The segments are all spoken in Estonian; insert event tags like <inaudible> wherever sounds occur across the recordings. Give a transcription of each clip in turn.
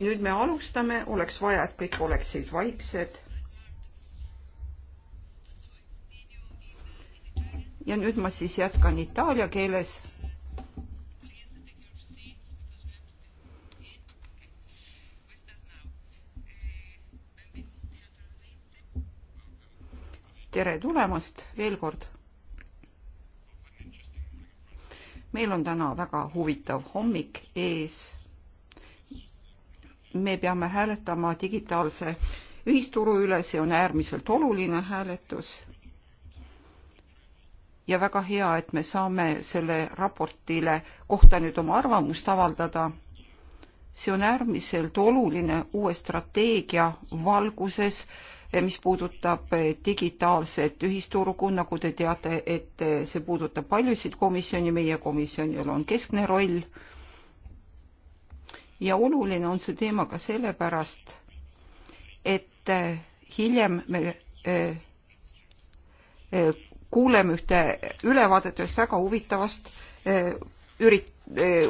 nüüd me alustame, oleks vaja, et kõik oleksid vaiksed. ja nüüd ma siis jätkan itaalia keeles. tere tulemast veel kord. meil on täna väga huvitav hommik ees me peame hääletama digitaalse ühisturu üle, see on äärmiselt oluline hääletus. ja väga hea, et me saame selle raportile kohta nüüd oma arvamust avaldada. see on äärmiselt oluline uue strateegia valguses, mis puudutab digitaalset ühisturgu, nagu te teate, et see puudutab paljusid komisjoni, meie komisjonil on keskne roll ja oluline on see teema ka sellepärast, et äh, hiljem me äh, äh, kuuleme ühte ülevaadet ühest väga huvitavast ürit-,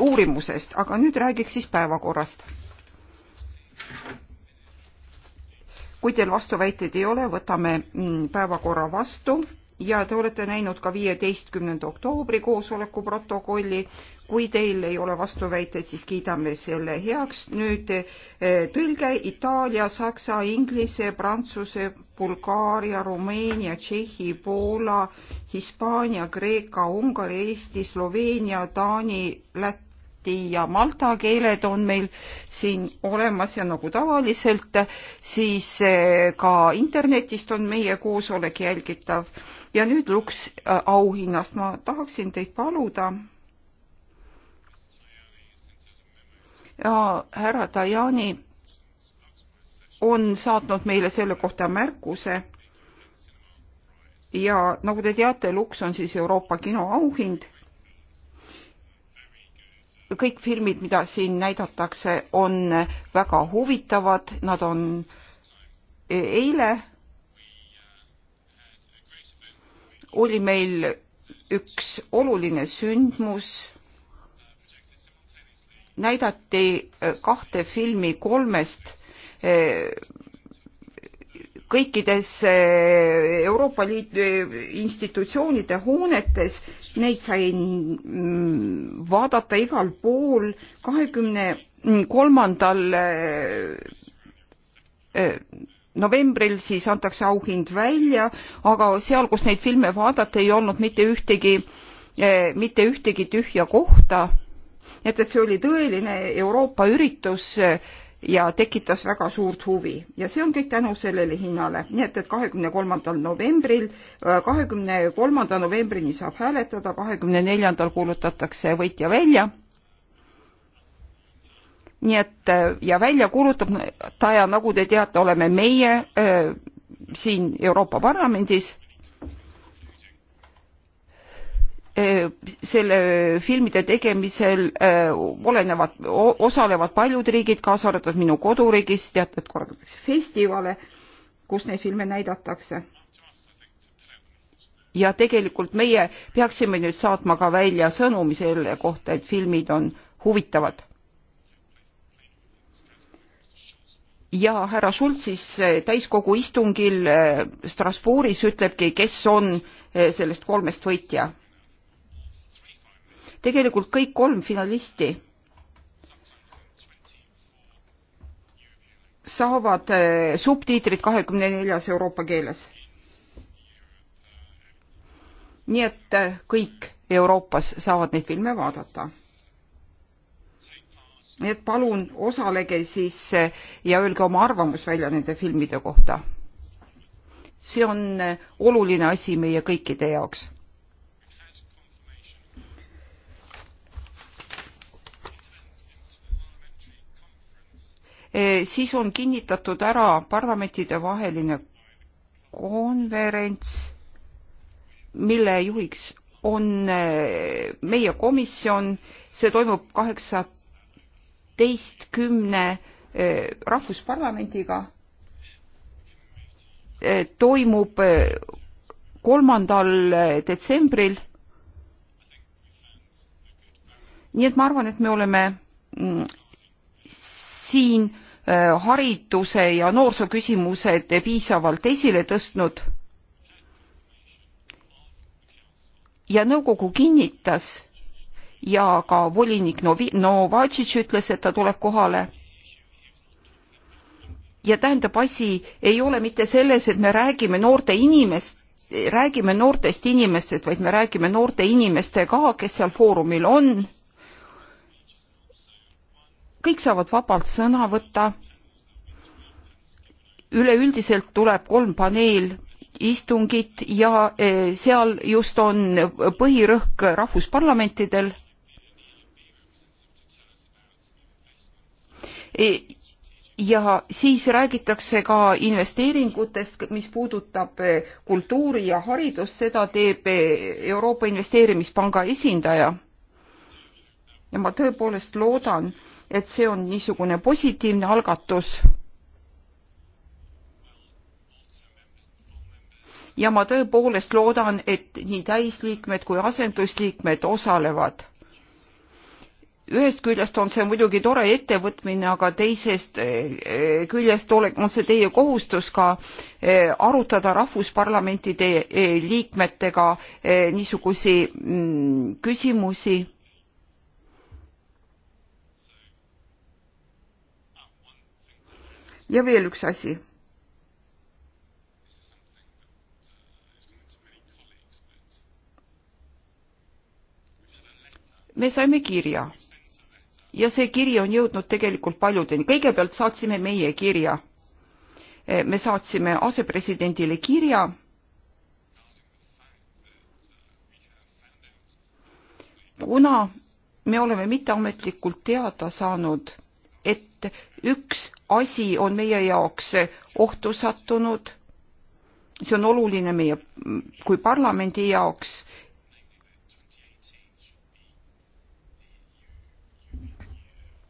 uurimusest, aga nüüd räägiks siis päevakorrast. kui teil vastuväiteid ei ole, võtame mm, päevakorra vastu ja te olete näinud ka viieteistkümnenda oktoobri koosoleku protokolli. kui teil ei ole vastuväiteid, siis kiidame selle heaks. nüüd eh, tõlge Itaalia, Saksa, Inglise, Prantsuse, Bulgaaria, Rumeenia, Tšehhi, Poola, Hispaania, Kreeka, Ungari, Eesti, Sloveenia, Taani, Läti läti ja malta keeled on meil siin olemas ja nagu tavaliselt, siis eh, ka internetist on meie koosolek jälgitav ja nüüd Lux äh, auhinnast ma tahaksin teid paluda. ja härra Tajani on saatnud meile selle kohta märkuse. ja nagu te teate, Lux on siis Euroopa kinoauhind. kõik filmid, mida siin näidatakse, on väga huvitavad, nad on e, eile oli meil üks oluline sündmus, näidati eh, kahte filmi kolmest eh, kõikides eh, Euroopa Liidu institutsioonide hoonetes, neid sai mm, vaadata igal pool kahekümne kolmandal novembril siis antakse auhind välja, aga seal, kus neid filme vaadata, ei olnud mitte ühtegi, eh, mitte ühtegi tühja kohta. nii et, et see oli tõeline Euroopa üritus eh, ja tekitas väga suurt huvi ja see on kõik tänu sellele hinnale. nii et, et kahekümne kolmandal novembril, eh, kahekümne kolmanda novembrini saab hääletada, kahekümne neljandal kuulutatakse võitja välja nii et äh, ja väljakuulutaja, nagu te teate, oleme meie äh, siin Euroopa Parlamendis äh,. selle filmide tegemisel äh, olenevad, osalevad paljud riigid, kaasa arvatud minu koduriigis, teate, et korraldatakse festivale, kus neid filme näidatakse ja tegelikult meie peaksime nüüd saatma ka välja sõnumi selle kohta, et filmid on huvitavad. ja härra Schulz siis eh, täiskogu istungil eh, Strasbourgis ütlebki, kes on eh, sellest kolmest võitja. tegelikult kõik kolm finalisti saavad subtiitrid kahekümne neljas Euroopa keeles. nii et kõik Euroopas saavad neid filme vaadata nii et palun osalege siis eh, ja öelge oma arvamus välja nende filmide kohta. see on eh, oluline asi meie kõikide jaoks. Eh, siis on kinnitatud ära parlamentide vaheline konverents, mille juhiks on meie komisjon, see toimub kaheksa kaheteistkümne eh, rahvusparlamendiga eh, toimub eh, kolmandal detsembril. nii et ma arvan, et me oleme mm, siin hariduse ja noorsooküsimused piisavalt esile tõstnud ja nõukogu kinnitas ja ka volinik Novi-, Novatšitš ütles, et ta tuleb kohale. ja tähendab, asi ei ole mitte selles, et me räägime noorte inimest, räägime noortest inimestest, vaid me räägime noorte inimestega, kes seal foorumil on. kõik saavad vabalt sõna võtta. üleüldiselt tuleb kolm paneel istungit ja eh, seal just on põhirõhk rahvusparlamentidel E, ja siis räägitakse ka investeeringutest, mis puudutab e, kultuuri ja haridust, seda teeb e, Euroopa Investeerimispanga esindaja. ja ma tõepoolest loodan, et see on niisugune positiivne algatus. ja ma tõepoolest loodan, et nii täisliikmed kui asendusliikmed osalevad ühest küljest on see muidugi tore ettevõtmine, aga teisest eh, eh, küljest on see teie kohustus ka eh, arutada rahvusparlamentide liikmetega niisugusi mm, küsimusi. ja veel üks asi me saime kirja ja see kiri on jõudnud tegelikult paljudeni. kõigepealt saatsime meie kirja. E, me saatsime asepresidendile kirja. kuna me oleme mitteametlikult teada saanud, et üks asi on meie jaoks ohtu sattunud, see on oluline meie kui parlamendi jaoks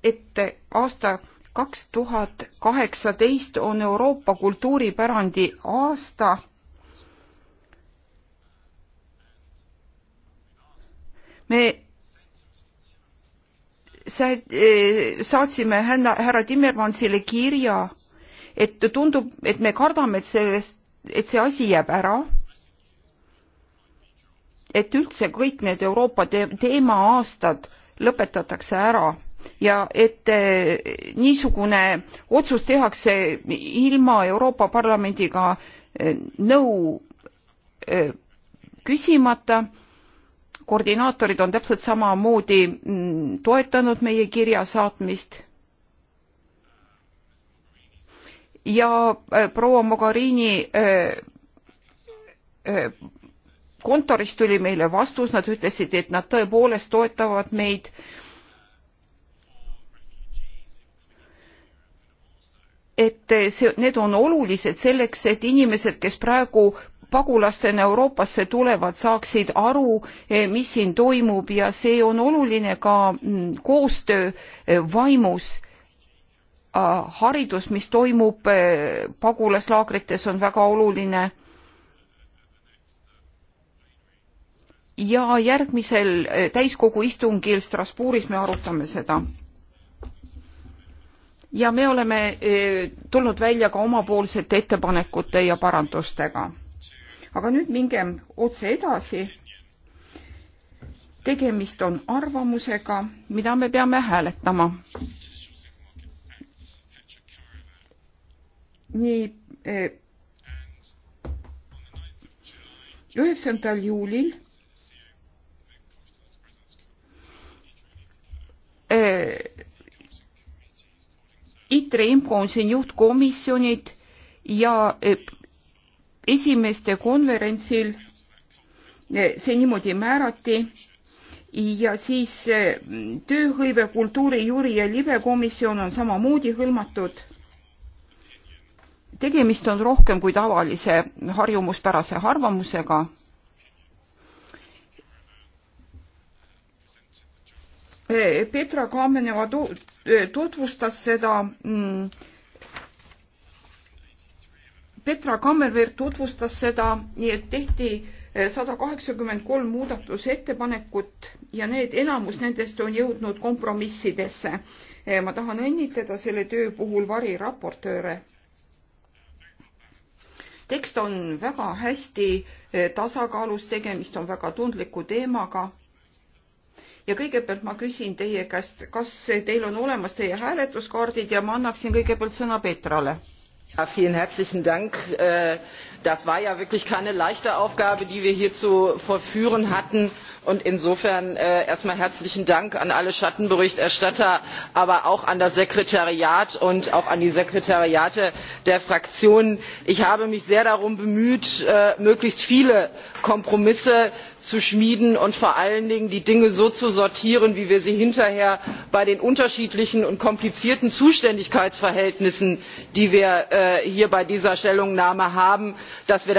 et aasta kaks tuhat kaheksateist on Euroopa kultuuripärandi aasta. me eh, saatsime härra Timmermansile kirja, et tundub, et me kardame, et sellest, et see asi jääb ära et üldse kõik need Euroopa te teemaaastad lõpetatakse ära ja et eh, niisugune otsus tehakse ilma euroopa parlamendiga eh, nõu eh, küsimata koordinaatorid on täpselt samamoodi mm, toetanud meie kirja saatmist ja proua mogherini kontorist tuli meile vastus nad ütlesid et nad tõepoolest toetavad meid et see, need on olulised selleks, et inimesed, kes praegu pagulastena Euroopasse tulevad, saaksid aru, eh, mis siin toimub ja see on oluline ka mm, koostöö eh, vaimus. Ah, haridus, mis toimub eh, pagulaslaagrites, on väga oluline. ja järgmisel täiskogu istungil Strasbourgis me arutame seda ja me oleme eh, tulnud välja ka omapoolsete ettepanekute ja parandustega. aga nüüd mingem otse edasi. tegemist on arvamusega, mida me peame hääletama. nii eh, üheksandal juulil eh, ITRE IMCO on siin juhtkomisjonid ja eh, esimeste konverentsil eh, see niimoodi määrati ja siis eh, tööhõive, kultuuri, juuri ja libekomisjon on samamoodi hõlmatud. tegemist on rohkem kui tavalise harjumuspärase arvamusega. Petra Kameneva tutvustas seda mm, Petra Kammerveer tutvustas seda, nii et tehti eh, sada kaheksakümmend kolm muudatusettepanekut ja need, enamus nendest on jõudnud kompromissidesse. Eh, ma tahan õnnitleda selle töö puhul variraportööre. tekst on väga hästi eh, tasakaalus, tegemist on väga tundliku teemaga ja kõigepealt ma küsin teie käest, kas teil on olemas teie hääletuskaardid ja ma annaksin kõigepealt sõna Petrale. Ja, vielen herzlichen Dank. Äh, das war ja wirklich keine leichte Aufgabe, die wir hier zu verführen hatten. Und insofern äh, erstmal herzlichen Dank an alle Schattenberichterstatter, aber auch an das Sekretariat und auch an die Sekretariate der Fraktionen. Ich habe mich sehr darum bemüht, äh, möglichst viele Kompromisse zu schmieden und vor allen dingen die dinge so zu sortieren wie wir sie hinterher bei den unterschiedlichen und komplizierten zuständigkeitsverhältnissen die wir äh, hier bei dieser stellungnahme haben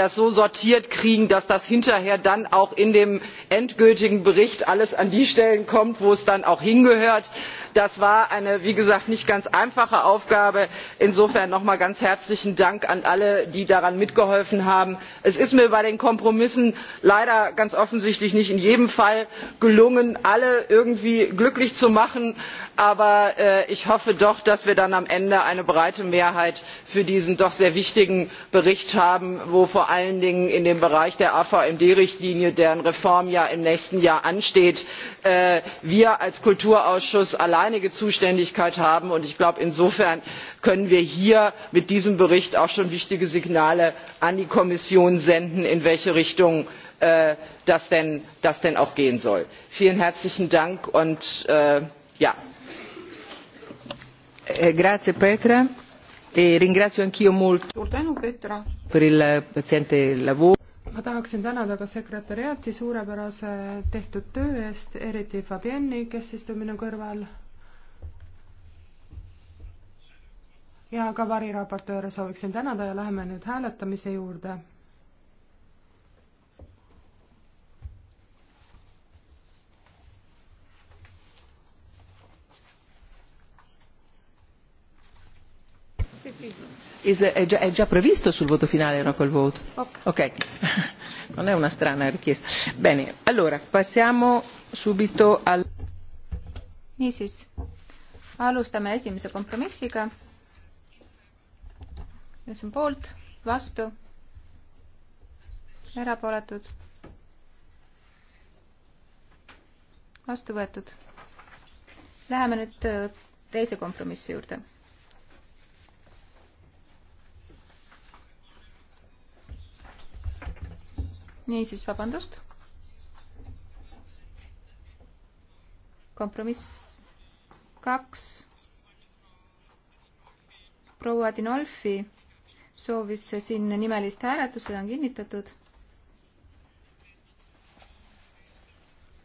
so sortiert kriegen dass das hinterher dann auch in dem endgültigen bericht alles an die stellen kommt wo es dann auch hingehört das war eine wie gesagt nicht ganz einfache aufgabe. insofern nochmal ganz herzlichen dank an alle die daran mitgeholfen haben. es ist mir bei den kompromissen leider ganz offensichtlich nicht in jedem fall gelungen alle irgendwie glücklich zu machen aber äh, ich hoffe doch dass wir dann am ende eine breite mehrheit für diesen doch sehr wichtigen bericht haben wo vor allen dingen in dem bereich der avmd richtlinie deren reform ja im nächsten jahr ansteht äh, wir als kulturausschuss alleinige zuständigkeit haben und ich glaube insofern können wir hier mit diesem bericht auch schon wichtige signale an die kommission senden in welche richtung äh, das, denn, das denn auch gehen soll. vielen herzlichen dank und äh, ja Eh, grazie Petra e ringrazio anch'io molto suur tänu Petra per il paziente lavoro ma tahaksin tänada ka sekretäriaati suurepärase tehtud töö eest, eriti Fabienni, kes istub minu kõrval. ja ka variraportööre sooviksin tänada ja läheme nüüd hääletamise juurde Is, è, già, è già previsto sul voto finale no, col voto? ok, <laughs> non è una strana richiesta. Bene, allora passiamo subito al. niisiis, alustame esimese kompromissiga. kes on poolt, vastu, erapooletud, vastu võetud. Läheme nüüd äh, teise kompromissi juurde niisiis, vabandust. kompromiss kaks. proua Dinolfi soovis siin nimelist hääletust, see on kinnitatud.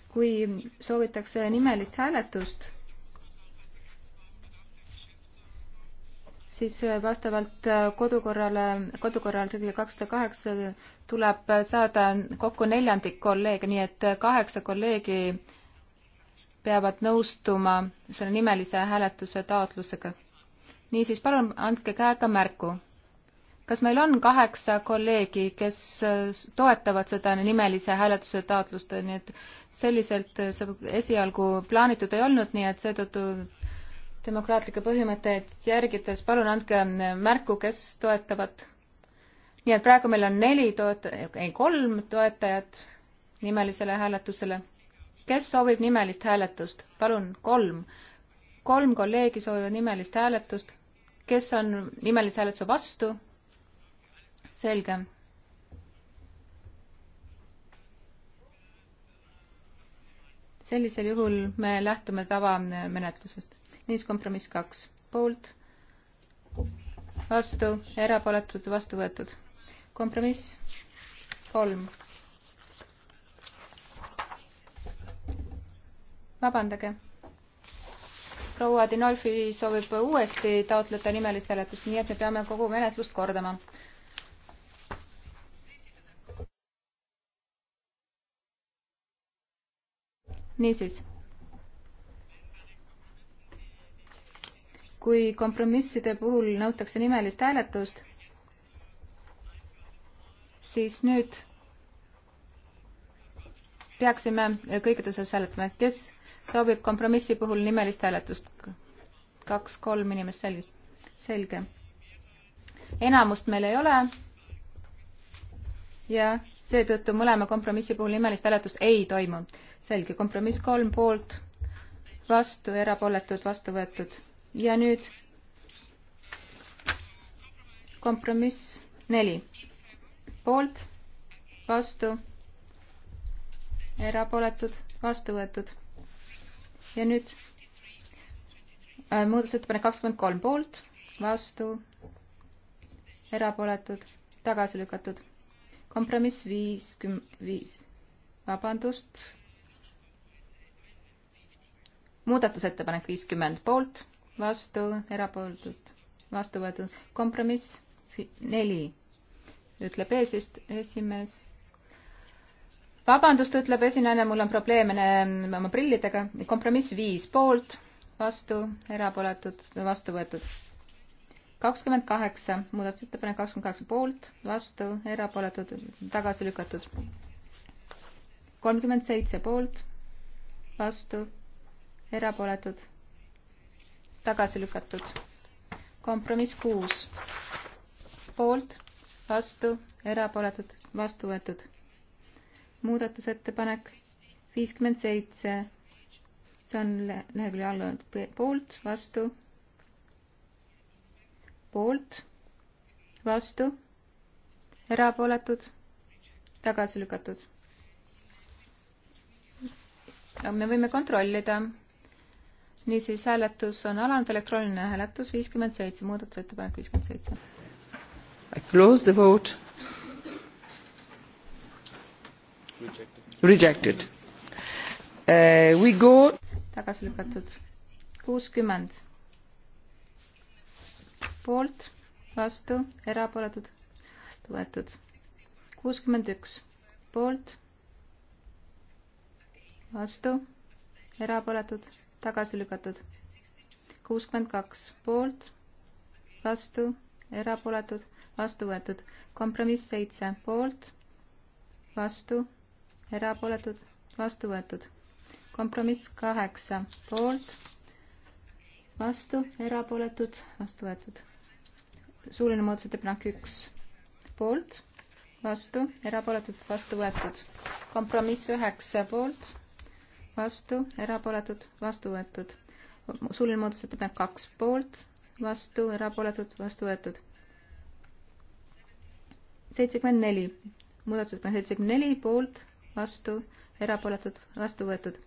kui soovitakse nimelist hääletust, siis vastavalt kodukorrale, kodukorral reeglile kakssada kaheksa tuleb saada kokku neljandik kolleege, nii et kaheksa kolleegi peavad nõustuma selle nimelise hääletuse taotlusega. niisiis, palun andke käega märku. kas meil on kaheksa kolleegi, kes toetavad seda nimelise hääletuse taotlust, nii et selliselt see esialgu plaanitud ei olnud, nii et seetõttu demokraatlikke põhimõtteid järgides palun andke märku, kes toetavad nii et praegu meil on neli toet-, ei, kolm toetajat nimelisele hääletusele. kes soovib nimelist hääletust? palun, kolm. kolm kolleegi soovivad nimelist hääletust. kes on nimelise hääletuse vastu? selge. sellisel juhul me lähtume tavamenetlusest. niisiis kompromiss kaks, poolt, vastu, erapooletud, vastu võetud kompromiss kolm. vabandage. proua Dinolfi soovib uuesti taotleda nimelist hääletust, nii et me peame kogu menetlust kordama. niisiis. kui kompromisside puhul nõutakse nimelist hääletust siis nüüd peaksime kõikides osas hääletama, kes soovib kompromissi puhul nimelist hääletust. kaks-kolm inimest sellist, selge. enamust meil ei ole. ja seetõttu mõlema kompromissi puhul nimelist hääletust ei toimu. selge, kompromiss kolm poolt, vastu, erapooletud, vastu võetud. ja nüüd kompromiss neli poolt, vastu, erapooletud, vastu võetud. ja nüüd äh, muudatusettepanek kakskümmend kolm poolt, vastu, erapooletud, tagasi lükatud. kompromiss viiskümmend viis, vabandust. muudatusettepanek viiskümmend poolt, vastu, erapooletud, vastu võetud. kompromiss neli ütleb eesist-, esimees. vabandust, ütleb esinaine, mul on probleeme oma prillidega. kompromiss viis poolt, vastu, erapooletud, vastu võetud. kakskümmend kaheksa, muudatusettepanek kakskümmend kaheksa poolt, vastu, erapooletud, tagasi lükatud. kolmkümmend seitse poolt, vastu, erapooletud, tagasi lükatud. kompromiss kuus poolt vastu, erapooletud, vastu võetud. muudatusettepanek viiskümmend seitse, see on lehekülje all olnud poolt, vastu, poolt, vastu, erapooletud, tagasi lükatud. me võime kontrollida. niisiis, hääletus on alanud, elektrooniline hääletus viiskümmend seitse, muudatusettepanek viiskümmend seitse i close the vote rejected uh, we go tagasi lükatud kuuskümmend poolt vastu erapooletud võetud kuuskümmend üks poolt vastu erapooletud tagasi lükatud kuuskümmend kaks poolt vastu erapooletud vastu võetud. kompromiss seitse poolt, vastu, erapooletud, vastu võetud. kompromiss kaheksa poolt, vastu, erapooletud, vastu võetud. suuline muudatusettepanek üks poolt, vastu, erapooletud, vastu võetud. kompromiss üheksa poolt, vastu, erapooletud, vastu võetud. suuline muudatusettepanek kaks poolt, vastu, erapooletud, vastu võetud seitsekümmend neli, muudatusettepanek seitsekümmend neli, poolt, vastu, erapooletud, vastu võetud.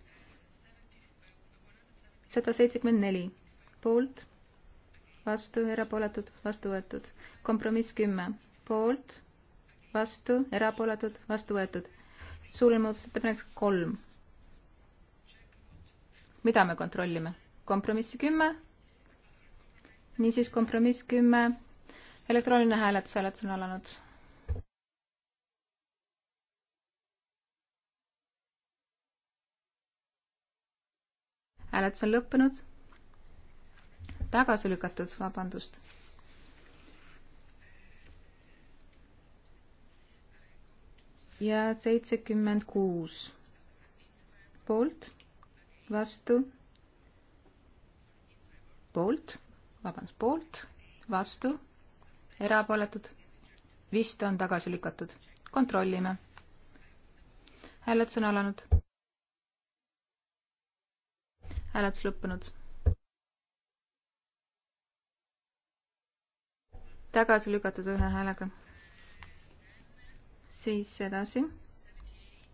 sada seitsekümmend neli, poolt, vastu, erapooletud, vastu võetud. kompromiss kümme, poolt, vastu, erapooletud, vastu võetud. suurim muudatusettepanek kolm. mida me kontrollime? kompromissi kümme. niisiis kompromiss kümme. elektrooniline hääletus, hääletus on alanud hääletus on lõppenud. tagasi lükatud, vabandust. ja seitsekümmend kuus poolt, vastu, poolt, vabandust, poolt, vastu, erapooletud, vist on tagasi lükatud. kontrollime. hääletus on alanud hääletus lõppenud. tagasi lükatud ühe häälega. siis edasi.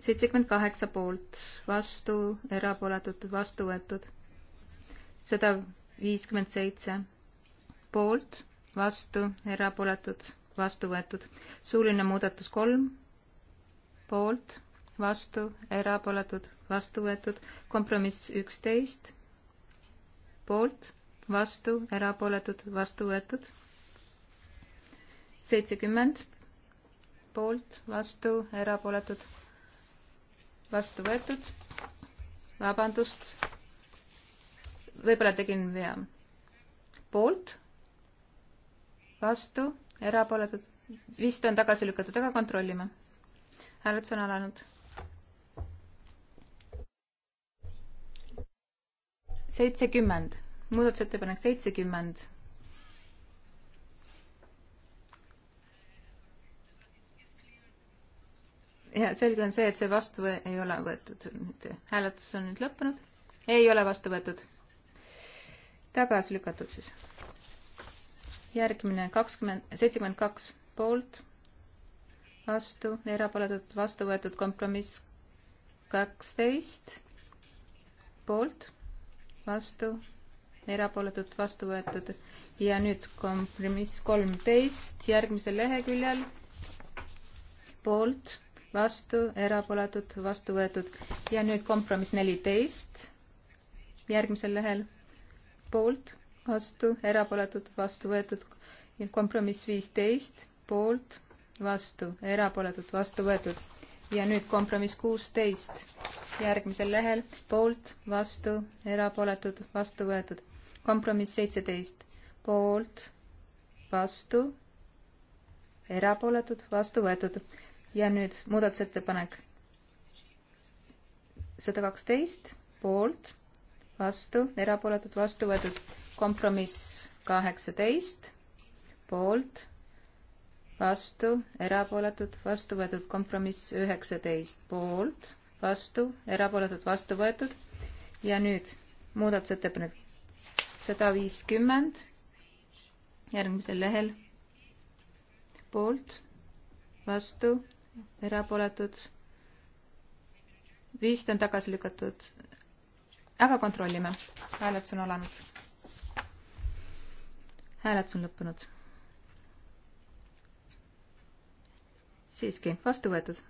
seitsekümmend kaheksa poolt, vastu, erapooletud, vastu võetud. sada viiskümmend seitse poolt, vastu, erapooletud, vastu võetud. suuline muudatus kolm, poolt, vastu, erapooletud vastu võetud, kompromiss üksteist, poolt, vastu, erapooletud, vastu võetud, seitsekümmend, poolt, vastu, erapooletud, vastu võetud, vabandust, võib-olla tegin vea, poolt, vastu, erapooletud, vist on tagasi lükatud, aga kontrollime. hääletus on alanud seitsekümmend, muudatusettepanek seitsekümmend. ja selge on see, et see vastu ei ole võetud. hääletus on nüüd lõppenud. ei ole vastu võetud. tagasi lükatud siis. järgmine kakskümmend, seitsekümmend kaks poolt, vastu, erapooletult vastu võetud kompromiss kaksteist poolt vastu, erapooletud, vastu võetud. ja nüüd kompromiss kolmteist järgmisel leheküljel. poolt, vastu, erapooletud, vastu võetud. ja nüüd kompromiss neliteist järgmisel lehel. poolt, vastu, erapooletud, vastu võetud. kompromiss viisteist, poolt, vastu, erapooletud, vastu võetud. ja nüüd kompromiss kuusteist järgmisel lehel poolt, vastu, erapooletud, vastu võetud. kompromiss seitseteist, poolt, vastu, erapooletud, vastu võetud. ja nüüd muudatusettepanek sada kaksteist, poolt, vastu, erapooletud, vastu võetud. kompromiss kaheksateist, poolt, vastu, erapooletud, vastu võetud. kompromiss üheksateist, poolt vastu, erapooletud, vastu võetud. ja nüüd muudatusettepanek sada viiskümmend järgmisel lehel poolt, vastu, erapooletud. viist on tagasi lükatud. aga kontrollime, hääletus on alanud. hääletus on lõppenud. siiski, vastu võetud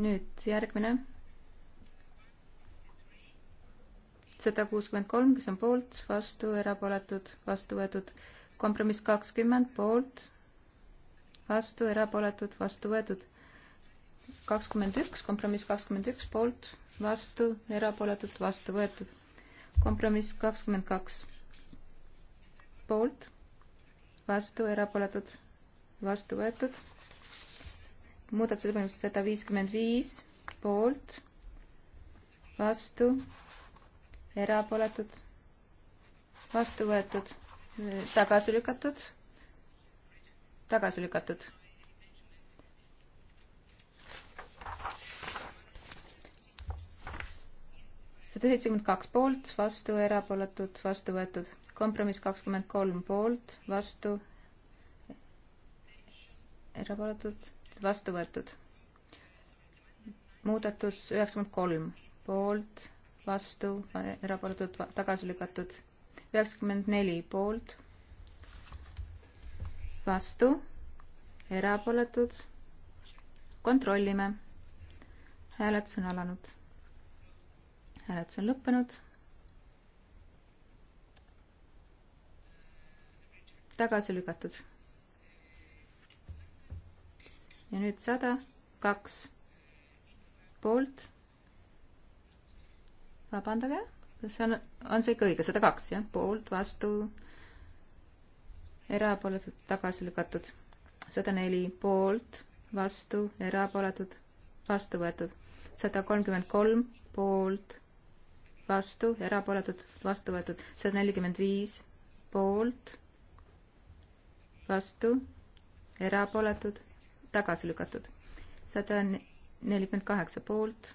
nüüd järgmine. sada kuuskümmend kolm, kes on poolt, vastu, erapooletud, vastu võetud. kompromiss kakskümmend, poolt, vastu, erapooletud, vastu võetud. kakskümmend üks, kompromiss kakskümmend üks, poolt, vastu, erapooletud, vastu võetud. kompromiss kakskümmend kaks, poolt, vastu, erapooletud, vastu võetud muudatusettepanek sada viiskümmend viis poolt, vastu, erapooletud, vastu võetud, tagasi lükatud, tagasi lükatud. sada seitsekümmend kaks poolt, vastu, erapooletud, vastu võetud. kompromiss kakskümmend kolm poolt, vastu, erapooletud vastu võetud. muudatus üheksakümmend kolm, poolt, vastu, erapooletud, tagasi lükatud. üheksakümmend neli, poolt, vastu, erapooletud, kontrollime. hääletus on alanud. hääletus on lõppenud tagasi lükatud ja nüüd sada kaks poolt. vabandage, kas on, on see ikka õige, sada kaks jah, poolt, vastu, erapooletud, tagasi lükatud, sada neli poolt, vastu, erapooletud, vastu võetud, sada kolmkümmend kolm poolt, vastu, erapooletud, vastu võetud, sada nelikümmend viis poolt, vastu, erapooletud tagasi lükatud. sada nelikümmend kaheksa poolt,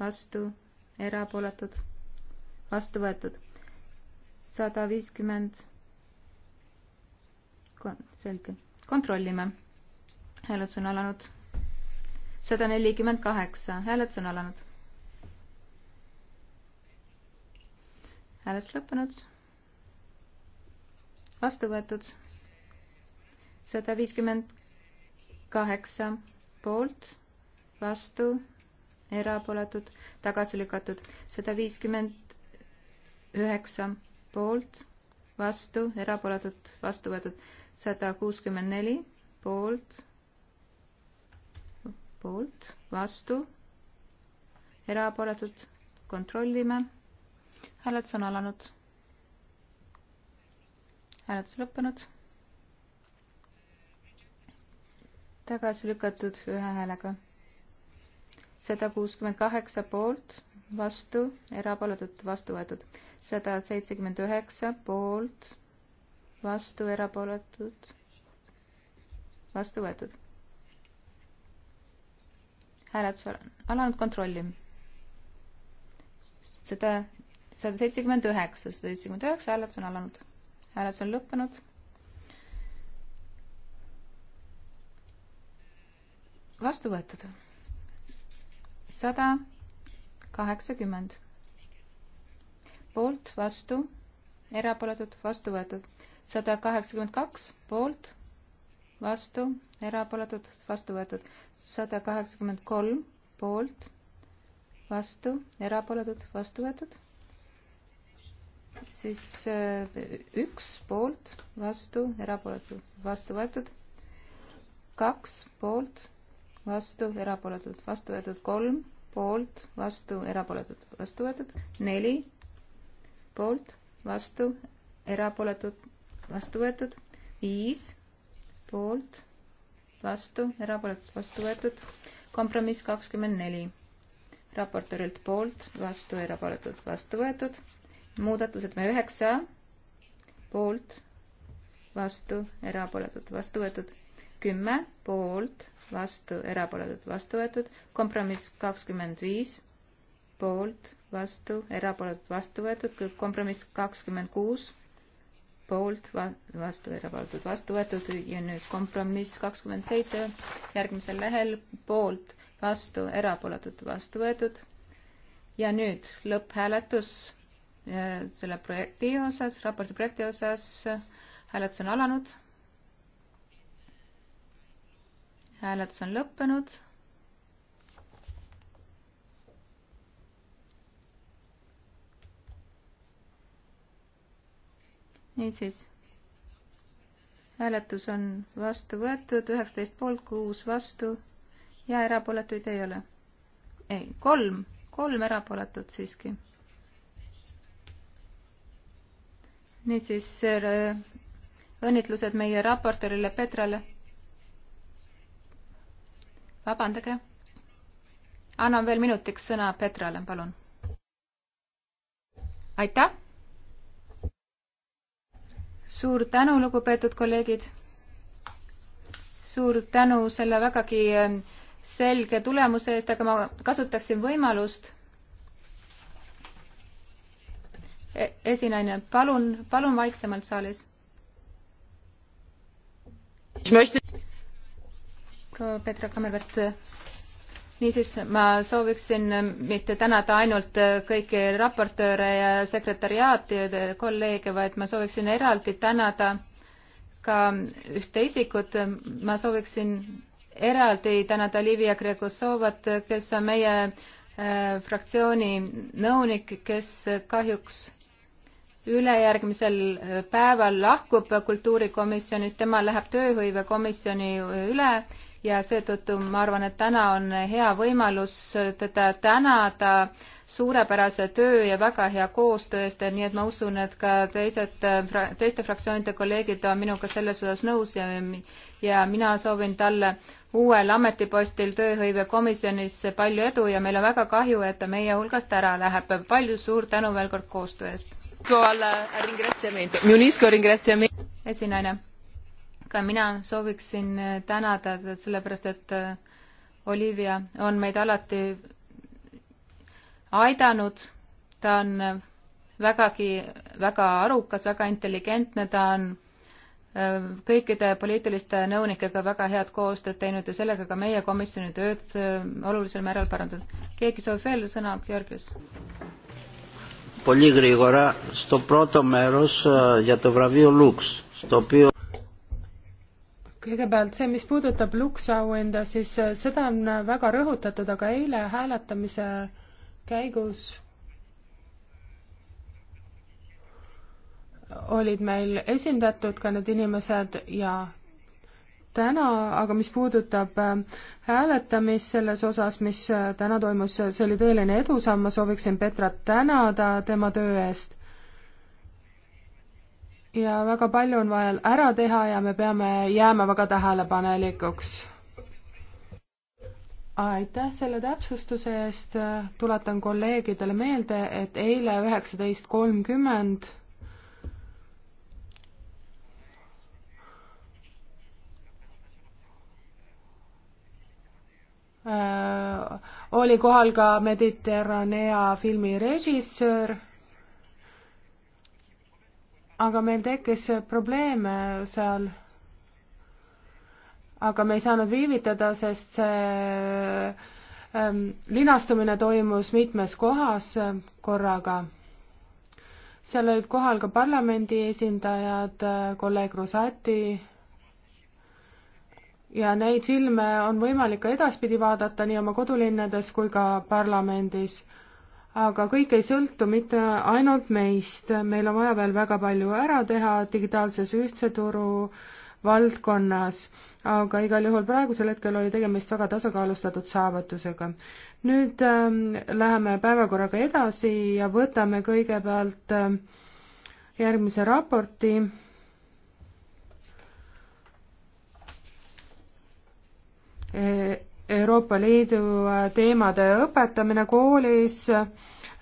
vastu, erapooletud, vastu võetud. sada viiskümmend, selge, kontrollime. hääletus on alanud. sada nelikümmend kaheksa, hääletus on alanud. hääletus lõppenud vastu võetud. sada viiskümmend kaheksa poolt, vastu, erapooletud, tagasi lükatud. sada viiskümmend üheksa poolt, vastu, erapooletud, vastu võetud. sada kuuskümmend neli poolt, poolt, vastu, erapooletud, kontrollime. hääletus on alanud. hääletus lõppenud tagasi lükatud ühe häälega. sada kuuskümmend kaheksa poolt, vastu, erapooletult vastu võetud. sada seitsekümmend üheksa poolt, vastu, erapooletult vastu võetud. hääletus alanud kontrolli. seda, sada seitsekümmend üheksa, sada seitsekümmend üheksa hääletus on alanud. hääletus on lõppenud vastu võetud. sada kaheksakümmend. poolt, vastu, erapooletud, vastu võetud. sada kaheksakümmend kaks, poolt, vastu, erapooletud, vastu võetud. sada kaheksakümmend kolm, poolt, vastu, erapooletud, vastu võetud siis äh, üks poolt, vastu, erapooletu, vastu võetud, kaks poolt, vastu, erapooletud, vastu võetud kolm, poolt, vastu, erapooletud, vastu võetud neli, poolt, vastu, erapooletud, vastu võetud viis, poolt, vastu, erapooletud, vastu võetud, kompromiss kakskümmend neli. raportöörilt poolt, vastu, erapooletud, vastu võetud, muudatused me üheksa, poolt, vastu, erapooletud, vastu võetud kümme poolt, vastu, erapooletud, vastu võetud. kompromiss kakskümmend viis poolt, vastu, erapooletud, vastu võetud. kompromiss kakskümmend kuus poolt, vastu, erapooletud, vastu võetud ja nüüd kompromiss kakskümmend seitse järgmisel lehel poolt, vastu, erapooletud, vastu võetud. ja nüüd lõpphääletus eh, selle projekti osas, raporti projekti osas. hääletus on alanud hääletus on lõppenud. niisiis, hääletus on vastu võetud, üheksateist poolt, kuus vastu ja erapooletuid ei ole. ei, kolm, kolm erapooletut siiski. niisiis äh, õnnitlused meie raportöörile Petrale vabandage. annan veel minutiks sõna Petrale, palun. aitäh. suur tänu, lugupeetud kolleegid. suur tänu selle vägagi ähm, selge tulemuse eest, aga ma kasutaksin võimalust e, esinaine, palun, palun vaiksemalt saalis proua Petra Kammervert, niisiis ma sooviksin mitte tänada ainult kõiki raportööre ja sekretäriaati ja kolleege, vaid ma sooviksin eraldi tänada ka ühte isikut, ma sooviksin eraldi tänada Livia Gregosovat, kes on meie äh, fraktsiooni nõunik, kes kahjuks ülejärgmisel äh, päeval lahkub kultuurikomisjonist, tema läheb tööhõivekomisjoni äh, üle ja seetõttu ma arvan, et täna on hea võimalus teda tänada suurepärase töö ja väga hea koostöö eest, nii et ma usun, et ka teised, teiste fraktsioonide kolleegid on minuga selles osas nõus ja, ja mina soovin talle uuel ametipostil tööhõivekomisjonis palju edu ja meil on väga kahju, et ta meie hulgast ära läheb. palju suur tänu veel kord koostöö eest. esinaine ka mina sooviksin tänada, sellepärast et äh, Olivia on meid alati aidanud, ta on äh, vägagi, väga arukas, väga intelligentne, ta on äh, kõikide poliitiliste nõunikega väga head koostööd teinud ja sellega ka meie komisjoni tööd olulisel määral parandanud. keegi soovib veel sõna, Georgios? Πολύ γρήγορα, στο πρώτο μέρος για το βραβείο Λουξ, στο οποίο kõigepealt see, mis puudutab Luksauhinda, siis äh, seda on äh, väga rõhutatud, aga eile hääletamise käigus olid meil esindatud ka need inimesed ja täna, aga mis puudutab äh, hääletamist selles osas, mis täna toimus, see oli tõeline edusamm, ma sooviksin Petrat tänada tema töö eest ja väga palju on vaja ära teha ja me peame jääma väga tähelepanelikuks. aitäh selle täpsustuse eest, tuletan kolleegidele meelde, et eile üheksateist kolmkümmend äh, oli kohal ka Mediterranea filmi režissöör aga meil tekkis probleeme äh, seal. aga me ei saanud viivitada, sest see ähm, linastumine toimus mitmes kohas äh, korraga. seal olid kohal ka parlamendi esindajad, äh, kolleeg Rosati ja neid filme on võimalik ka edaspidi vaadata nii oma kodulinnades kui ka parlamendis aga kõik ei sõltu mitte ainult meist, meil on vaja veel väga palju ära teha digitaalses ühtse turu valdkonnas, aga igal juhul praegusel hetkel oli tegemist väga tasakaalustatud saavutusega. nüüd ähm, läheme päevakorraga edasi ja võtame kõigepealt ähm, järgmise raporti. Eh, Euroopa Liidu teemade õpetamine koolis,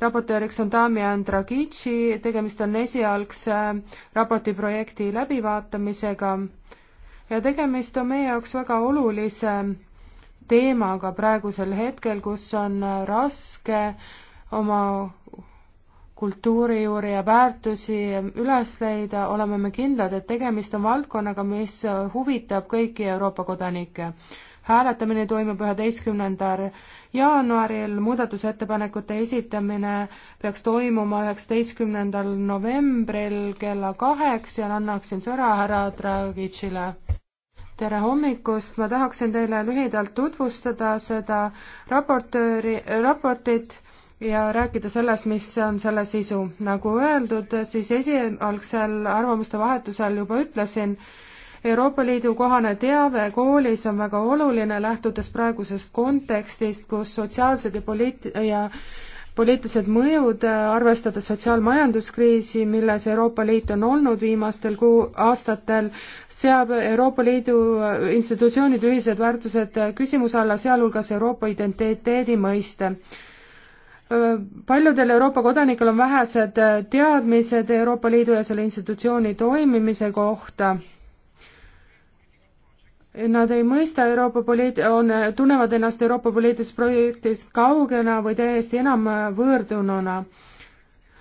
raportööriks on Damian Dragici, tegemist on esialgse raportiprojekti läbivaatamisega ja tegemist on meie jaoks väga olulise teemaga praegusel hetkel, kus on raske oma kultuurijuuri ja väärtusi üles leida, oleme me kindlad, et tegemist on valdkonnaga, mis huvitab kõiki Euroopa kodanikke hääletamine toimub üheteistkümnendal jaanuaril, muudatusettepanekute esitamine peaks toimuma üheksateistkümnendal novembril kella kaheks ja annaksin sõna härra Dragicile. tere hommikust, ma tahaksin teile lühidalt tutvustada seda raportööri, raportit ja rääkida sellest, mis on selle sisu. nagu öeldud, siis esialgsel arvamuste vahetusel juba ütlesin, Euroopa Liidu kohane teave koolis on väga oluline, lähtudes praegusest kontekstist, kus sotsiaalsed ja poliit- ja poliitilised mõjud, arvestades sotsiaalmajanduskriisi, milles Euroopa Liit on olnud viimastel kuu-, aastatel, seab Euroopa Liidu institutsioonide ühised väärtused küsimuse alla, sealhulgas Euroopa identiteedi mõiste. paljudel Euroopa kodanikel on vähesed teadmised Euroopa Liidu ja selle institutsiooni toimimise kohta Nad ei mõista Euroopa poliit-, on, tunnevad ennast Euroopa poliitilisest projektist kaugena või täiesti enam võõrdununa.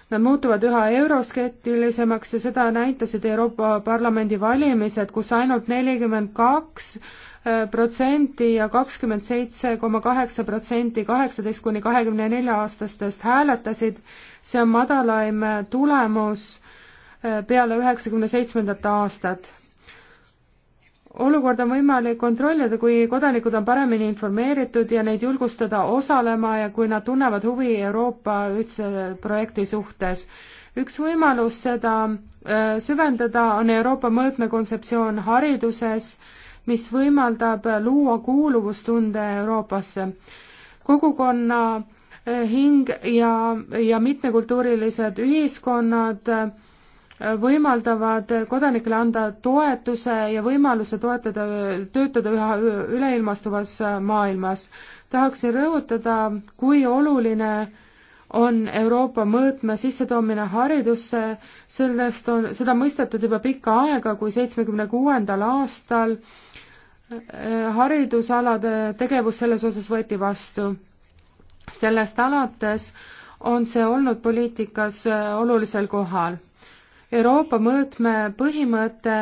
Nad muutuvad üha euroskeptilisemaks ja seda näitasid Euroopa Parlamendi valimised, kus ainult nelikümmend kaks äh, protsenti ja kakskümmend seitse koma kaheksa protsenti kaheksateist kuni kahekümne nelja aastastest hääletasid. see on madalaim tulemus äh, peale üheksakümne seitsmendat aastat olukorda on võimalik kontrollida, kui kodanikud on paremini informeeritud ja neid julgustada osalema ja kui nad tunnevad huvi Euroopa üldse projekti suhtes. üks võimalus seda äh, süvendada on Euroopa mõõtmekontseptsioon hariduses, mis võimaldab luua kuuluvustunde Euroopasse. kogukonna äh, hing ja, ja mitmekultuurilised ühiskonnad äh, võimaldavad kodanikele anda toetuse ja võimaluse toetada, töötada üha üleilmastuvas maailmas. tahaksin rõhutada, kui oluline on Euroopa mõõtme sissetoomine haridusse, sellest on, seda mõistetud juba pikka aega, kui seitsmekümne kuuendal aastal eh, haridusalade tegevus selles osas võeti vastu. sellest alates on see olnud poliitikas eh, olulisel kohal Euroopa mõõtme põhimõte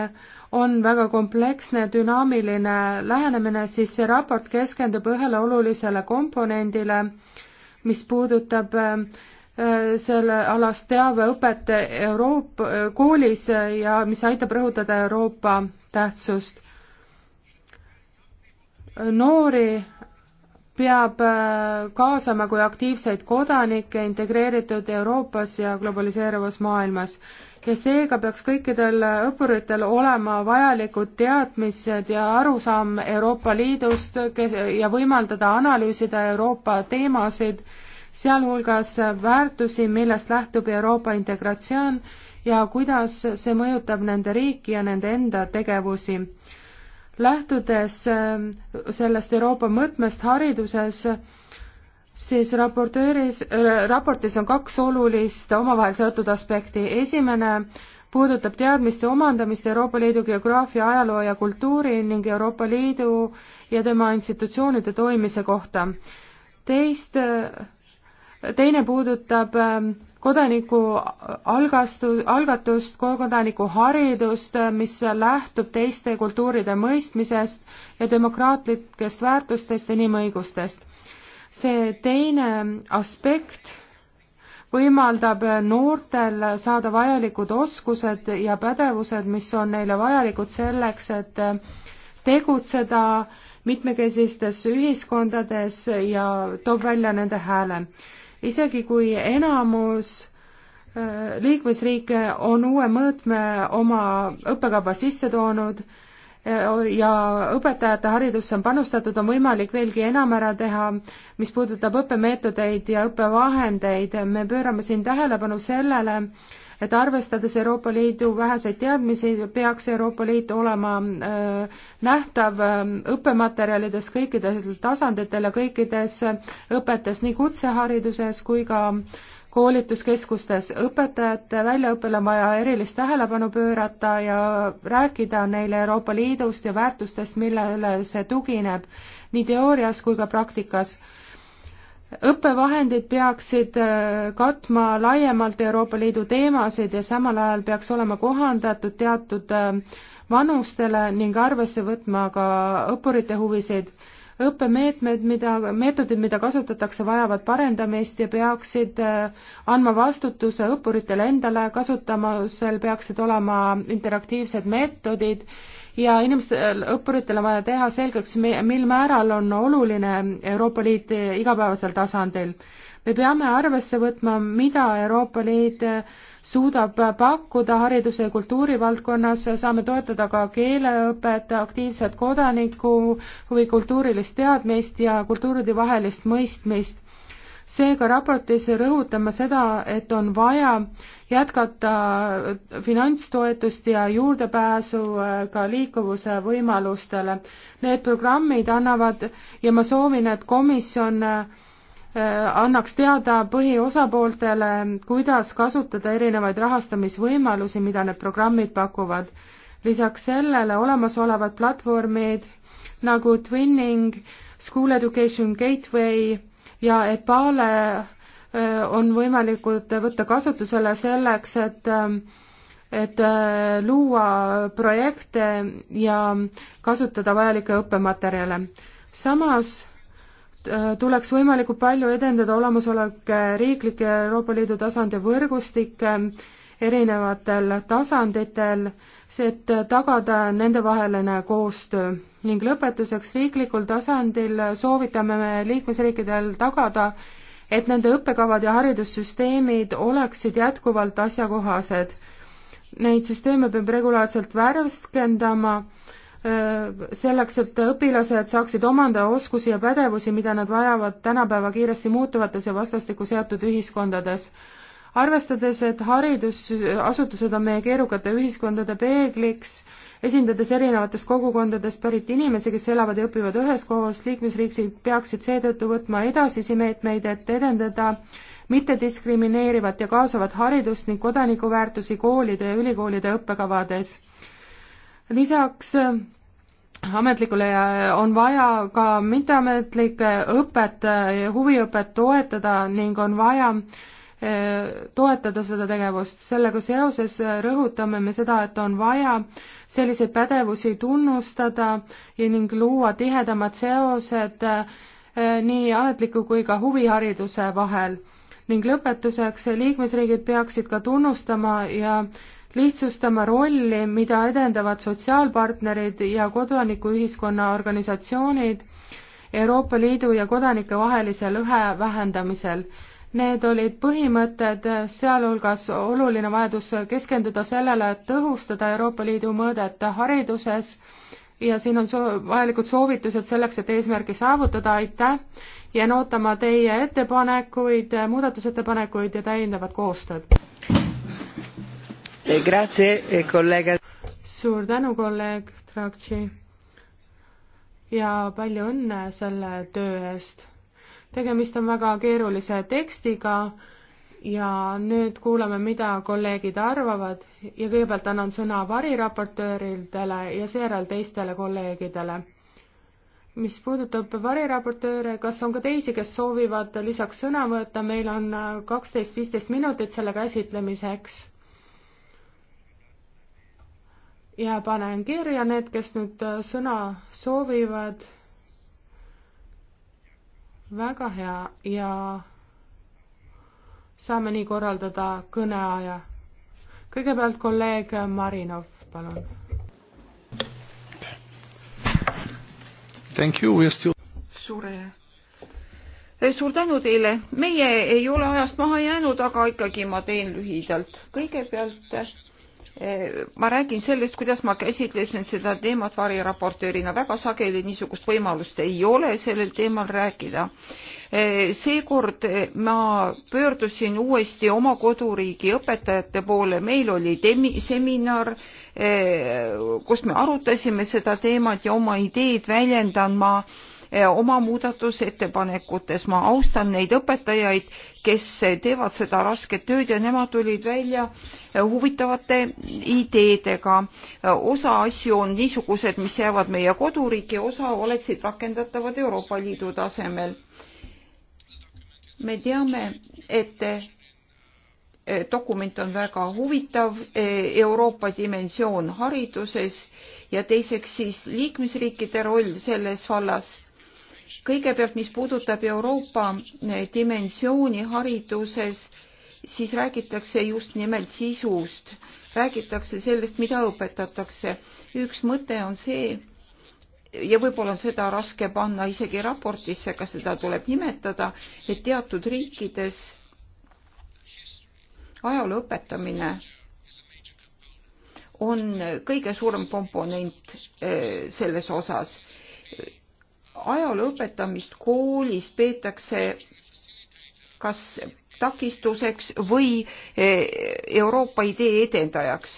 on väga kompleksne dünaamiline lähenemine, siis see raport keskendub ühele olulisele komponendile, mis puudutab äh, selle alast teaveõpet Euroopa koolis ja mis aitab rõhutada Euroopa tähtsust. noori peab äh, kaasama kui aktiivseid kodanikke integreeritud Euroopas ja globaliseeruvas maailmas ja seega peaks kõikidel õppuritel olema vajalikud teadmised ja arusaam Euroopa Liidust ja võimaldada analüüsida Euroopa teemasid, sealhulgas väärtusi, millest lähtub Euroopa integratsioon ja kuidas see mõjutab nende riiki ja nende enda tegevusi. lähtudes äh, sellest Euroopa mõõtmest hariduses, siis raportööris äh,, raportis on kaks olulist omavahel seotud aspekti. esimene puudutab teadmiste omandamist Euroopa Liidu geograafia, ajaloo ja kultuuri ning Euroopa Liidu ja tema institutsioonide toimimise kohta. teist, äh, teine puudutab ähm, kodaniku algastu-, algatust, kodaniku haridust, äh, mis lähtub teiste kultuuride mõistmisest ja demokraatlikest väärtustest ja inimõigustest see teine aspekt võimaldab noortel saada vajalikud oskused ja pädevused, mis on neile vajalikud selleks, et tegutseda mitmekesistes ühiskondades ja toob välja nende hääle. isegi kui enamus äh, liikmesriike on uue mõõtme oma õppekava sisse toonud, ja õpetajate haridusse on panustatud, on võimalik veelgi enam ära teha, mis puudutab õppemeetodeid ja õppevahendeid. me pöörame siin tähelepanu sellele, et arvestades Euroopa Liidu väheseid teadmisi, peaks Euroopa Liit olema äh, nähtav äh, õppematerjalides kõikidel tasanditel ja kõikides õpetes, nii kutsehariduses kui ka koolituskeskustes. õpetajate väljaõppele on vaja erilist tähelepanu pöörata ja rääkida neile Euroopa Liidust ja väärtustest, millele see tugineb nii teoorias kui ka praktikas õppevahendid peaksid äh, katma laiemalt Euroopa Liidu teemasid ja samal ajal peaks olema kohandatud teatud äh, vanustele ning arvesse võtma ka õppurite huvisid õppemeetmed, mida, meetodid, mida kasutatakse, vajavad parendamist ja peaksid äh, andma vastutuse õppuritele endale, kasutamisel peaksid olema interaktiivsed meetodid ja inimestel, õppuritel on vaja teha selgeks, mil määral on oluline Euroopa Liit igapäevasel tasandil. me peame arvesse võtma, mida Euroopa Liit suudab pakkuda hariduse ja kultuuri valdkonnas, saame toetada ka keeleõpet, aktiivset kodaniku või kultuurilist teadmist ja kultuuride vahelist mõistmist. seega raportis rõhutame seda, et on vaja jätkata finantstoetust ja juurdepääsu äh, ka liikuvuse võimalustele. Need programmid annavad ja ma soovin, et komisjon äh, Äh, annaks teada põhiosapooltele, kuidas kasutada erinevaid rahastamisvõimalusi, mida need programmid pakuvad. lisaks sellele olemasolevad platvormid nagu Twinning, School Education Gateway ja Epale äh, on võimalikud võtta kasutusele selleks, et ähm, et äh, luua projekte ja kasutada vajalikke õppematerjale. samas Äh, tuleks võimalikult palju edendada olemasolevate riiklike Euroopa Liidu tasandi võrgustike erinevatel tasanditel, et tagada nendevaheline koostöö. ning lõpetuseks riiklikul tasandil soovitame me liikmesriikidel tagada, et nende õppekavad ja haridussüsteemid oleksid jätkuvalt asjakohased. Neid süsteeme peab regulaarselt värskendama Äh, selleks, et õpilased saaksid omandada oskusi ja pädevusi, mida nad vajavad tänapäeva kiiresti muutuvates ja vastastikku seotud ühiskondades. arvestades, et haridusasutused on meie keerukate ühiskondade peegliks, esindades erinevatest kogukondadest pärit inimesi, kes elavad ja õpivad üheskoos, liikmesriigid peaksid seetõttu võtma edasisi meetmeid, et edendada mittediskrimineerivat ja kaasavat haridust ning kodanikuväärtusi koolide ja ülikoolide õppekavades lisaks äh, ametlikule äh, on vaja ka mitteametlikke õpet, äh, huviõpet toetada ning on vaja toetada seda tegevust. sellega seoses rõhutame me seda, et on vaja selliseid pädevusi tunnustada ning luua tihedamad seosed nii ametliku kui ka huvihariduse vahel. ning lõpetuseks, liikmesriigid peaksid ka tunnustama ja lihtsustama rolli, mida edendavad sotsiaalpartnerid ja kodanikuühiskonna organisatsioonid Euroopa Liidu ja kodanike vahelise lõhe vähendamisel. Need olid põhimõtted, sealhulgas oluline vajadus keskenduda sellele, et tõhustada Euroopa Liidu mõõdet hariduses ja siin on soo-, vajalikud soovitused selleks, et eesmärgi saavutada, aitäh, jään ootama teie ettepanekuid, muudatusettepanekuid ja täiendavat koostööd. Eh, grazie, kolleeg. Eh, suur tänu, kolleeg Trakci. ja palju õnne selle töö eest. tegemist on väga keerulise tekstiga ja nüüd kuulame, mida kolleegid arvavad ja kõigepealt annan sõna variraportööridele ja seejärel teistele kolleegidele. mis puudutab variraportööre, kas on ka teisi, kes soovivad lisaks sõna võtta, meil on kaksteist, viisteist minutit selle käsitlemiseks ja panen kirja need, kes nüüd äh, sõna soovivad. väga hea ja saame nii korraldada kõneaja. kõigepealt kolleeg Marinov, palun. Thank you, we are still. suure suur tänu teile. meie ei ole ajast maha jäänud, aga ikkagi ma teen lühidalt. kõigepealt ma räägin sellest, kuidas ma käsitlesin seda teemat variraportöörina, väga sageli niisugust võimalust ei ole sellel teemal rääkida. seekord ma pöördusin uuesti oma koduriigi õpetajate poole, meil oli temi-, seminar, eh, kus me arutasime seda teemat ja oma ideed väljendan ma äh, oma muudatusettepanekutes. ma austan neid õpetajaid, kes teevad seda rasket tööd ja nemad tulid välja huvitavate ideedega. osa asju on niisugused, mis jäävad meie koduriiki, osa oleksid rakendatavad Euroopa Liidu tasemel. me teame, et dokument on väga huvitav, Euroopa dimensioon hariduses ja teiseks siis liikmesriikide roll selles vallas kõigepealt, mis puudutab Euroopa eh, dimensiooni hariduses, siis räägitakse just nimelt sisust, räägitakse sellest, mida õpetatakse. üks mõte on see ja võib-olla on seda raske panna isegi raportisse, aga seda tuleb nimetada, et teatud riikides ajaloo õpetamine on kõige suurem komponent eh, selles osas ajaloo õpetamist koolis peetakse kas takistuseks või eh, Euroopa idee edendajaks.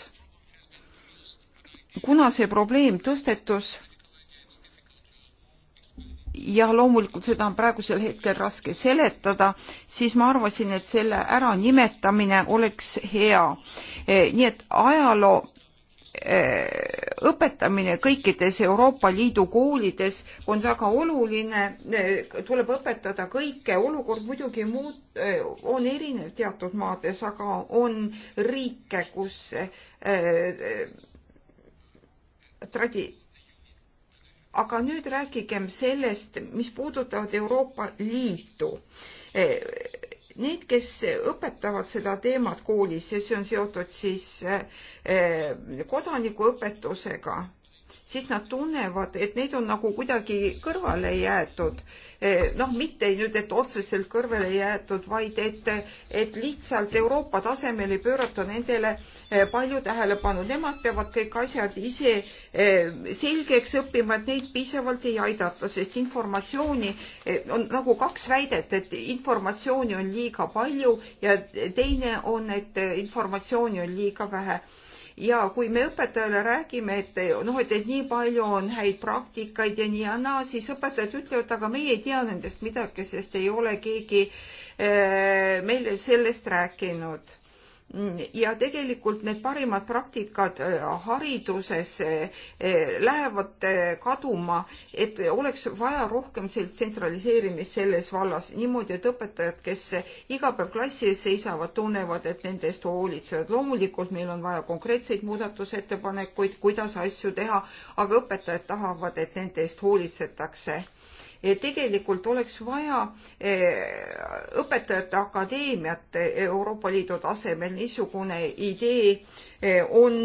kuna see probleem tõstetus ja loomulikult seda on praegusel hetkel raske seletada, siis ma arvasin, et selle äranimetamine oleks hea. Eh, nii et ajaloo Eh, õpetamine kõikides Euroopa Liidu koolides on väga oluline, eh, tuleb õpetada kõike, olukord muidugi muut-, eh, on erinev teatud maades, aga on riike, kus tradi-, aga nüüd rääkigem sellest, mis puudutavad Euroopa Liitu. E, need, kes õpetavad seda teemat koolis ja see on seotud siis e, e, kodanikuõpetusega siis nad tunnevad, et neid on nagu kuidagi kõrvale jäetud. Eh, noh, mitte nüüd, et otseselt kõrvale jäetud, vaid et, et lihtsalt Euroopa tasemel ei pöörata nendele eh, palju tähelepanu. Nemad peavad kõik asjad ise eh, selgeks õppima, et neid piisavalt ei aidata, sest informatsiooni on nagu kaks väidet, et informatsiooni on liiga palju ja teine on, et informatsiooni on liiga vähe ja kui me õpetajale räägime, et noh, et, et nii palju on häid praktikaid ja nii ja naa, siis õpetajad ütlevad, aga meie ei tea nendest midagi, sest ei ole keegi eh, meile sellest rääkinud ja tegelikult need parimad praktikad äh, hariduses äh, äh, lähevad kaduma, et oleks vaja rohkem tsentraliseerimist selles vallas niimoodi, et õpetajad, kes iga päev klassi ees seisavad, tunnevad, et nende eest hoolitsevad. loomulikult meil on vaja konkreetseid muudatusettepanekuid, kuidas asju teha, aga õpetajad tahavad, et nende eest hoolitsetakse tegelikult oleks vaja eh, õpetajate akadeemiat eh, Euroopa Liidu tasemel, niisugune idee eh, on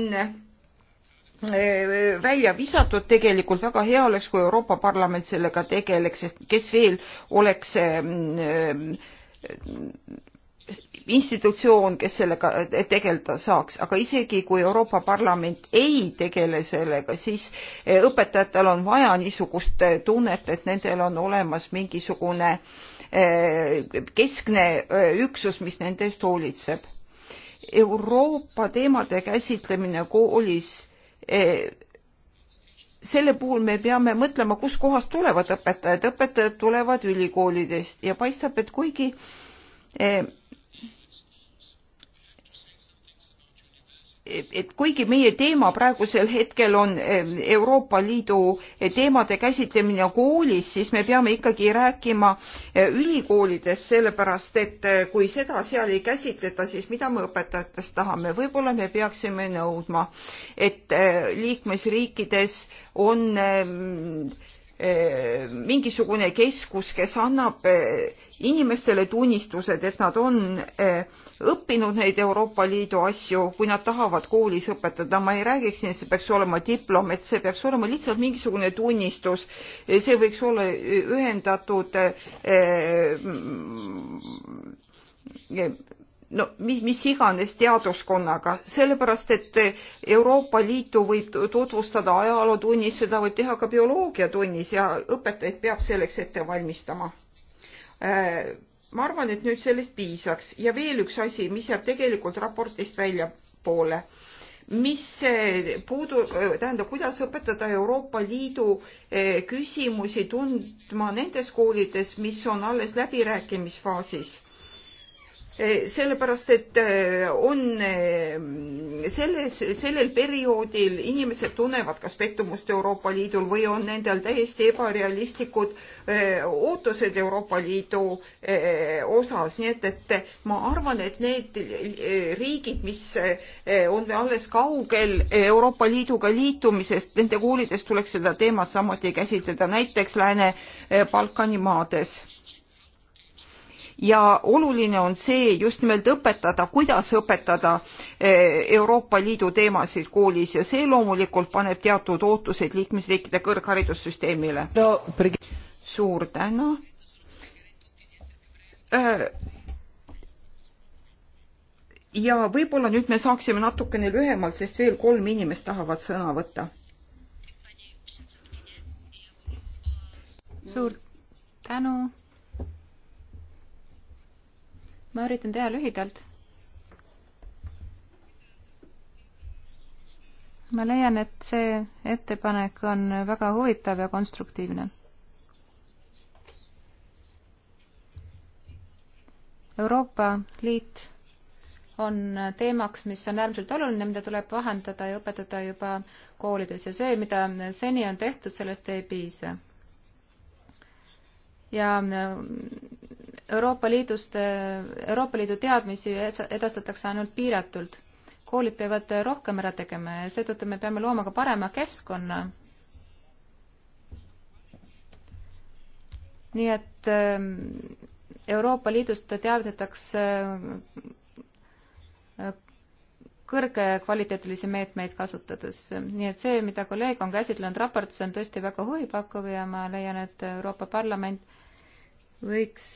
välja visatud tegelikult väga hea oleks kui euroopa parlament sellega tegeleks sest kes veel oleks mm, institutsioon, kes sellega eh, tegeleda saaks, aga isegi kui Euroopa Parlament ei tegele sellega, siis eh, õpetajatel on vaja niisugust eh, tunnet, et nendel on olemas mingisugune keskne üksus, mis nende eest hoolitseb. Euroopa teemade käsitlemine koolis selle puhul me peame mõtlema, kuskohast tulevad õpetajad, õpetajad tulevad ülikoolidest ja paistab, et kuigi et kuigi meie teema praegusel hetkel on ähm, Euroopa Liidu teemade käsitlemine koolis, siis me peame ikkagi rääkima äh, ülikoolides, sellepärast et äh, kui seda seal ei käsitleta, siis mida me õpetajatest tahame, võib-olla me peaksime nõudma, et äh, liikmesriikides on ähm, Eh, mingisugune keskus, kes annab eh, inimestele tunnistused, et nad on eh, õppinud neid Euroopa Liidu asju, kui nad tahavad koolis õpetada, ma ei räägiks siin, et see peaks olema diplom, et see peaks olema lihtsalt mingisugune tunnistus. see võiks olla ühendatud no mis, mis iganes teaduskonnaga, sellepärast et Euroopa Liitu võib tutvustada ajalootunnis, seda võib teha ka bioloogiatunnis ja õpetajaid peab selleks ette valmistama. Äh, ma arvan, et nüüd sellest piisaks ja veel üks asi, mis jääb tegelikult raportist väljapoole, mis äh, puudu, äh, tähendab, kuidas õpetada Euroopa Liidu küsimusi tundma nendes koolides, mis on alles läbirääkimisfaasis Eh, sellepärast et eh, on eh, selles, sellel perioodil inimesed tunnevad kas pettumust Euroopa Liidul või on nendel täiesti ebarealistlikud ootused Euroopa Liidu osas, nii et, et ma arvan, et need riigid, mis on alles kaugel Euroopa Liiduga liitumisest, nende koolides tuleks seda teemat samuti käsitleda, näiteks Lääne-Balkani maades ja oluline on see just nimelt õpetada, kuidas õpetada eh, Euroopa Liidu teemasid koolis ja see loomulikult paneb teatud ootused liikmesriikide kõrgharidussüsteemile no,. suur tänu eh, ja võib-olla nüüd me saaksime natukene lühemalt, sest veel kolm inimest tahavad sõna võtta. suur tänu, ma üritan teha lühidalt. ma leian, et see ettepanek on väga huvitav ja konstruktiivne. Euroopa Liit on teemaks, mis on äärmiselt oluline, mida tuleb vahendada ja õpetada juba koolides ja see, mida seni on tehtud, sellest ei piisa. ja Euroopa Liidust, Euroopa Liidu teadmisi edastatakse ainult piiratult. koolid peavad rohkem ära tegema ja seetõttu me peame looma ka parema keskkonna. nii et ähm, Euroopa Liidust teavitatakse äh, kõrgekvaliteetilisi meetmeid kasutades. nii et see, mida kolleeg on käsitlenud raportis, on tõesti väga huvipakkuv ja ma leian, et Euroopa Parlament võiks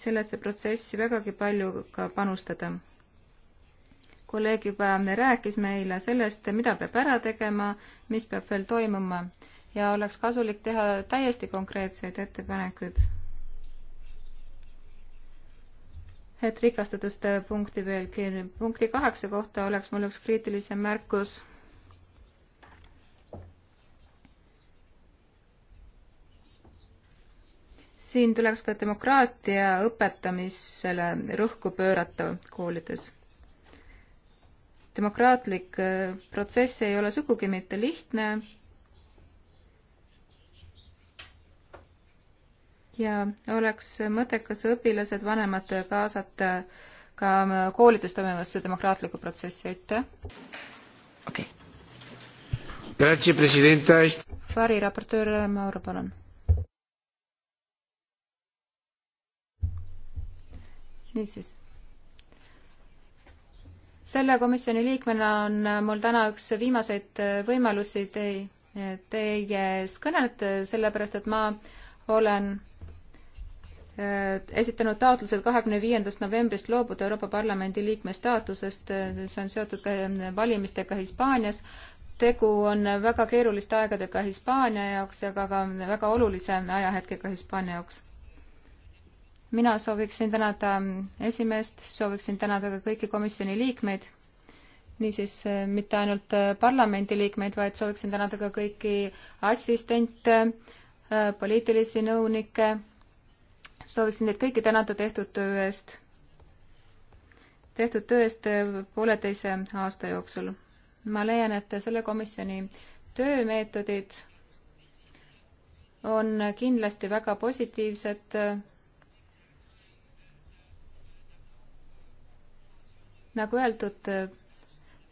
sellesse protsessi vägagi palju ka panustada. kolleeg juba rääkis meile sellest, mida peab ära tegema, mis peab veel toimuma ja oleks kasulik teha täiesti konkreetseid ettepanekuid. et rikastada seda punkti veelgi. punkti kaheksa kohta oleks mul üks kriitilisem märkus siin tuleks ka demokraatia õpetamisele rõhku pöörata koolides. demokraatlik äh, protsess ei ole sugugi mitte lihtne ja oleks mõttekas õpilased, vanemad kaasata ka äh, koolides toimuvasse demokraatlikku protsessi, aitäh. okei okay.. Fari raportöör Mauro, palun niisiis. selle komisjoni liikmena on mul täna üks viimaseid võimalusi tei-, teie ees kõneleda, sellepärast et ma olen äh, esitanud taotlused kahekümne viiendast novembrist loobuda Euroopa Parlamendi liikme staatusest, see on seotud ka äh, valimistega Hispaanias. tegu on väga keeruliste aegadega Hispaania jaoks ja ka, ka väga olulise ajahetkega Hispaania jaoks mina sooviksin tänada ähm, esimeest, sooviksin tänada ka kõiki komisjoni liikmeid, niisiis äh, mitte ainult äh, parlamendiliikmeid, vaid sooviksin tänada ka kõiki assistente, äh, poliitilisi nõunikke, sooviksin teid kõiki tänada tehtud töö eest, tehtud töö eest pooleteise aasta jooksul. ma leian, et selle komisjoni töömeetodid on kindlasti väga positiivsed nagu öeldud,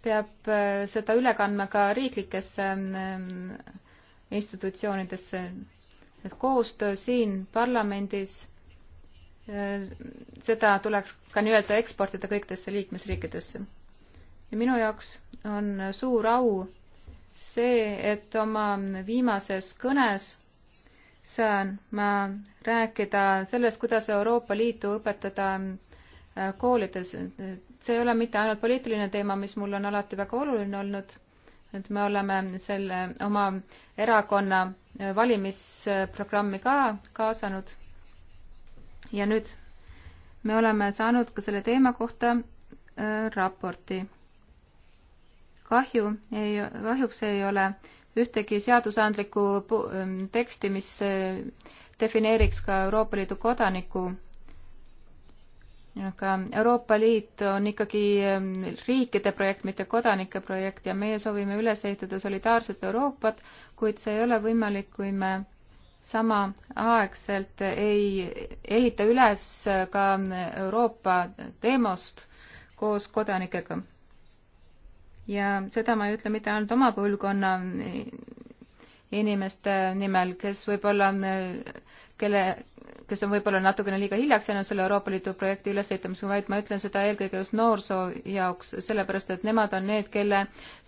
peab äh, seda üle kandma ka riiklikesse ähm, äh, institutsioonidesse, et koostöö siin parlamendis, äh, seda tuleks ka nii-öelda eksportida kõikidesse liikmesriikidesse. ja minu jaoks on suur au see, et oma viimases kõnes saan ma rääkida sellest, kuidas Euroopa Liitu õpetada koolides, et see ei ole mitte ainult poliitiline teema, mis mulle on alati väga oluline olnud, et me oleme selle oma erakonna valimisprogrammi ka kaasanud. ja nüüd me oleme saanud ka selle teema kohta äh, raporti. kahju ei, kahjuks ei ole ühtegi seadusandlikku teksti, mis äh, defineeriks ka Euroopa Liidu kodaniku aga Euroopa Liit on ikkagi riikide projekt, mitte kodanike projekt ja meie soovime üles ehitada solidaarset Euroopat, kuid see ei ole võimalik, kui me samaaegselt ei ehita üles ka Euroopa teemost koos kodanikega. ja seda ma ei ütle mitte ainult oma põlvkonna inimeste nimel, kes võib-olla kelle, kes on võib-olla natukene liiga hiljaks jäänud selle Euroopa Liidu projekti ülesehitamisega, vaid ma ütlen seda eelkõige just noorsoo jaoks, sellepärast et nemad on need, kelle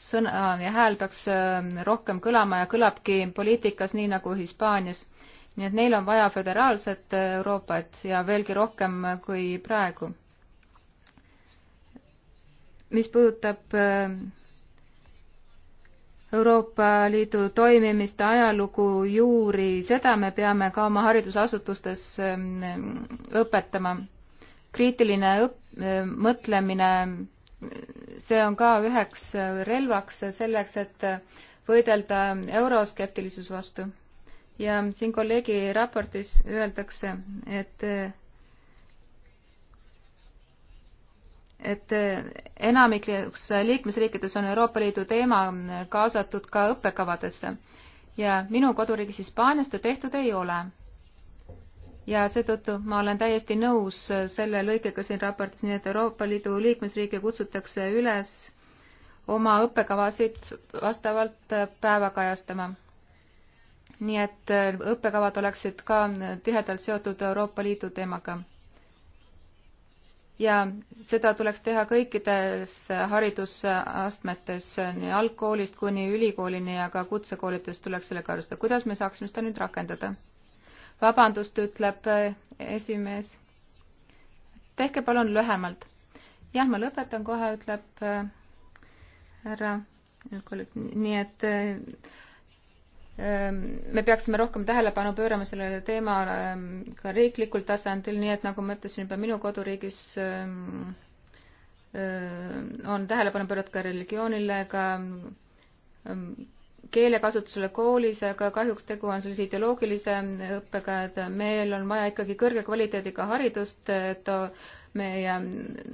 sõna ja hääl peaks ähm, rohkem kõlama ja kõlabki poliitikas, nii nagu Hispaanias. nii et neil on vaja föderaalset äh, Euroopat ja veelgi rohkem äh, kui praegu. mis puudutab ähm, Euroopa Liidu toimimist, ajalugu, juuri, seda me peame ka oma haridusasutustes ähm, õpetama. kriitiline õp-, äh, mõtlemine, see on ka üheks äh, relvaks selleks, et äh, võidelda euroskeptilisuse vastu. ja siin kolleegi raportis öeldakse, et et äh, enamikes liikmesriikides on Euroopa Liidu teema kaasatud ka õppekavadesse ja minu koduriigis Hispaanias seda tehtud ei ole. ja seetõttu ma olen täiesti nõus selle lõikega siin raportis, nii et Euroopa Liidu liikmesriike kutsutakse üles oma õppekavasid vastavalt päeva kajastama. nii et õppekavad oleksid ka tihedalt seotud Euroopa Liidu teemaga ja seda tuleks teha kõikides haridusastmetes, nii algkoolist kuni ülikoolini ja ka kutsekoolides tuleks sellega arvestada. kuidas me saaksime seda nüüd rakendada? vabandust, ütleb esimees. tehke palun lühemalt. jah, ma lõpetan kohe, ütleb äh, härra, nii et äh, Ehm, me peaksime rohkem tähelepanu pöörama sellele teemale ehm, ka riiklikul tasandil, nii et nagu ma ütlesin juba minu koduriigis ehm, on tähelepanu pööratud ka religioonile, ka keelekasutusele koolis, aga kahjuks tegu on sellise ideoloogilise õppega, et meil on vaja ikkagi kõrge kvaliteediga haridust, et meie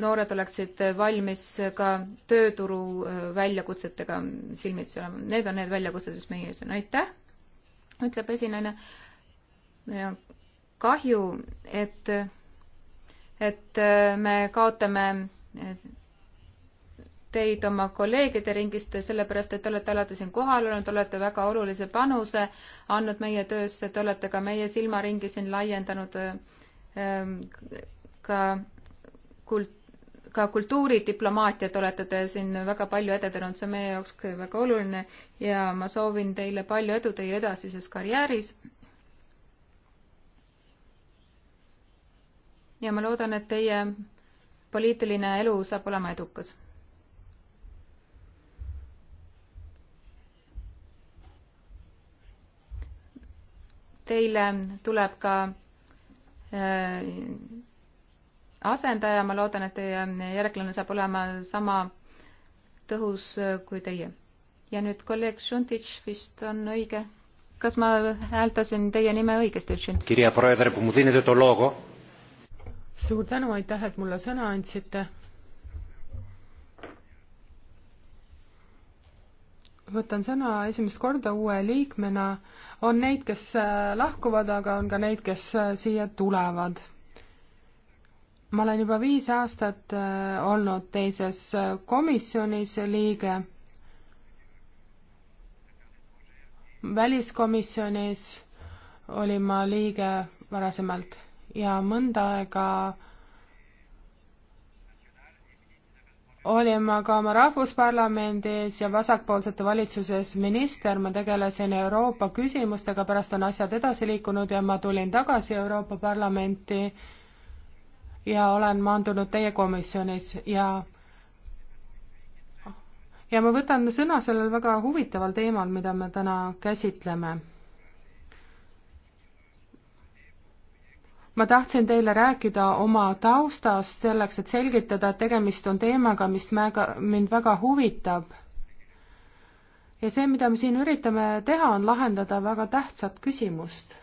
noored oleksid valmis ka tööturu äh, väljakutsetega silmitsi olema. Need on need väljakutsed, mis meie ees on. aitäh, ütleb esinaine. kahju, et, et äh, me kaotame et äh, teid oma kolleegide ringist, sellepärast et te olete alati siin kohal olnud, olete väga olulise panuse andnud meie töösse, te olete ka meie silmaringi siin laiendanud ähm, ka kult-, ka kultuuridiplomaatiat olete te siin väga palju edendanud, see on meie jaoks väga oluline ja ma soovin teile palju edu teie edasises karjääris. ja ma loodan, et teie poliitiline elu saab olema edukas teile tuleb ka äh, asendaja, ma loodan, et teie järglane saab olema sama tõhus äh, kui teie. ja nüüd kolleeg Šuntitš vist on õige. kas ma hääldasin teie nime õigesti? suur tänu, aitäh, et mulle sõna andsite võtan sõna esimest korda uue liikmena, on neid, kes äh, lahkuvad, aga on ka neid, kes äh, siia tulevad. ma olen juba viis aastat äh, olnud teises komisjonis liige, väliskomisjonis olin ma liige varasemalt ja mõnda aega olin ma ka oma rahvusparlamendis ja vasakpoolsete valitsuses minister, ma tegelesin Euroopa küsimustega, pärast on asjad edasi liikunud ja ma tulin tagasi Euroopa Parlamenti ja olen maandunud teie komisjonis ja ja ma võtan sõna sellel väga huvitaval teemal, mida me täna käsitleme ma tahtsin teile rääkida oma taustast selleks, et selgitada, et tegemist on teemaga, mis mäga, mind väga huvitab. ja see, mida me siin üritame teha, on lahendada väga tähtsat küsimust.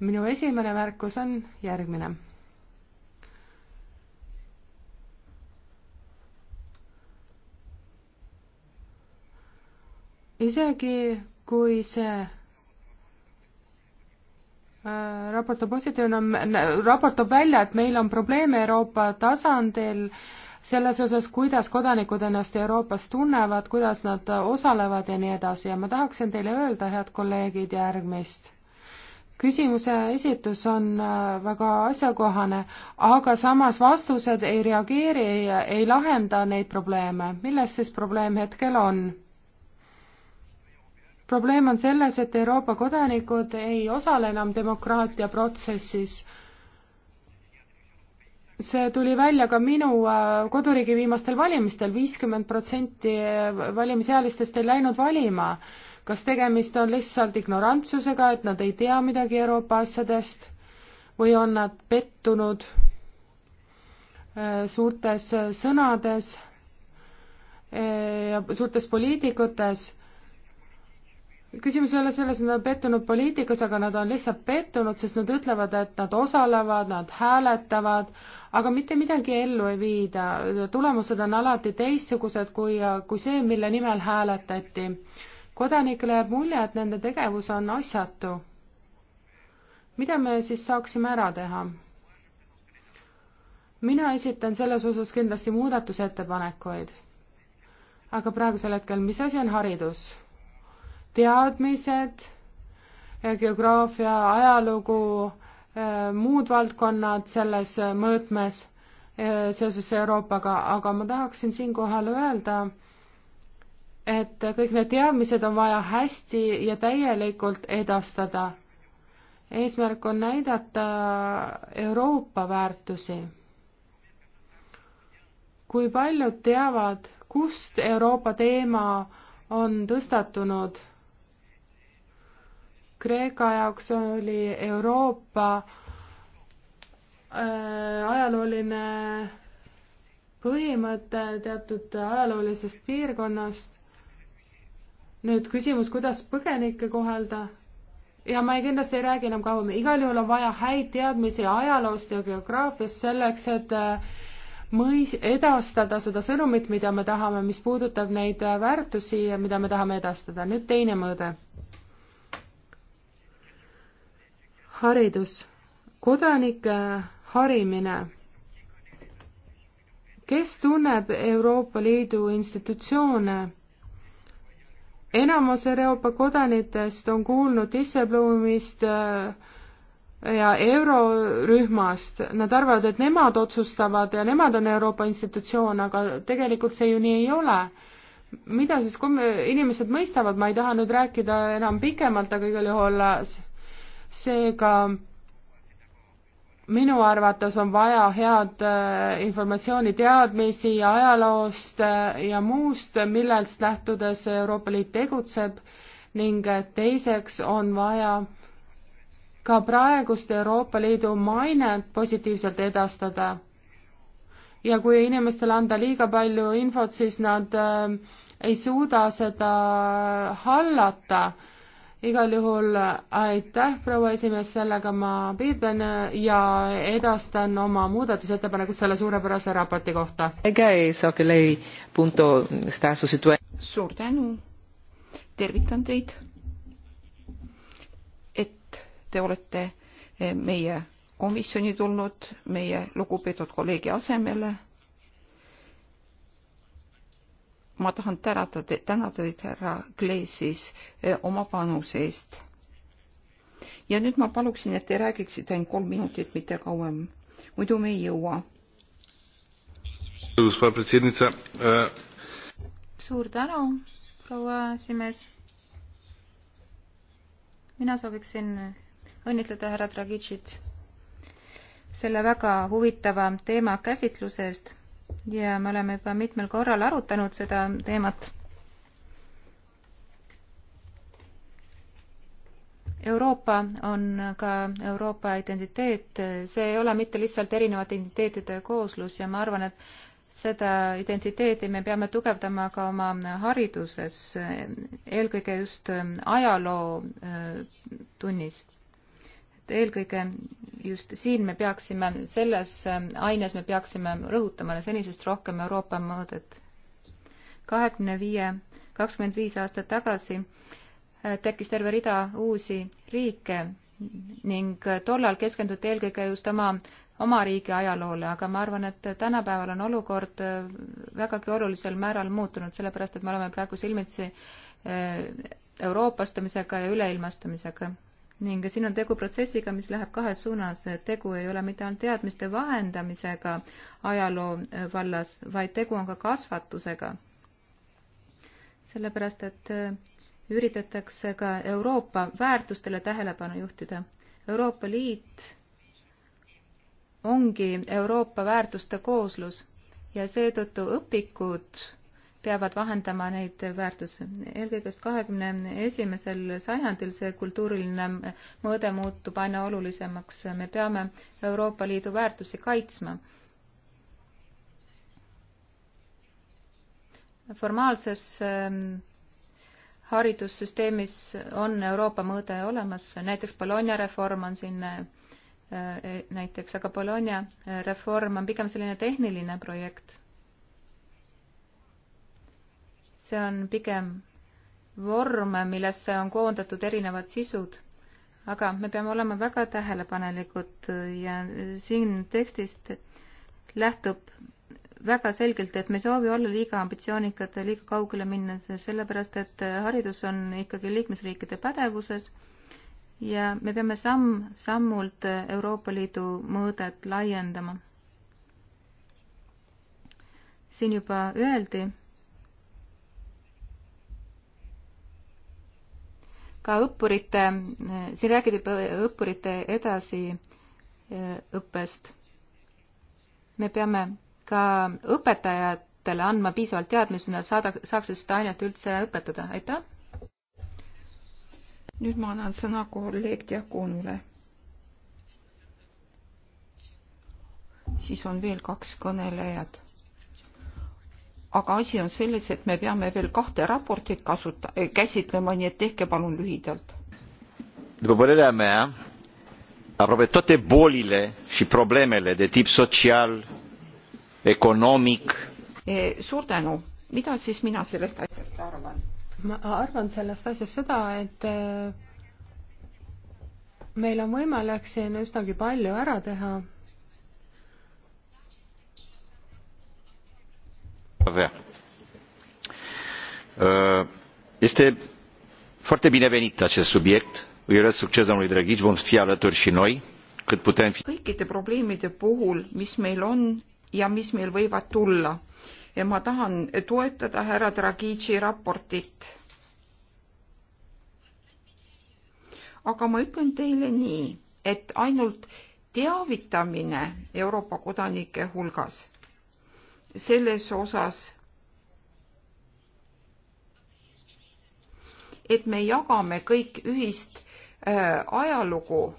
minu esimene märkus on järgmine. isegi kui see Äh, raport on positiivne, raport toob välja, et meil on probleeme Euroopa tasandil selles osas, kuidas kodanikud ennast Euroopas tunnevad, kuidas nad osalevad ja nii edasi ja ma tahaksin teile öelda, head kolleegid, järgmist. küsimuse esitus on äh, väga asjakohane, aga samas vastused ei reageeri, ei lahenda neid probleeme. milles siis probleem hetkel on? probleem on selles, et Euroopa kodanikud ei osale enam demokraatia protsessis. see tuli välja ka minu äh, koduriigi viimastel valimistel, viiskümmend protsenti äh, valimisealistest ei läinud valima. kas tegemist on lihtsalt ignorantsusega, et nad ei tea midagi Euroopa asjadest või on nad pettunud äh, suurtes sõnades ja suurtes poliitikutes küsimus ei ole selles, et nad on pettunud poliitikas, aga nad on lihtsalt pettunud, sest nad ütlevad, et nad osalevad, nad hääletavad, aga mitte midagi ellu ei viida. tulemused on alati teistsugused kui, kui see, mille nimel hääletati. kodanikele jääb mulje, et nende tegevus on asjatu. mida me siis saaksime ära teha? mina esitan selles osas kindlasti muudatusettepanekuid. aga praegusel hetkel, mis asi on haridus? teadmised, geograafia, ajalugu, eh, muud valdkonnad selles mõõtmes eh, seoses Euroopaga, aga ma tahaksin siinkohal öelda, et kõik need teadmised on vaja hästi ja täielikult edastada. eesmärk on näidata Euroopa väärtusi. kui paljud teavad, kust Euroopa teema on tõstatunud Kreeka jaoks oli Euroopa äh, ajalooline põhimõte teatud ajaloolisest piirkonnast. nüüd küsimus, kuidas põgenikke kohelda? ja ma ei, kindlasti ei räägi enam kauem, igal juhul on vaja häid teadmisi ajaloost ja geograafiast selleks, et äh, mõis-, edastada seda sõnumit, mida me tahame, mis puudutab neid väärtusi, mida me tahame edastada. nüüd teine mõõde haridus, kodanike harimine. kes tunneb Euroopa Liidu institutsioone? enamus Euroopa kodanitest on kuulnud distsepluumist äh, ja eurorühmast, nad arvavad, et nemad otsustavad ja nemad on Euroopa institutsioon, aga tegelikult see ju nii ei ole. mida siis kom-, inimesed mõistavad, ma ei taha nüüd rääkida enam pikemalt, aga igal juhul äh, seega minu arvates on vaja head äh, informatsiooni, teadmisi ajaloost äh, ja muust, millest lähtudes Euroopa Liit tegutseb ning äh, teiseks on vaja ka praegust Euroopa Liidu mainet positiivselt edastada. ja kui inimestele anda liiga palju infot, siis nad ei suuda seda hallata igal juhul aitäh, proua esimees, sellega ma piirdun ja edastan oma muudatusettepanekud selle suurepärase raporti kohta. suur tänu, tervitan teid, et te olete meie komisjoni tulnud meie lugupeetud kolleegi asemele ma tahan tänada te,, tänada teid, härra Gleesis, eh, oma panuse eest. ja nüüd ma paluksin, et te räägiksite ainult kolm minutit, mitte kauem, muidu me ei jõua. Eh. suur tänu, proua esimees. mina sooviksin õnnitleda härra Dragicit selle väga huvitava teema käsitluse eest ja me oleme juba mitmel korral arutanud seda teemat. Euroopa on ka Euroopa identiteet, see ei ole mitte lihtsalt erinevate identiteetide kooslus ja ma arvan, et seda identiteeti me peame tugevdama ka oma hariduses, eelkõige just ajaloo äh, tunnis et eelkõige just siin me peaksime, selles ähm, aines me peaksime rõhutama senisest rohkem Euroopa mõõdet. kahekümne viie, kakskümmend viis aastat tagasi äh, tekkis terve rida uusi riike ning äh, tollal keskenduti eelkõige just oma, oma riigi ajaloole, aga ma arvan, et tänapäeval on olukord äh, vägagi olulisel määral muutunud, sellepärast et me oleme praegu silmitsi euroopastumisega ja üleilmastumisega ning siin on tegu protsessiga, mis läheb kahes suunas. tegu ei ole mitte ainult teadmiste vahendamisega ajaloo vallas, vaid tegu on ka kasvatusega. sellepärast, et äh, üritatakse ka Euroopa väärtustele tähelepanu juhtida. Euroopa Liit ongi Euroopa väärtuste kooslus ja seetõttu õpikud peavad vahendama neid väärtusi. eelkõige just kahekümne esimesel sajandil see kultuuriline mõõde muutub aina olulisemaks. me peame Euroopa Liidu väärtusi kaitsma. formaalses ähm, haridussüsteemis on Euroopa mõõde olemas, näiteks Bologna reform on siin äh, äh, näiteks, aga Bologna äh, reform on pigem selline tehniline projekt see on pigem vorm, millesse on koondatud erinevad sisud. aga me peame olema väga tähelepanelikud ja siin tekstist lähtub väga selgelt, et me ei soovi olla liiga ambitsioonikad, liiga kaugele minna, sellepärast et haridus on ikkagi liikmesriikide pädevuses ja me peame samm-sammult Euroopa Liidu mõõdet laiendama. siin juba öeldi, ka õppurite, siin räägiti juba õppurite edasiõppest. Eh, me peame ka õpetajatele andma piisavalt teadmisi, nad saada, saaksid seda ainet üldse õpetada, aitäh! nüüd ma annan sõna kolleeg Diakonule. siis on veel kaks kõnelejat aga asi on selles, et me peame veel kahte raportit kasuta-, eh, käsitlema, nii et tehke palun lühidalt. după părerea mea, aproape toate bolile și problemele de tip social, economic. E, suur tänu, mida siis mina sellest asjast arvan? ma arvan sellest asjast seda, et äh, meil on võimalik siin üsnagi palju ära teha Uh, este foarte binevenit acest subiect îi urez succes domnului Draghi vom fi alături și noi cât putem fi kõikide probleemide puhul mis meil on ja mis meil võivad tulla ja ma tahan toetada härra Dragici raportit aga ma ütlen teile nii et ainult teavitamine Euroopa kodanike hulgas selles osas, et me jagame kõik ühist äh, ajalugu,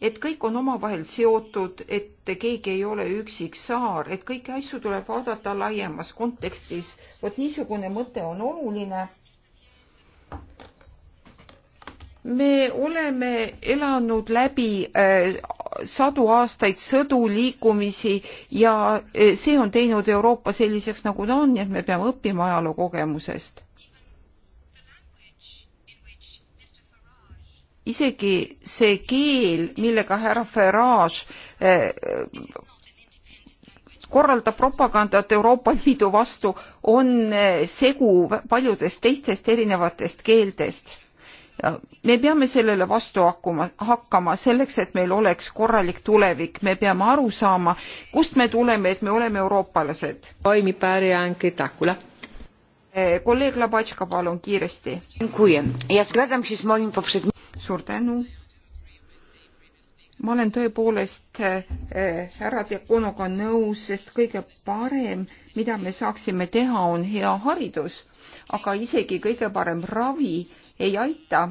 et kõik on omavahel seotud, et keegi ei ole üksik saar, et kõiki asju tuleb vaadata laiemas kontekstis. vot niisugune mõte on oluline me oleme elanud läbi äh, sadu aastaid sõdu, liikumisi ja äh, see on teinud Euroopa selliseks, nagu ta on, nii et me peame õppima ajaloo kogemusest. isegi see keel, millega härra Farage äh, korraldab propagandat Euroopa Liidu vastu, on segu paljudest teistest erinevatest keeltest me peame sellele vastu hakkama, hakkama selleks, et meil oleks korralik tulevik, me peame aru saama, kust me tuleme, et me oleme euroopalased. Eh, kolleeg Labatška, palun kiiresti. suur tänu. ma olen tõepoolest eh, härra Diakonoga nõus, sest kõige parem, mida me saaksime teha, on hea haridus, aga isegi kõige parem ravi ei aita,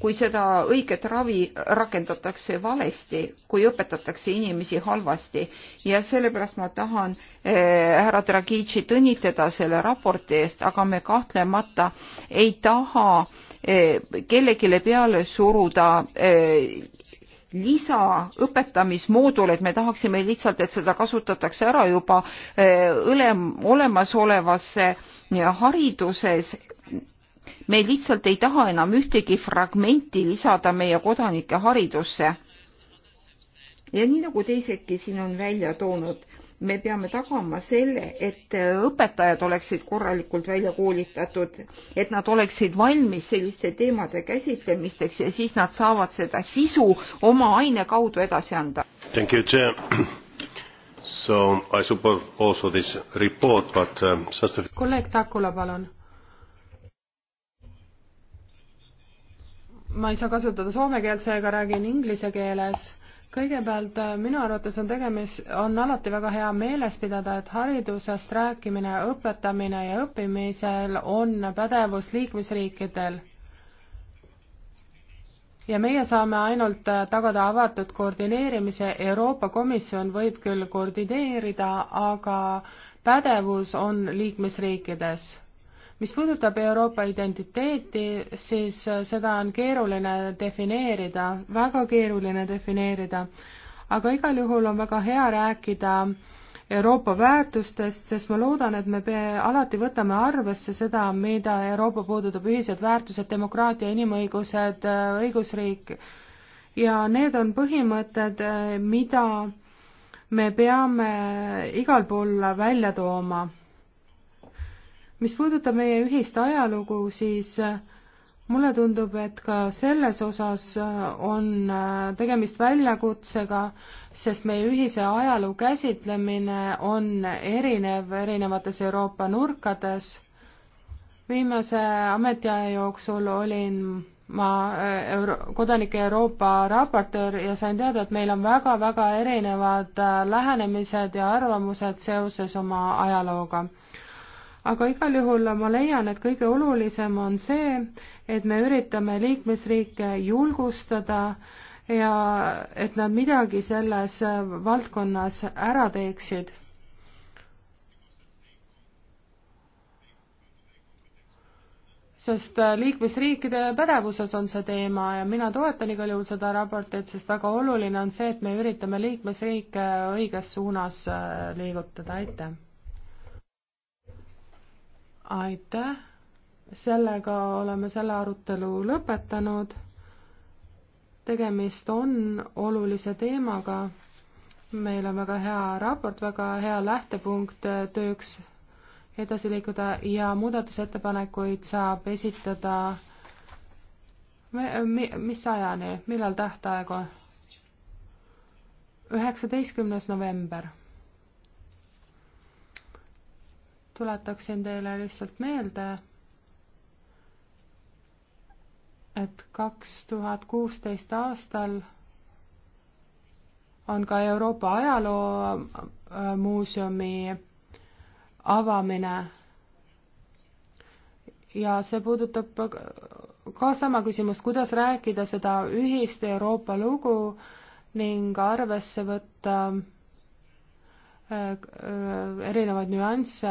kui seda õiget ravi rakendatakse valesti, kui õpetatakse inimesi halvasti ja sellepärast ma tahan eh, härra Dragicit õnnitleda selle raporti eest, aga me kahtlemata ei taha eh, kellelegi peale suruda eh, lisaõpetamismooduleid, me tahaksime lihtsalt, et seda kasutatakse ära juba õle, olemasolevasse hariduses me lihtsalt ei taha enam ühtegi fragmenti lisada meie kodanike haridusse. ja nii nagu teisedki siin on välja toonud, me peame tagama selle, et õpetajad oleksid korralikult välja koolitatud, et nad oleksid valmis selliste teemade käsitlemisteks ja siis nad saavad seda sisu oma aine kaudu edasi anda. Uh, kolleeg Takula, palun ma ei saa kasutada soome keelt, seega räägin inglise keeles. kõigepealt äh, minu arvates on tegemist, on alati väga hea meeles pidada, et haridusest rääkimine, õpetamine ja õppimisel on pädevus liikmesriikidel. ja meie saame ainult äh, tagada avatud koordineerimise, Euroopa Komisjon võib küll koordineerida, aga pädevus on liikmesriikides mis puudutab Euroopa identiteeti, siis äh, seda on keeruline defineerida, väga keeruline defineerida, aga igal juhul on väga hea rääkida Euroopa väärtustest, sest ma loodan, et me alati võtame arvesse seda, mida Euroopa puudutab, ühised väärtused, demokraatia, inimõigused, äh, õigusriik ja need on põhimõtted, äh, mida me peame igal pool välja tooma mis puudutab meie ühist ajalugu, siis äh, mulle tundub, et ka selles osas äh, on äh, tegemist väljakutsega, sest meie ühise ajaloo käsitlemine on erinev erinevates Euroopa nurkades. viimase ametiaja jooksul olin ma Euro kodanike Euroopa raportöör ja sain teada, et meil on väga-väga erinevad lähenemised ja arvamused seoses oma ajalooga aga igal juhul ma leian, et kõige olulisem on see, et me üritame liikmesriike julgustada ja et nad midagi selles valdkonnas ära teeksid. sest liikmesriikide pädevuses on see teema ja mina toetan igal juhul seda raportit, sest väga oluline on see, et me üritame liikmesriike õiges suunas äh, liigutada, aitäh! aitäh, sellega oleme selle arutelu lõpetanud. tegemist on olulise teemaga. meil on väga hea raport, väga hea lähtepunkt tööks edasi liikuda ja muudatusettepanekuid saab esitada mi-, mis ajani, millal tähtaeg on? üheksateistkümnes november tuletaksin teile lihtsalt meelde, et kaks tuhat kuusteist aastal on ka Euroopa Ajaloomuuseumi avamine ja see puudutab ka sama küsimust, kuidas rääkida seda ühist Euroopa lugu ning arvesse võtta äh, Äh, erinevaid nüansse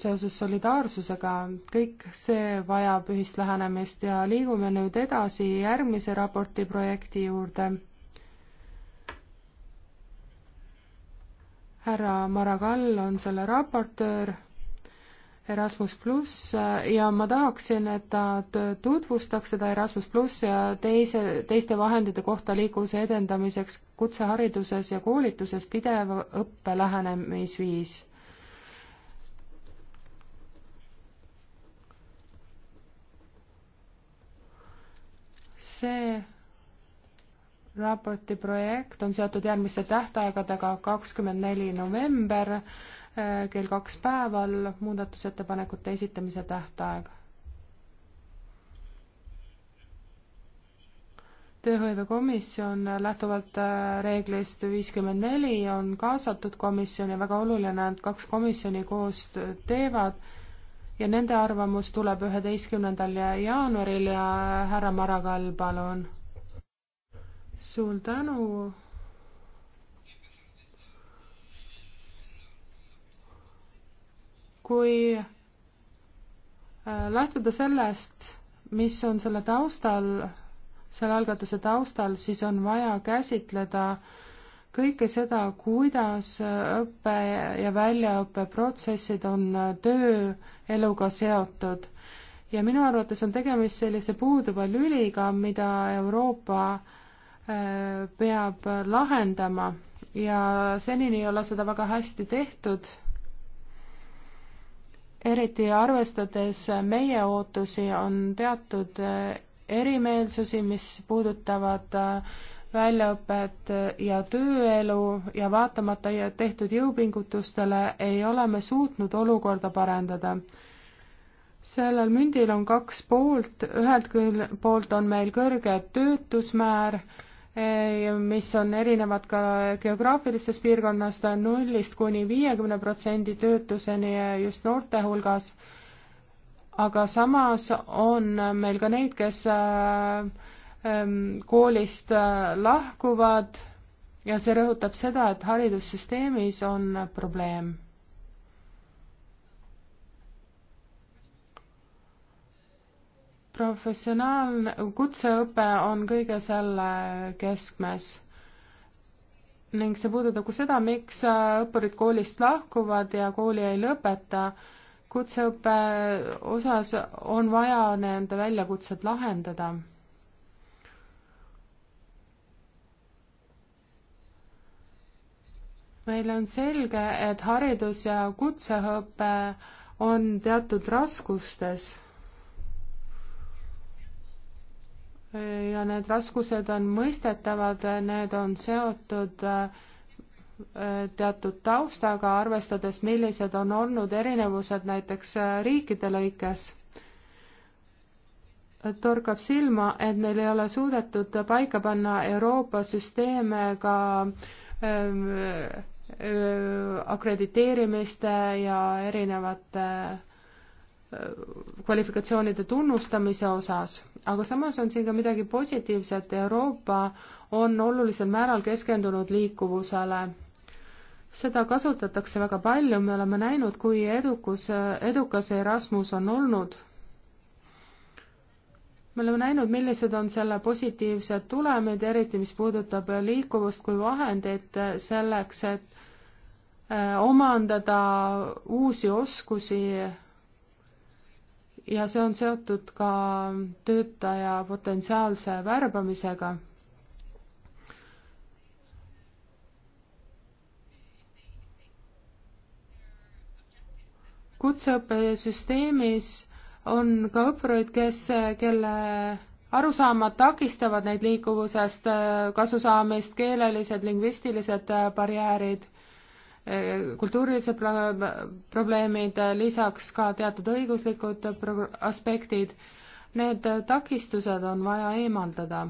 seoses solidaarsusega, kõik see vajab ühist lähenemist ja liigume nüüd edasi järgmise raporti projekti juurde. härra Maragall on selle raportöör Erasmus pluss äh, ja ma tahaksin, et ta tutvustaks seda Erasmus pluss ja teise, teiste vahendite kohta liikuvuse edendamiseks kutsehariduses ja koolituses pidev õppe lähenemisviis. see raporti projekt on seotud järgmiste tähtaegadega kakskümmend neli november Äh, kell kaks päeval muudatusettepanekute esitamise tähtaeg. tööhõivekomisjon lähtuvalt äh, reeglist viiskümmend neli on kaasatud komisjoni, väga oluline, et kaks komisjoni koos teevad ja nende arvamus tuleb üheteistkümnendal jaanuaril ja härra Maragall, palun. suur tänu kui äh, lähtuda sellest, mis on selle taustal, selle algatuse taustal, siis on vaja käsitleda kõike seda, kuidas õppe ja väljaõppeprotsessid on äh, tööeluga seotud. ja minu arvates on tegemist sellise puuduva lüliga, mida Euroopa äh, peab lahendama ja senini ei ole seda väga hästi tehtud eriti arvestades meie ootusi, on teatud eh, erimeelsusi, mis puudutavad eh, väljaõpet ja tööelu ja vaatamata tehtud jõupingutustele ei ole me suutnud olukorda parendada. sellel mündil on kaks poolt, ühelt küll poolt on meil kõrge töötusmäär, mis on erinevad ka geograafilistest piirkonnast nullist kuni viiekümne protsendi töötuseni just noorte hulgas. aga samas on meil ka neid, kes äh, ähm, koolist äh, lahkuvad ja see rõhutab seda, et haridussüsteemis on probleem professionaalne, kutseõpe on kõige selle keskmes ning see puudutab ka seda, miks õppurid koolist lahkuvad ja kooli ei lõpeta. kutseõppe osas on vaja nende väljakutsed lahendada. meil on selge, et haridus ja kutseõpe on teatud raskustes ja need raskused on mõistetavad, need on seotud äh, teatud taustaga, arvestades, millised on olnud erinevused näiteks äh, riikide lõikes. torkab silma, et meil ei ole suudetud paika panna Euroopa süsteeme ka ähm, äh, akrediteerimiste ja erinevate öö, kvalifikatsioonide tunnustamise osas, aga samas on siin ka midagi positiivset, Euroopa on olulisel määral keskendunud liikuvusele. seda kasutatakse väga palju, me oleme näinud, kui edukus, edukas Erasmus on olnud. me oleme näinud, millised on selle positiivsed tulemid, eriti mis puudutab liikuvust kui vahendit selleks, et eh, omandada uusi oskusi ja see on seotud ka töötaja potentsiaalse värbamisega. kutseõppesüsteemis on ka õppureid, kes, kelle arusaamad takistavad neid liikuvusest kasu saamist, keelelised, lingvistilised barjäärid kultuurilised pro probleemid, lisaks ka teatud õiguslikud aspektid. Need takistused on vaja eemaldada.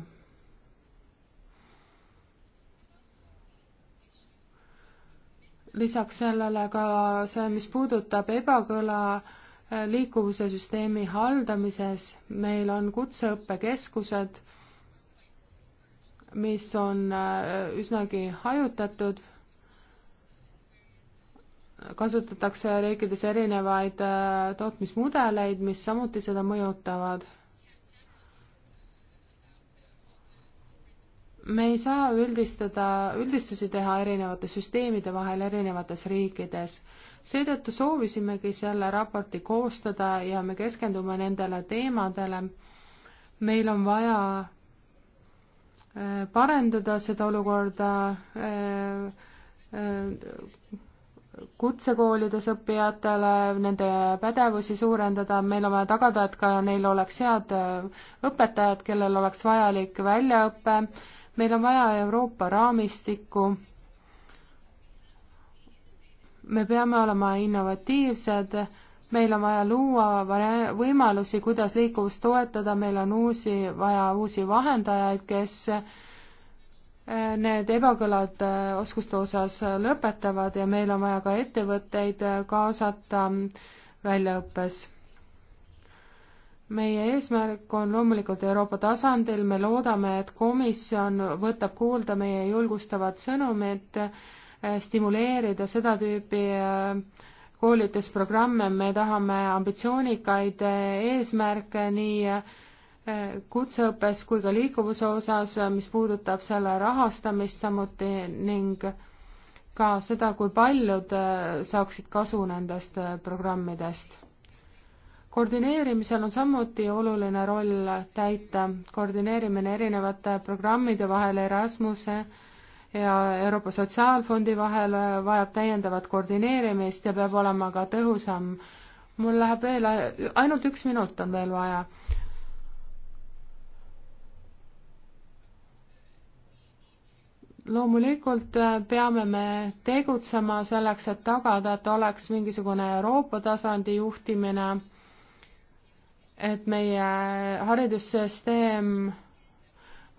lisaks sellele ka see, mis puudutab ebakõla eh, liikuvuse süsteemi haldamises, meil on kutseõppekeskused, mis on eh, üsnagi hajutatud kasutatakse riikides erinevaid äh, tootmismudeleid, mis samuti seda mõjutavad. me ei saa üldistada, üldistusi teha erinevate süsteemide vahel erinevates riikides. seetõttu soovisimegi selle raporti koostada ja me keskendume nendele teemadele. meil on vaja äh, parendada seda olukorda äh, kutsekoolides õppijatele, nende pädevusi suurendada, meil on vaja tagada, et ka neil oleks head äh, õpetajad, kellel oleks vajalik väljaõpe, meil on vaja Euroopa raamistikku, me peame olema innovatiivsed, meil on vaja luua võimalusi, kuidas liikuvust toetada, meil on uusi, vaja uusi vahendajaid, kes need ebakõlad äh, oskuste osas äh, lõpetavad ja meil on vaja ka ettevõtteid äh, kaasata mm, väljaõppes. meie eesmärk on loomulikult Euroopa tasandil, me loodame, et komisjon võtab kuulda meie julgustavat sõnumit, stimuleerida seda tüüpi koolitusprogramme, me tahame ambitsioonikaid eesmärke nii kutseõppes kui ka liikuvuse osas, mis puudutab selle rahastamist samuti ning ka seda, kui paljud äh, saaksid kasu nendest äh, programmidest. koordineerimisel on samuti oluline roll täita, koordineerimine erinevate programmide vahel Erasmuse ja Euroopa Sotsiaalfondi vahel äh, vajab täiendavat koordineerimist ja peab olema ka tõhusam. mul läheb veel, ainult üks minut on veel vaja loomulikult äh, peame me tegutsema selleks, et tagada, et oleks mingisugune Euroopa tasandi juhtimine, et meie haridussüsteem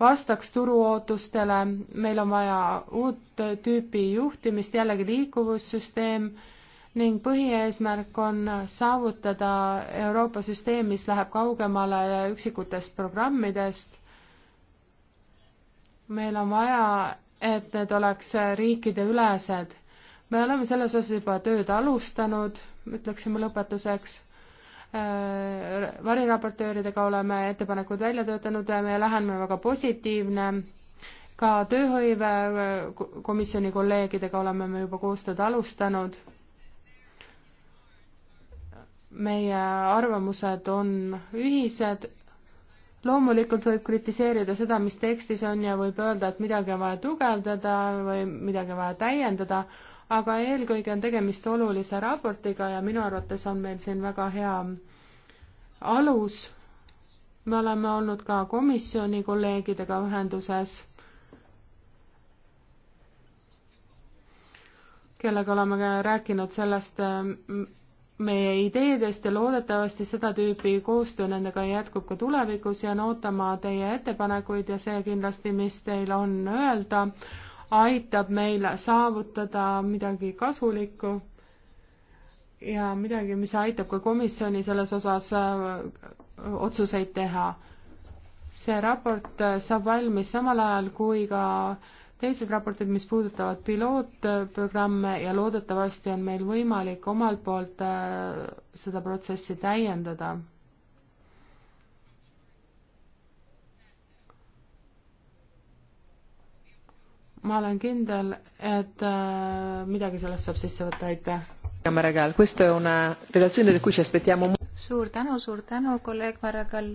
vastaks turuootustele, meil on vaja uut tüüpi juhtimist, jällegi liikuvussüsteem ning põhieesmärk on saavutada Euroopa süsteem, mis läheb kaugemale üksikutest programmidest. meil on vaja et need oleks riikideülesed. me oleme selles osas juba tööd alustanud, ütleksime lõpetuseks. Äh, variraportööridega oleme ettepanekud välja töötanud ja meie lähenemine on väga positiivne. ka tööhõivekomisjoni äh, kolleegidega oleme me juba koostööd alustanud. meie arvamused on ühised loomulikult võib kritiseerida seda, mis tekstis on ja võib öelda, et midagi on vaja tugevdada või midagi on vaja täiendada, aga eelkõige on tegemist olulise raportiga ja minu arvates on meil siin väga hea alus. me oleme olnud ka komisjoni kolleegidega ühenduses, kellega oleme rääkinud sellest, meie ideedest ja loodetavasti seda tüüpi koostöö nendega jätkub ka tulevikus, jään ootama teie ettepanekuid ja see kindlasti, mis teil on öelda, aitab meil saavutada midagi kasulikku ja midagi, mis aitab ka komisjoni selles osas äh, otsuseid teha. see raport äh, saab valmis samal ajal, kui ka teised raportid, mis puudutavad pilootprogramme ja loodetavasti on meil võimalik omalt poolt äh, seda protsessi täiendada. ma olen kindel, et äh, midagi sellest saab sisse võtta, aitäh. suur tänu, suur tänu, kolleeg Maragall.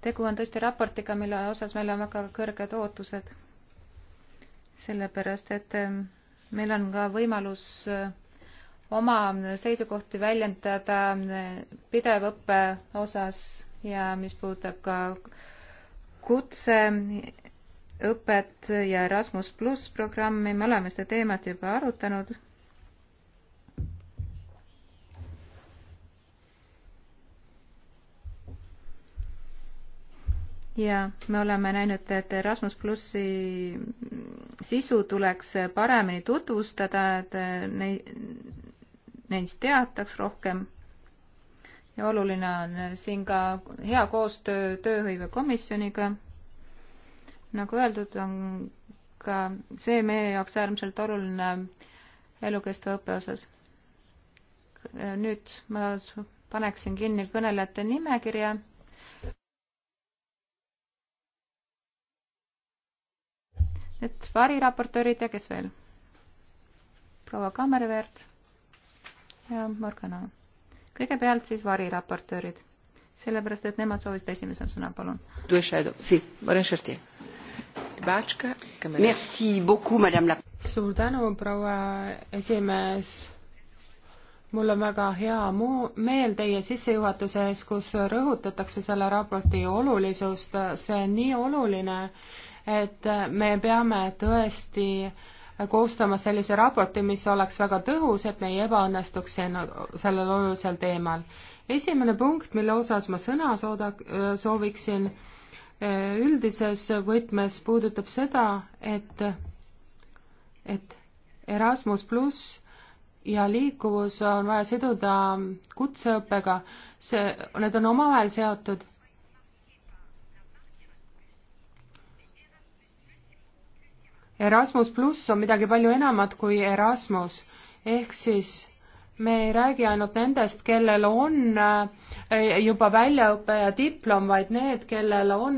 tegu on tõesti raportiga, mille osas meil on väga kõrged ootused sellepärast et ähm, meil on ka võimalus äh, oma seisukohti väljendada äh, pidevõppe osas ja mis puudutab ka kutseõpet ja Erasmus pluss programmi, me oleme seda teemat juba arutanud ja me oleme näinud, et Erasmus plussi sisu tuleks paremini tutvustada, et neid, neist teataks rohkem. ja oluline on siin ka hea koostöö tööhõivekomisjoniga. nagu öeldud, on ka see meie jaoks äärmiselt oluline elukestva õppe osas. nüüd ma paneksin kinni kõnelejate nimekirja et variraportöörid ja kes veel? proua Kammerveert ja Morgana. kõigepealt siis variraportöörid, sellepärast et nemad soovisid esimesena sõna, palun. suur tänu, proua esimees mul on väga hea muu meel teie sissejuhatuse ees, kus rõhutatakse selle raporti olulisust, see on nii oluline, et me peame tõesti koostama sellise raporti, mis oleks väga tõhus, et me ei ebaõnnestuks sellel olulisel teemal. esimene punkt, mille osas ma sõna sooda, sooviksin eh, üldises võtmes, puudutab seda, et, et Erasmus pluss ja liikuvus on vaja siduda kutseõppega, see, need on omavahel seotud Erasmus pluss on midagi palju enamat kui Erasmus, ehk siis me ei räägi ainult nendest, kellel on äh, juba väljaõpe ja diplom, vaid need, kellel on,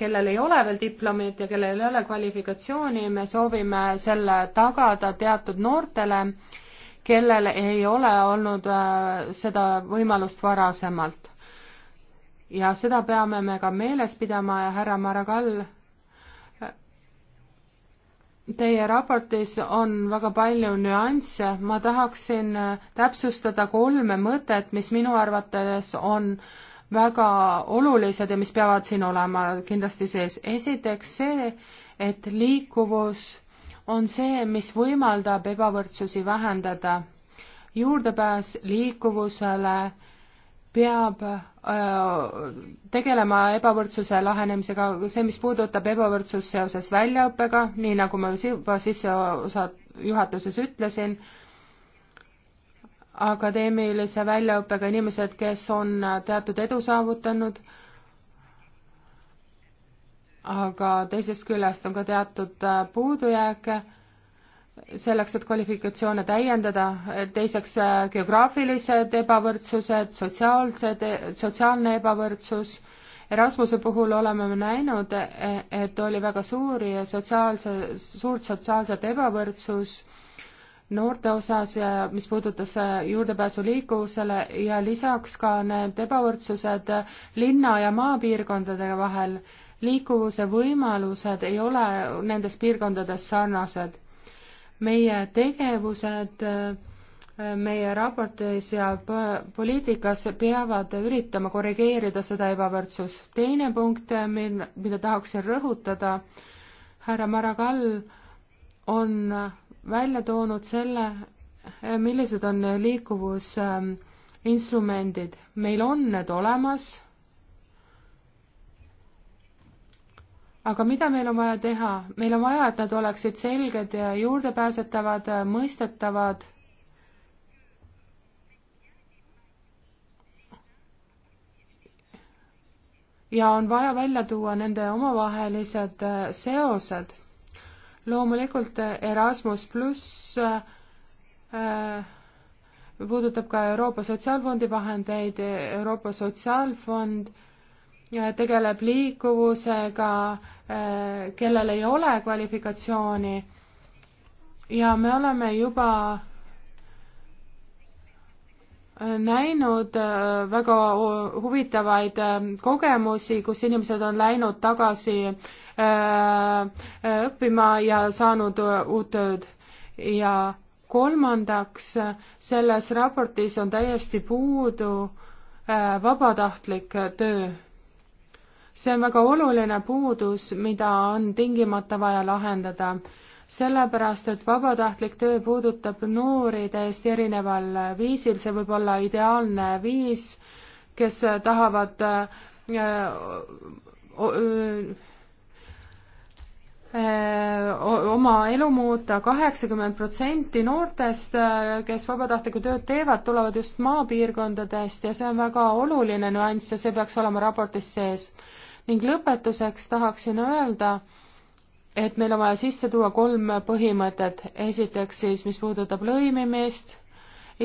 kellel ei ole veel diplomit ja kellel ei ole kvalifikatsiooni, me soovime selle tagada teatud noortele, kellel ei ole olnud äh, seda võimalust varasemalt. ja seda peame me ka meeles pidama ja härra Maragall Teie raportis on väga palju nüansse, ma tahaksin äh, täpsustada kolme mõtet, mis minu arvates on väga olulised ja mis peavad siin olema kindlasti sees. esiteks see, et liikuvus on see, mis võimaldab ebavõrdsusi vähendada. juurdepääs liikuvusele peab äh, tegelema ebavõrdsuse lahenemisega, see, mis puudutab ebavõrdsust seoses väljaõppega, nii nagu ma juba sisseosa juhatuses ütlesin, akadeemilise väljaõppega inimesed, kes on teatud edu saavutanud, aga teisest küljest on ka teatud äh, puudujääke selleks, et kvalifikatsioone täiendada, teiseks äh, geograafilised ebavõrdsused, sotsiaalsed, e-, sotsiaalne ebavõrdsus, Erasmuse puhul oleme me näinud, e-, et oli väga suuri sotsiaalse, suurt sotsiaalset ebavõrdsus noorte osas ja mis puudutas äh, juurdepääsu liikuvusele ja lisaks ka need ebavõrdsused äh, linna ja maapiirkondade vahel. liikuvuse võimalused ei ole nendes piirkondades sarnased meie tegevused meie raportis ja poliitikas peavad üritama korrigeerida seda ebavõrdsus. teine punkt, mil, mida tahaksin rõhutada, härra Maragall on välja toonud selle, millised on liikuvusinstrumendid. meil on need olemas aga mida meil on vaja teha? meil on vaja, et nad oleksid selged ja juurdepääsetavad, mõistetavad. ja on vaja välja tuua nende omavahelised äh, seosed. loomulikult äh, Erasmus pluss äh, äh, puudutab ka Euroopa Sotsiaalfondi vahendeid, Euroopa Sotsiaalfond tegeleb liikuvusega äh,, Äh, kellel ei ole kvalifikatsiooni ja me oleme juba äh, näinud äh, väga huvitavaid kogemusi, kus inimesed on läinud tagasi õppima ja saanud uut tööd. ja kolmandaks, selles raportis on täiesti puudu vabatahtlik töö see on väga oluline puudus, mida on tingimata vaja lahendada, sellepärast et vabatahtlik töö puudutab noori täiesti erineval viisil, see võib olla ideaalne viis, kes tahavad äh, oma elu muuta, kaheksakümmend protsenti noortest, äh, kes vabatahtlikku tööd teevad, tulevad just maapiirkondadest ja see on väga oluline nüanss ja see peaks olema raportis sees ning lõpetuseks tahaksin öelda, et meil on vaja sisse tuua kolm põhimõtet, esiteks siis, mis puudutab lõimimist,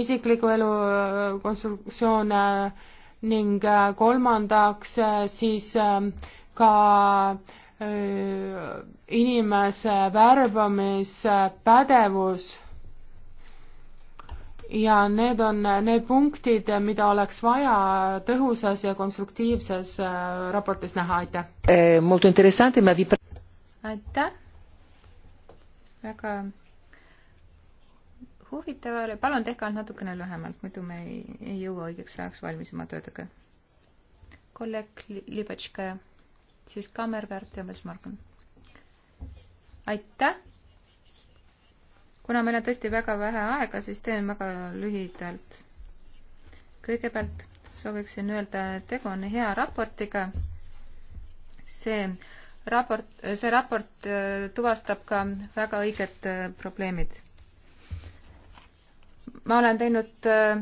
isikliku elu äh, konstruktsioone ning äh, kolmandaks äh, siis ähm, ka inimese värbamispädevus ja need on need punktid, mida oleks vaja tõhusas ja konstruktiivses äh, raportis näha, aitäh eh,! aitäh! väga huvitav oli, palun tehke ainult natukene lühemalt, muidu me ei, ei jõua õigeks ajaks valmis oma töödega. kolleeg Libetška, siis kaamervärt ja Mesmargan. aitäh! kuna meil on tõesti väga vähe aega, siis teen väga lühidalt. kõigepealt sooviksin öelda, et tegu on hea raportiga. see raport, see raport äh, tuvastab ka väga õiged äh, probleemid. ma olen teinud äh,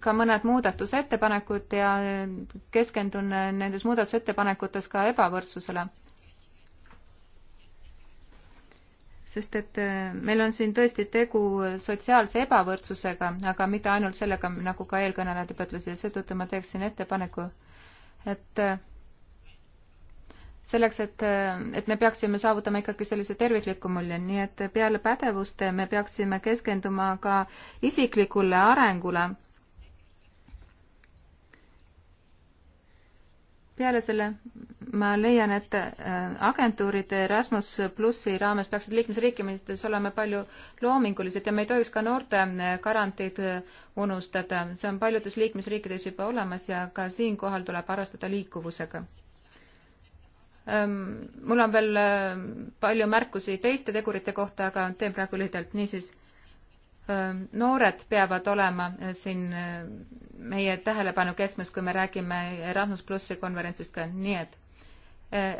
ka mõned muudatusettepanekud ja keskendun nendes muudatusettepanekutes ka ebavõrdsusele. sest et äh, meil on siin tõesti tegu sotsiaalse ebavõrdsusega, aga mitte ainult sellega, nagu ka eelkõnelejad juba ütlesid, seetõttu ma teeksin ettepaneku, et äh, selleks, et, äh, et me peaksime saavutama ikkagi sellise tervikliku mulje, nii et peale pädevuste me peaksime keskenduma ka isiklikule arengule peale selle ma leian, et äh, agentuurid Erasmus plussi raames peaksid liikmesriikides olema palju loomingulised ja me ei tohiks ka noorte äh, garantiid äh, unustada, see on paljudes liikmesriikides juba olemas ja ka siinkohal tuleb arvestada liikuvusega. Ähm, mul on veel palju märkusi teiste tegurite kohta, aga teen praegu lühidalt, niisiis noored peavad olema siin meie tähelepanu keskmes, kui me räägime Erasmus plussi konverentsist ka, nii et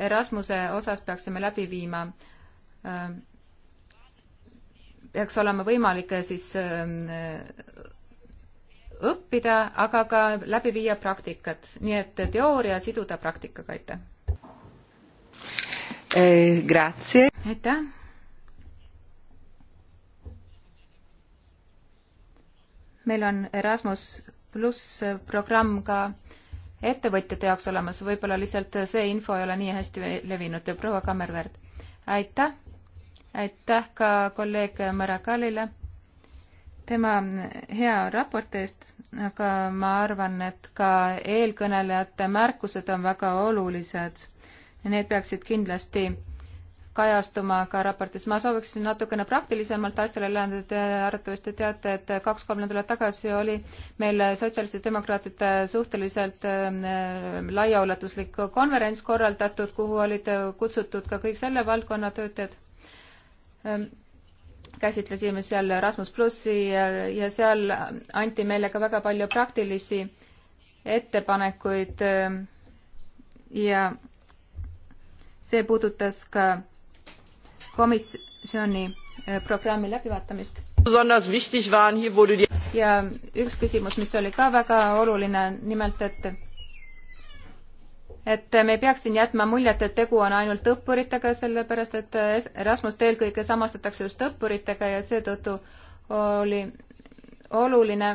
Erasmuse osas peaksime läbi viima, peaks olema võimalik siis õppida, aga ka läbi viia praktikat, nii et teooria siduda praktikaga, aitäh eh,! aitäh! meil on Erasmus pluss programm ka ettevõtjate jaoks olemas, võib-olla lihtsalt see info ei ole nii hästi levinud. proua Kammerverd, aitäh, aitäh ka kolleeg Marakalile tema hea raporti eest, aga ma arvan, et ka eelkõnelejate märkused on väga olulised. Need peaksid kindlasti kajastuma ka raportis. ma sooviksin natukene praktilisemalt asjale läheneda, te arvatavasti teate, et kaks-kolm nädalat tagasi oli meil sotsialistide demokraatide suhteliselt äh, laiaulatuslik konverents korraldatud, kuhu olid kutsutud ka kõik selle valdkonna töötajad. Ähm, käsitlesime seal Rasmus plussi ja seal anti meile ka väga palju praktilisi ettepanekuid ähm, ja see puudutas ka komisjoni äh, programmi läbivaatamist. ja üks küsimus, mis oli ka väga oluline, nimelt et et me ei peaks siin jätma muljet, et tegu on ainult õppuritega, sellepärast et äh, Erasmust eelkõige samastatakse just õppuritega ja seetõttu oli oluline,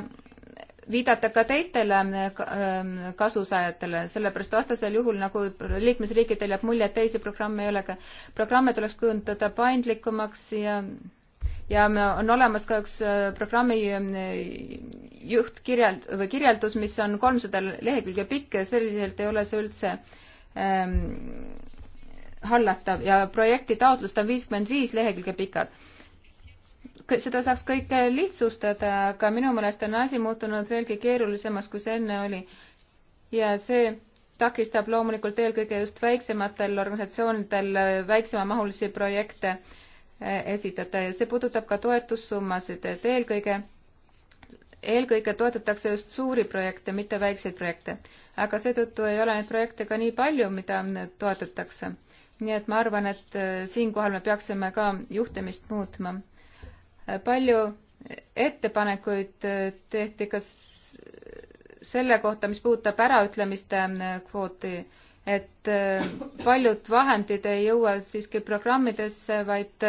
viidata ka teistele ähm, kasusaajatele, sellepärast vastasel juhul nagu liikmesriikidel jääb mulje, et teisi programme ei ole ka. programme tuleks kujundada paindlikumaks ja, ja on olemas ka üks äh, programmi ähm, juhtkirjeld- või kirjeldus, mis on kolmsada lehekülge pikk ja selliselt ei ole see üldse ähm, hallatav ja projekti taotlust on viiskümmend viis lehekülge pikad seda saaks kõike lihtsustada, aga minu meelest on asi muutunud veelgi keerulisemaks, kui see enne oli. ja see takistab loomulikult eelkõige just väiksematel organisatsioonidel väiksemamahulisi projekte eh, esitada ja see puudutab ka toetussummasid, et eelkõige, eelkõige toetatakse just suuri projekte, mitte väikseid projekte. aga seetõttu ei ole neid projekte ka nii palju, mida toetatakse. nii et ma arvan, et eh, siinkohal me peaksime ka juhtimist muutma palju ettepanekuid äh, tehti ka selle kohta, mis puudutab äraütlemiste äh, kvooti, et äh, paljud vahendid ei jõua siiski programmidesse, vaid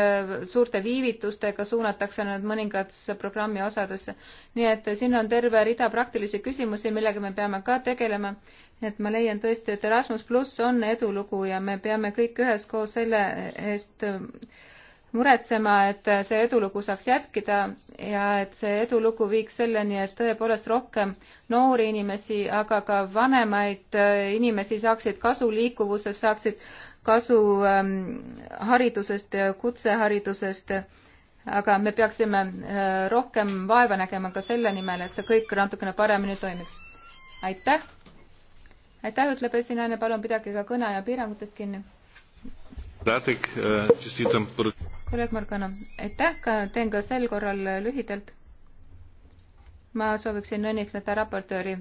suurte viivitustega suunatakse nad mõningatesse programmi osadesse. nii et siin on terve rida praktilisi küsimusi, millega me peame ka tegelema. et ma leian tõesti, et Erasmus pluss on edulugu ja me peame kõik üheskoos selle eest äh, muretsema, et see edulugu saaks jätkida ja et see edulugu viiks selleni, et tõepoolest rohkem noori inimesi, aga ka vanemaid äh, inimesi saaksid kasu liikuvusest, saaksid kasu ähm, haridusest ja kutseharidusest. aga me peaksime äh, rohkem vaeva nägema ka selle nimel, et see kõik natukene paremini toimiks. aitäh! aitäh, ütleb esinejana, palun pidage ka kõne ja piirangutest kinni Äh, kolleeg Morgana, aitäh ka, teen ka sel korral lühidalt. ma sooviksin õnnitleda raportööri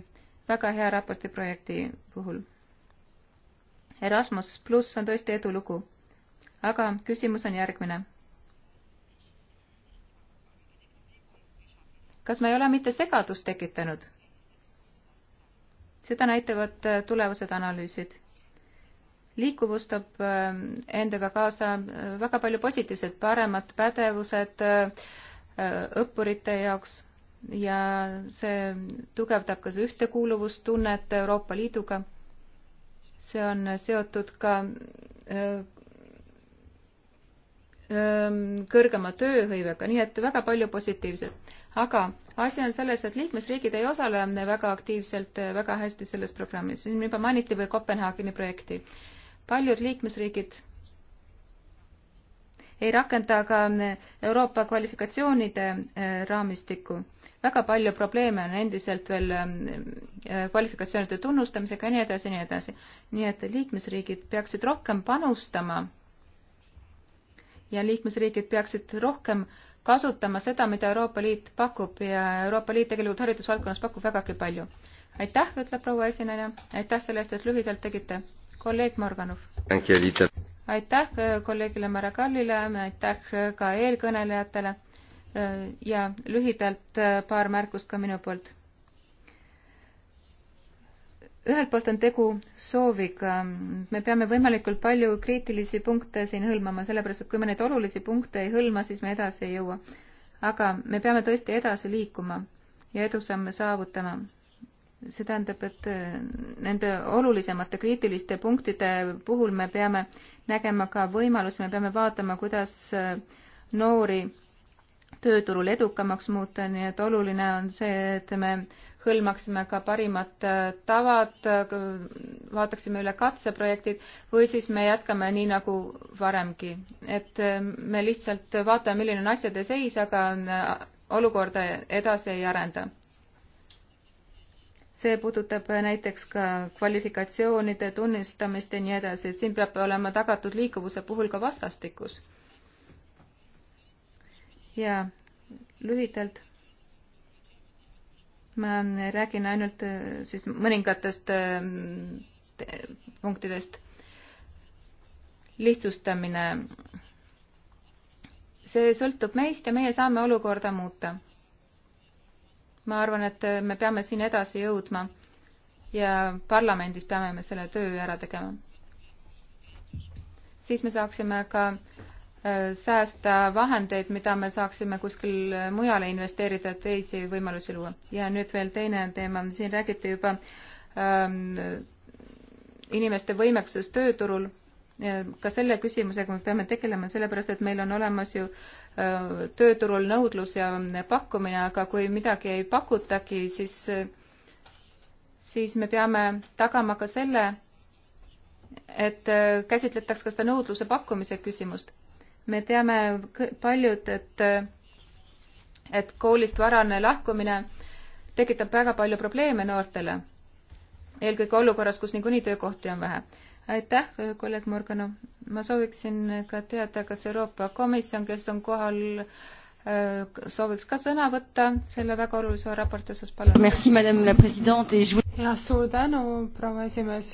väga hea raporti projekti puhul. Erasmus pluss on tõesti edulugu, aga küsimus on järgmine kas me ei ole mitte segadust tekitanud? seda näitavad tulevased analüüsid liikuvus toob äh, endaga kaasa äh, väga palju positiivset, paremad pädevused äh, õppurite jaoks ja see tugevdab ka ühtekuuluvustunnet Euroopa Liiduga. see on seotud ka ähm, kõrgema tööhõivega, nii et väga palju positiivset. aga asi on selles, et liikmesriigid ei osale väga aktiivselt, väga hästi selles programmis. siin juba mainiti või Kopenhaageni projekti paljud liikmesriigid ei rakenda ka Euroopa kvalifikatsioonide äh, raamistikku. väga palju probleeme on endiselt veel äh, äh, kvalifikatsioonide tunnustamisega ja nii edasi ja nii edasi. nii et liikmesriigid peaksid rohkem panustama ja liikmesriigid peaksid rohkem kasutama seda, mida Euroopa Liit pakub ja Euroopa Liit tegelikult haridusvaldkonnas pakub vägagi palju. aitäh, ütleb proua esinaine, aitäh selle eest, et lühidalt tegite kolleeg Morganov. aitäh äh, kolleegile Maragallile, aitäh äh, ka eelkõnelejatele äh, ja lühidalt paar märkust ka minu poolt. ühelt poolt on tegu sooviga, me peame võimalikult palju kriitilisi punkte siin hõlmama, sellepärast et kui me neid olulisi punkte ei hõlma, siis me edasi ei jõua. aga me peame tõesti edasi liikuma ja edusamme saavutama see tähendab, et äh, nende olulisemate kriitiliste punktide puhul me peame nägema ka võimalusi, me peame vaatama, kuidas äh, noori tööturul edukamaks muuta, nii et oluline on see, et me hõlmaksime ka parimad äh, tavad, vaataksime üle katseprojektid või siis me jätkame nii nagu varemgi. et me lihtsalt vaatame, milline on asjade seis, aga olukorda edasi ei arenda see puudutab näiteks ka kvalifikatsioonide tunnistamist ja nii edasi, et siin peab olema tagatud liikuvuse puhul ka vastastikus. ja lühidalt ma räägin ainult äh, siis mõningatest äh, punktidest. lihtsustamine. see sõltub meist ja meie saame olukorda muuta ma arvan, et me peame siin edasi jõudma ja parlamendis peame me selle töö ära tegema. siis me saaksime ka äh, säästa vahendeid, mida me saaksime kuskil mujale investeerida, et teisi võimalusi luua. ja nüüd veel teine teema, siin räägiti juba ähm, inimeste võimekusest tööturul. ka selle küsimusega me peame tegelema, sellepärast et meil on olemas ju äh, Äh, tööturul nõudlus ja pakkumine, aga kui midagi ei pakutagi, siis, äh, siis me peame tagama ka selle, et äh, käsitletaks ka seda nõudluse pakkumise küsimust. me teame paljud, et, et koolist varane lahkumine tekitab väga palju probleeme noortele, eelkõige olukorras, kus niikuinii töökohti on vähe aitäh, kolleeg Morganov. ma sooviksin ka teada, kas Euroopa Komisjon, kes on kohal, äh, sooviks ka sõna võtta selle väga olulise raporti osas, palun. jah, suur tänu, proua esimees,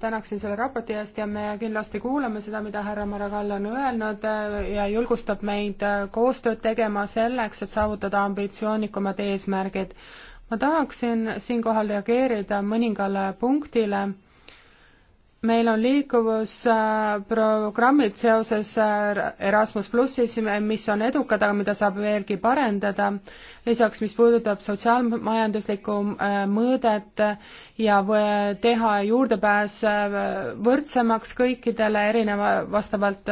tänaksin selle raporti eest ja me kindlasti kuulame seda, mida härra Maragall on öelnud äh, ja julgustab meid äh, koostööd tegema selleks, et saavutada ambitsioonikumad eesmärgid. ma tahaksin siinkohal reageerida mõningale punktile meil on liikuvusprogrammid seoses äh, Erasmus plussis, mis on edukad, aga mida saab veelgi parendada. lisaks, mis puudutab sotsiaalmajanduslikku äh, mõõdet ja teha juurdepääs äh, võrdsemaks kõikidele erineva, vastavalt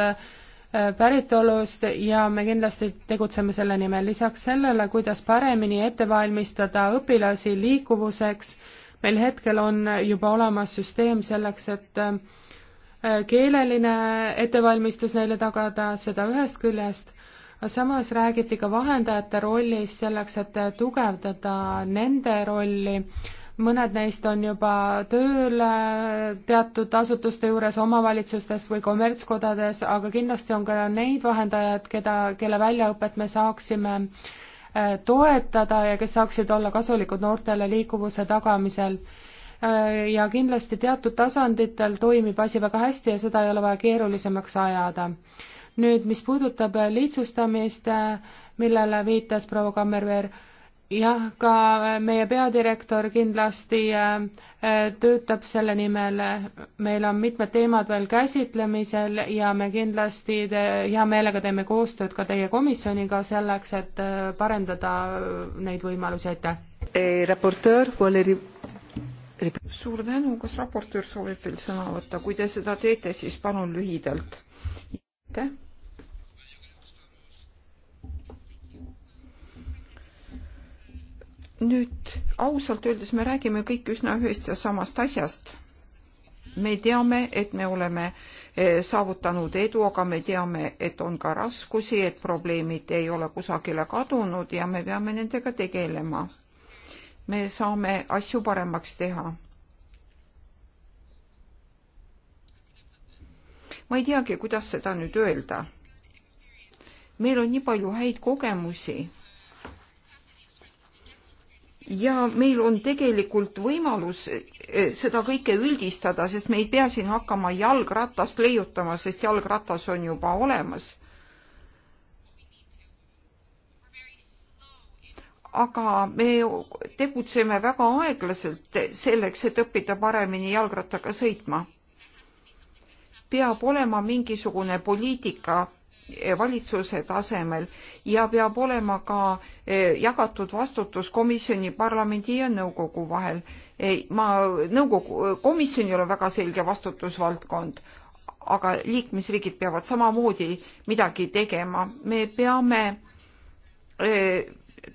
päritolust ja me kindlasti tegutseme selle nimel. lisaks sellele, kuidas paremini ette valmistada õpilasi liikuvuseks meil hetkel on juba olemas süsteem selleks, et äh, keeleline ettevalmistus neile tagada, seda ühest küljest, aga samas räägiti ka vahendajate rollist selleks, et tugevdada nende rolli, mõned neist on juba tööl äh, teatud asutuste juures, omavalitsustes või kommertskodades, aga kindlasti on ka neid vahendajaid, keda, kelle väljaõpet me saaksime äh, Äh, toetada ja kes saaksid olla kasulikud noortele liikuvuse tagamisel. Äh, ja kindlasti teatud tasanditel toimib asi väga hästi ja seda ei ole vaja keerulisemaks ajada. nüüd, mis puudutab lihtsustamist, äh, millele viitas proua Kammerveer jah, ka äh, meie peadirektor kindlasti äh, äh, töötab selle nimel, meil on mitmed teemad veel käsitlemisel ja me kindlasti te, hea meelega teeme koostööd ka teie komisjoniga selleks, et parendada neid võimalusi, aitäh. E, raportöör Valeri. suur tänu, kas raportöör soovib veel sõna võtta, kui te seda teete, siis palun lühidalt. aitäh nüüd ausalt öeldes me räägime kõik üsna ühest ja samast asjast. me teame, et me oleme eh, saavutanud edu, aga me teame, et on ka raskusi, et probleemid ei ole kusagile kadunud ja me peame nendega tegelema. me saame asju paremaks teha. ma ei teagi, kuidas seda nüüd öelda. meil on nii palju häid kogemusi ja meil on tegelikult võimalus eh, seda kõike üldistada, sest me ei pea siin hakkama jalgratast leiutama, sest jalgratas on juba olemas. aga me tegutseme väga aeglaselt selleks, et õppida paremini jalgrattaga sõitma. peab olema mingisugune poliitika Eh, valitsuse tasemel ja peab olema ka eh, jagatud vastutus komisjoni, parlamendi ja nõukogu vahel. Eh, ma, nõukogu, komisjonil on väga selge vastutusvaldkond, aga liikmesriigid peavad samamoodi midagi tegema. me peame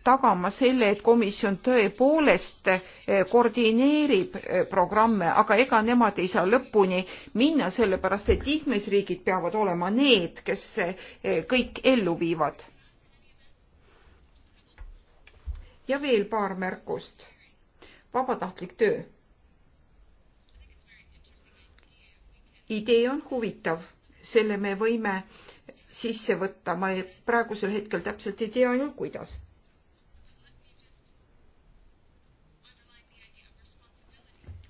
tagama selle, et komisjon tõepoolest eh, koordineerib eh, programme, aga ega nemad ei saa lõpuni minna, sellepärast et liikmesriigid peavad olema need, kes eh, kõik ellu viivad. ja veel paar märkust. vabatahtlik töö. idee on huvitav, selle me võime sisse võtta, ma praegusel hetkel täpselt ei tea ju, kuidas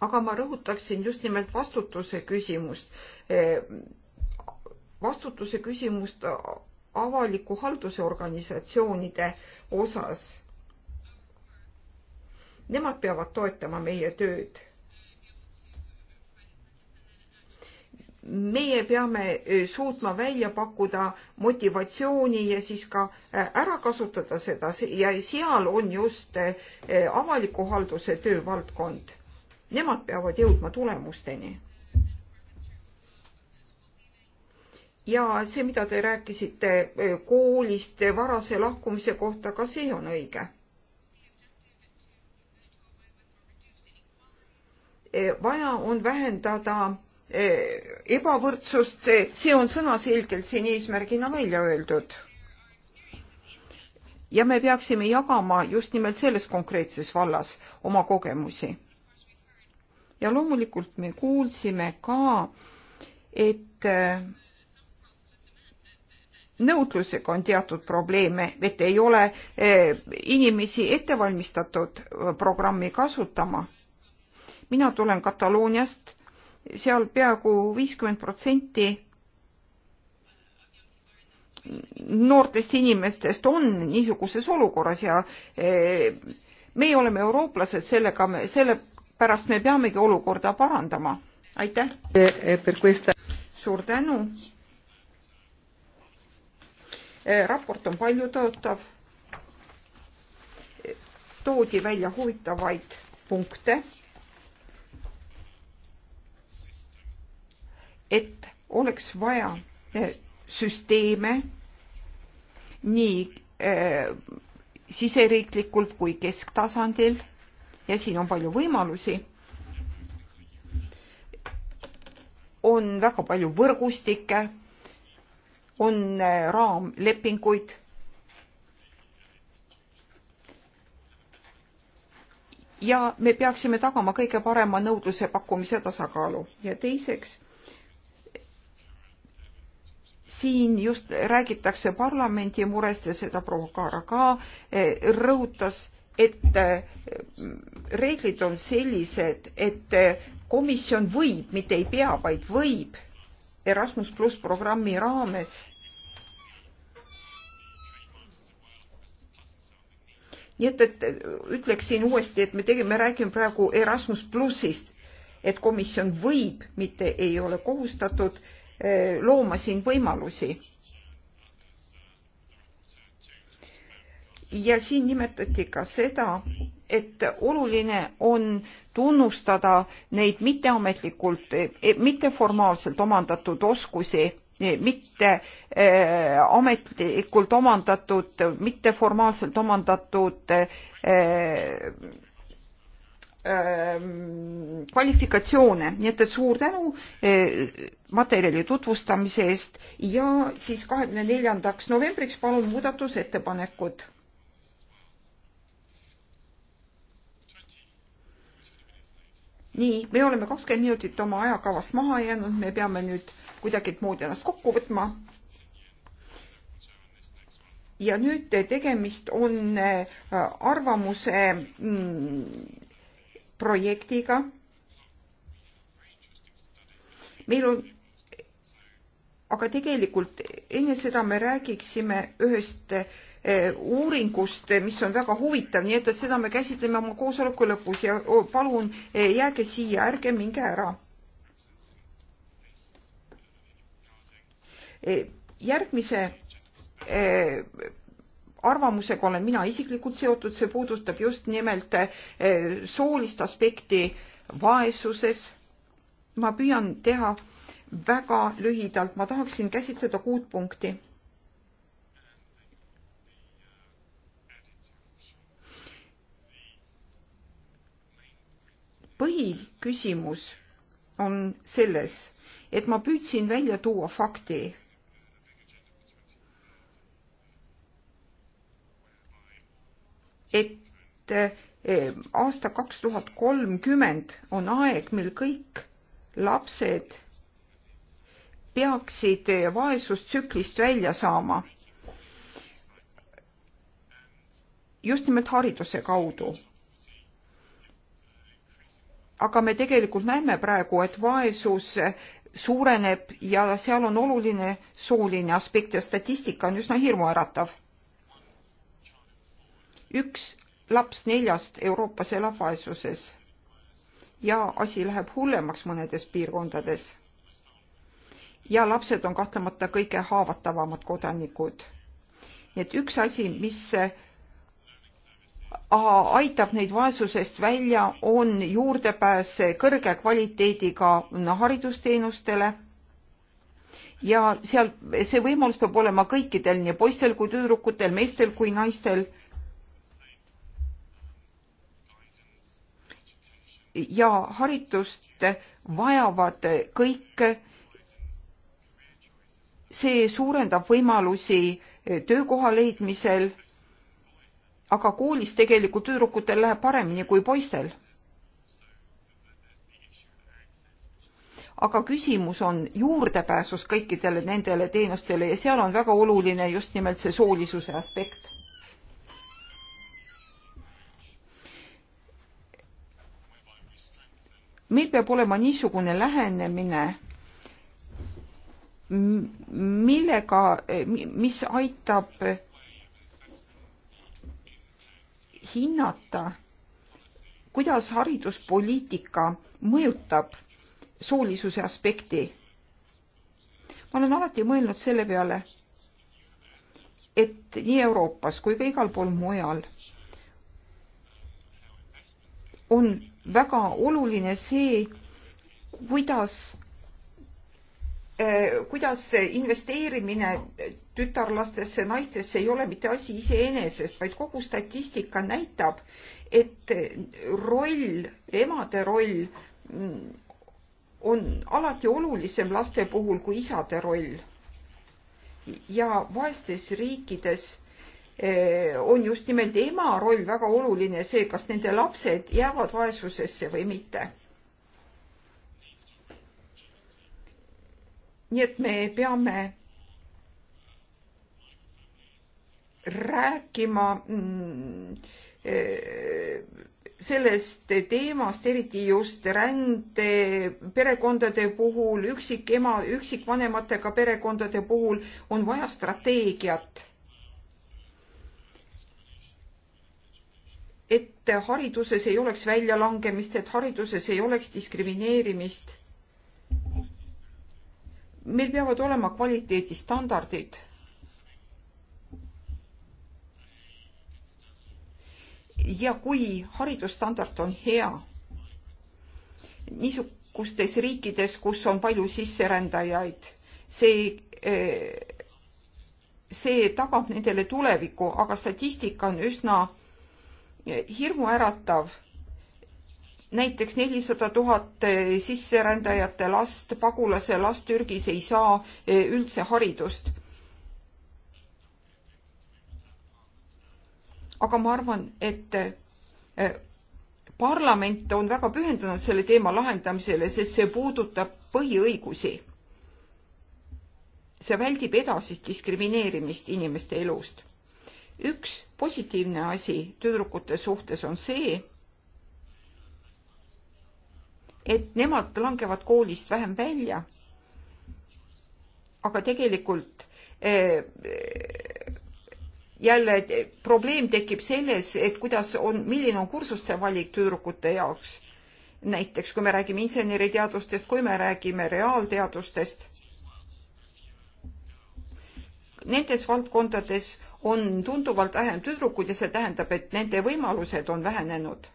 aga ma rõhutaksin just nimelt vastutuse küsimust. E, vastutuse küsimust avaliku halduse organisatsioonide osas. Nemad peavad toetama meie tööd. meie peame e, suutma välja pakkuda motivatsiooni ja siis ka e, ära kasutada seda ja seal on just avaliku halduse töövaldkond nemad peavad jõudma tulemusteni. ja see, mida te rääkisite eh, koolist eh, varase lahkumise kohta, ka see on õige. Eh, vaja on vähendada ebavõrdsust, see on sõnaselgelt siin eesmärgina välja öeldud. ja me peaksime jagama just nimelt selles konkreetses vallas oma kogemusi ja loomulikult me kuulsime ka, et äh, nõudlusega on teatud probleeme, et ei ole äh, inimesi ette valmistatud äh, programmi kasutama. mina tulen Katalooniast, seal peaaegu viiskümmend protsenti noortest inimestest on niisuguses olukorras ja meie oleme eurooplased, sellega me, selle pärast me peamegi olukorda parandama. aitäh! E, e, suur tänu! E, raport on paljutõotav. toodi välja huvitavaid punkte. et oleks vaja süsteeme nii äh, siseriiklikult kui kesktasandil ja siin on palju võimalusi. on väga palju võrgustikke, on äh, raamlepinguid. ja me peaksime tagama kõige parema nõudluse pakkumise tasakaalu ja teiseks siin just räägitakse parlamendi murest ja seda proua Kaara ka äh, rõhutas, et äh, reeglid on sellised, et äh, komisjon võib, mitte ei pea, vaid võib Erasmus pluss programmi raames nii et, et äh, ütleksin uuesti, et me tegime, räägime praegu Erasmus plussist, et komisjon võib, mitte ei ole kohustatud looma siin võimalusi ja siin nimetati ka seda, et oluline on tunnustada neid mitteametlikult, eh, mitteformaalselt omandatud oskusi, eh, mitte äh, ametlikult omandatud, mitteformaalselt omandatud äh, äh, kvalifikatsioone, nii et, et suur tänu materjali tutvustamise eest ja siis kahekümne neljandaks novembriks palun muudatusettepanekud nii, me oleme kakskümmend minutit oma ajakavast maha jäänud, me peame nüüd kuidagimoodi ennast kokku võtma. ja nüüd tegemist on äh, arvamuse mm, projektiga. meil on, aga tegelikult enne seda me räägiksime ühest uuringust, mis on väga huvitav, nii et, et seda me käsitleme oma koosoleku lõpus ja palun eh, jääge siia, ärge minge ära. Eh, järgmise eh, arvamusega olen mina isiklikult seotud, see puudutab just nimelt soolist aspekti vaesuses. ma püüan teha väga lühidalt, ma tahaksin käsitleda kuut punkti põhiküsimus on selles, et ma püüdsin välja tuua fakti, et eh, aasta kaks tuhat kolmkümmend on aeg, mil kõik lapsed peaksid eh, vaesustsüklist välja saama. just nimelt hariduse kaudu aga me tegelikult näeme praegu, et vaesus suureneb ja seal on oluline sooline aspekt ja statistika on üsna hirmuäratav. üks laps neljast Euroopas elab vaesuses ja asi läheb hullemaks mõnedes piirkondades. ja lapsed on kahtlemata kõige haavatavamad kodanikud. nii et üks asi, mis aitab neid vaesusest välja, on juurdepääs kõrge kvaliteediga haridusteenustele ja seal see võimalus peab olema kõikidel, nii poistel kui tüdrukutel, meestel kui naistel. ja haritust vajavad kõik. see suurendab võimalusi töökoha leidmisel aga koolis tegelikult tüdrukutel läheb paremini kui poistel. aga küsimus on juurdepääsus kõikidele nendele teenustele ja seal on väga oluline just nimelt see soolisuse aspekt meil peab olema niisugune lähenemine, millega, mis aitab hinnata, kuidas hariduspoliitika mõjutab soolisuse aspekti. ma olen alati mõelnud selle peale, et nii Euroopas kui ka igal pool mujal on väga oluline see, kuidas Äh, kuidas investeerimine tütarlastesse naistesse ei ole mitte asi iseenesest, vaid kogu statistika näitab, et roll, emade roll mm, on alati olulisem laste puhul kui isade roll. ja vaestes riikides äh, on just nimelt ema roll väga oluline, see, kas nende lapsed jäävad vaesusesse või mitte nii et me peame rääkima mm, eh, sellest teemast, eriti just rände perekondade puhul, üksikema, üksikvanematega perekondade puhul on vaja strateegiat. et hariduses ei oleks väljalangemist, et hariduses ei oleks diskrimineerimist meil peavad olema kvaliteedistandardid. ja kui haridusstandard on hea, niisugustes riikides, kus on palju sisserändajaid, see eh, see tagab nendele tuleviku, aga statistika on üsna hirmuäratav näiteks nelisada tuhat sisserändajate last, pagulase last Türgis ei saa eh, üldse haridust. aga ma arvan, et eh, parlament on väga pühendunud selle teema lahendamisele, sest see puudutab põhiõigusi. see väldib edasist diskrimineerimist inimeste elust. üks positiivne asi tüdrukute suhtes on see, et nemad langevad koolist vähem välja. aga tegelikult eh, jälle probleem tekib selles, et kuidas on, milline on kursuste valik tüdrukute jaoks. näiteks kui me räägime inseneriteadustest, kui me räägime reaalteadustest. Nendes valdkondades on tunduvalt vähem tüdrukuid ja see tähendab, et nende võimalused on vähenenud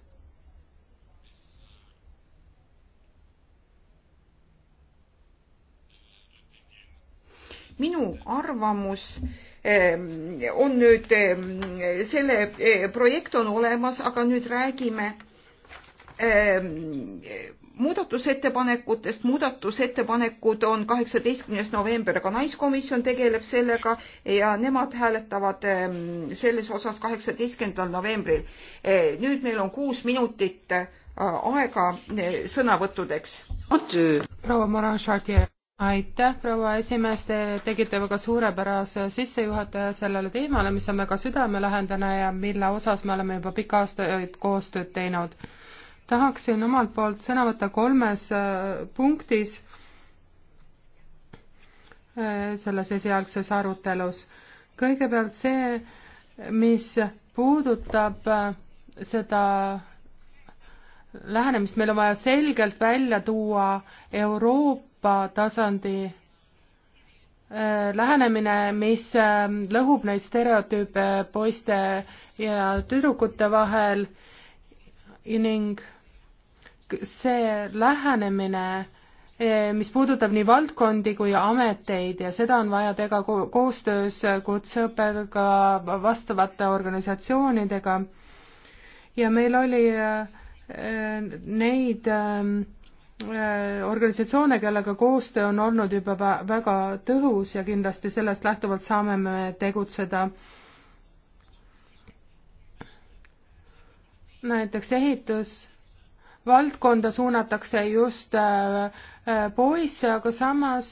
minu arvamus ehm, on nüüd, ehm, selle eh, projekt on olemas, aga nüüd räägime ehm, muudatusettepanekutest, muudatusettepanekud on kaheksateistkümnes november, aga naiskomisjon tegeleb sellega ja nemad hääletavad selles osas kaheksateistkümnendal novembril. Eh, nüüd meil on kuus minutit eh, aega sõnavõttudeks. proua Mara Šatje aitäh, proua esimees, te tegite väga suurepärase sissejuhataja sellele teemale, mis on väga südamelähedane ja mille osas me oleme juba pikka aastaid koostööd teinud. tahaksin omalt poolt sõna võtta kolmes äh, punktis äh, selles esialgses arutelus. kõigepealt see, mis puudutab äh, seda lähenemist, meil on vaja selgelt välja tuua Euroopa Euroopa tasandi äh, lähenemine, mis ähm, lõhub neid stereotüüpe poiste ja tüdrukute vahel ning see lähenemine, äh, mis puudutab nii valdkondi kui ameteid ja seda on vaja teha koostöös kutseõppega, vastavate organisatsioonidega ja meil oli äh, neid ähm, Äh, organisatsioone, kellega koostöö on olnud juba väga tõhus ja kindlasti sellest lähtuvalt saame me tegutseda. näiteks ehitusvaldkonda suunatakse just äh, äh, poisse, aga samas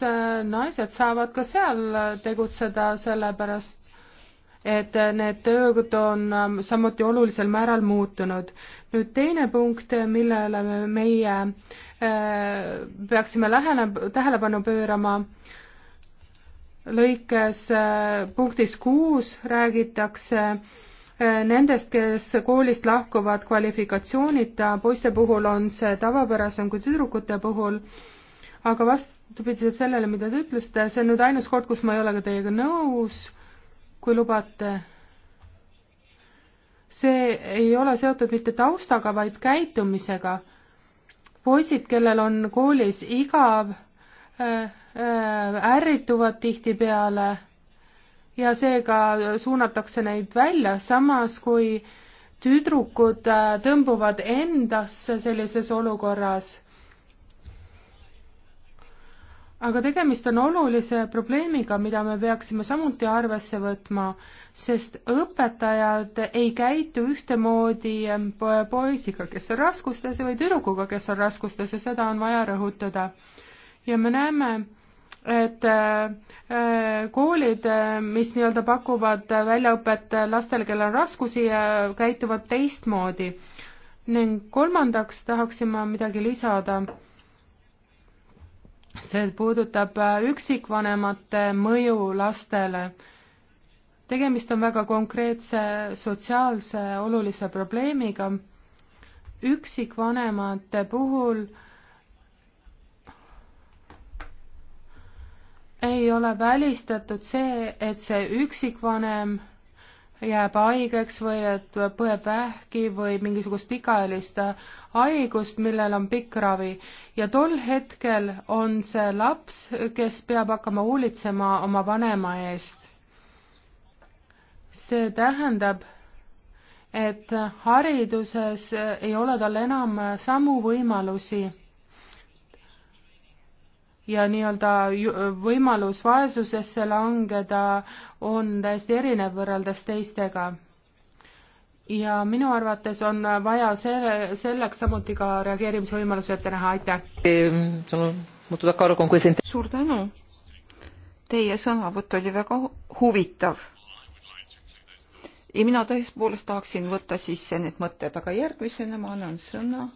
naised saavad ka seal tegutseda, sellepärast et need tööd on ähm, samuti olulisel määral muutunud. nüüd teine punkt, millele meie äh, peaksime lähene, tähelepanu pöörama, lõikes äh, punktis kuus räägitakse äh, nendest, kes koolist lahkuvad kvalifikatsioonita, poiste puhul on see tavapärasem kui tüdrukute puhul, aga vastupidiselt sellele, mida te ütlesite, see on nüüd ainus kord, kus ma ei ole ka teiega nõus kui lubate. see ei ole seotud mitte taustaga, vaid käitumisega. poisid, kellel on koolis igav, äh, äh, ärrituvad tihtipeale ja seega suunatakse neid välja, samas kui tüdrukud äh, tõmbuvad endasse sellises olukorras aga tegemist on olulise probleemiga, mida me peaksime samuti arvesse võtma, sest õpetajad ei käitu ühtemoodi poisiga, kes on raskustes, või tüdrukuga, kes on raskustes ja seda on vaja rõhutada. ja me näeme, et äh, koolid, mis nii-öelda pakuvad väljaõpet lastele, kellel on raskusi, äh, käituvad teistmoodi. ning kolmandaks tahaksin ma midagi lisada see puudutab äh, üksikvanemate mõju lastele. tegemist on väga konkreetse sotsiaalse olulise probleemiga. üksikvanemate puhul ei ole välistatud see, et see üksikvanem jääb haigeks või et põeb vähki või mingisugust pikaajalist haigust, millel on pikk ravi. ja tol hetkel on see laps, kes peab hakkama hoolitsema oma vanema eest. see tähendab, et hariduses ei ole tal enam samu võimalusi ja nii-öelda võimalus vaesusesse langeda on täiesti erinev võrreldes teistega. ja minu arvates on vaja selle, selleks samuti ka reageerimisvõimalus ette näha, aitäh! suur tänu! Teie sõnavõtt oli väga huvitav ja mina tõepoolest tahaksin võtta sisse need mõtted, aga järgmisena ma annan sõna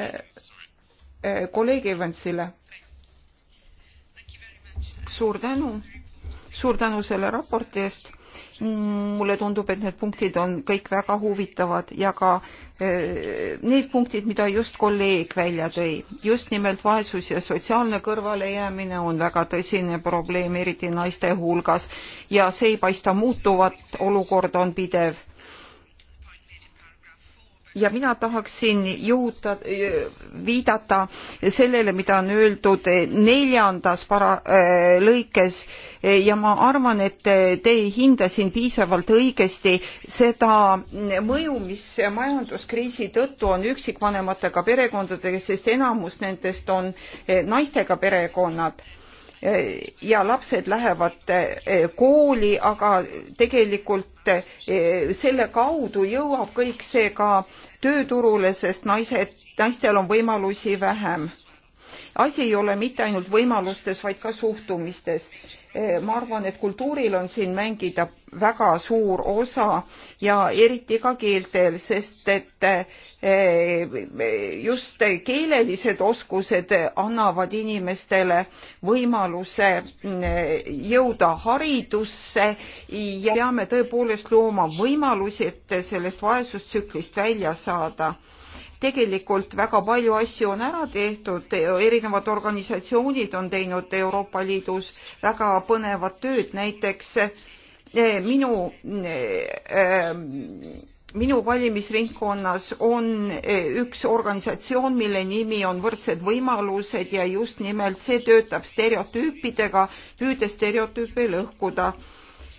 äh, äh, kolleeg Evansile suur tänu, suur tänu selle raporti eest. mulle tundub, et need punktid on kõik väga huvitavad ja ka eh, need punktid, mida just kolleeg välja tõi. just nimelt vaesus ja sotsiaalne kõrvalejäämine on väga tõsine probleem, eriti naiste hulgas ja see ei paista muutuvat, olukord on pidev ja mina tahaksin jõuda, viidata sellele, mida on öeldud neljandas para-, äh, lõikes ja ma arvan, et te ei hinda siin piisavalt õigesti seda mõju, mis majanduskriisi tõttu on üksikvanematega perekondadega, sest enamus nendest on äh, naistega perekonnad ja lapsed lähevad eh, kooli, aga tegelikult eh, selle kaudu jõuab kõik see ka tööturule, sest naised, naistel on võimalusi vähem asi ei ole mitte ainult võimalustes vaid ka suhtumistes eh, ma arvan et kultuuril on siin mängida väga suur osa ja eriti ka keeltel sest et eh, just keelelised oskused annavad inimestele võimaluse mm, jõuda haridusse ja peame tõepoolest looma võimalusi et sellest vaesustsüklist välja saada tegelikult väga palju asju on ära tehtud, erinevad organisatsioonid on teinud Euroopa Liidus väga põnevat tööd, näiteks eh, minu eh, eh, minu valimisringkonnas on üks organisatsioon, mille nimi on Võrdsed võimalused ja just nimelt see töötab stereotüüpidega, püüdes stereotüüpe lõhkuda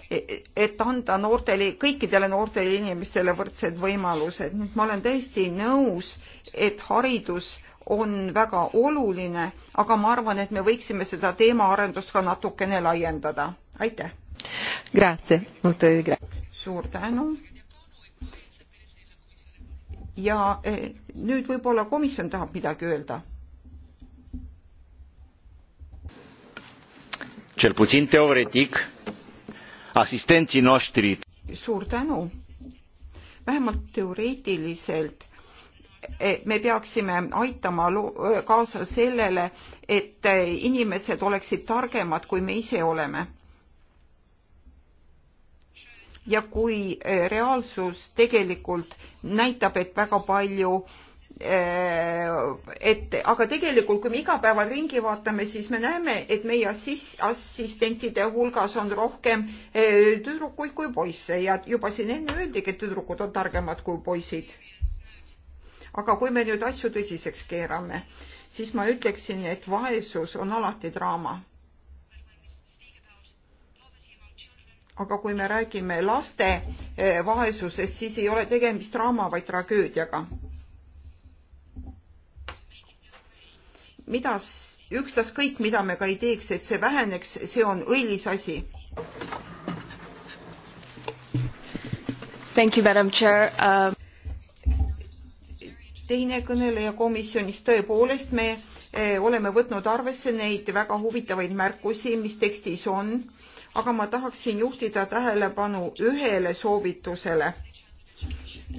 et anda noortele, kõikidele noortele inimestele võrdsed võimalused. nüüd ma olen täiesti nõus, et haridus on väga oluline, aga ma arvan, et me võiksime seda teemaarendust ka natukene laiendada. aitäh! suur tänu! ja eh, nüüd võib-olla komisjon tahab midagi öelda cel puțin teoretic asistenții noștri. suur tänu. vähemalt teoreetiliselt eh, me peaksime aitama eh, kaasa sellele, et eh, inimesed oleksid targemad, kui me ise oleme. ja kui reaalsus tegelikult näitab, et väga palju äh, Äh, et aga tegelikult, kui me iga päeval ringi vaatame, siis me näeme, et meie assis-, assistentide hulgas on rohkem äh, tüdrukuid kui poisse ja juba siin enne öeldigi, et tüdrukud on targemad kui poisid. aga kui me nüüd asju tõsiseks keerame, siis ma ütleksin, et vaesus on alati draama. aga kui me räägime laste äh, vaesusest, siis ei ole tegemist draama, vaid tragöödiaga mida, ükstaskõik, mida me ka ei teeks, et see väheneks, see on õilis asi. Thank you, madam chair uh teine kõneleja komisjonist, tõepoolest me eh, oleme võtnud arvesse neid väga huvitavaid märkusi, mis tekstis on, aga ma tahaksin juhtida tähelepanu ühele soovitusele.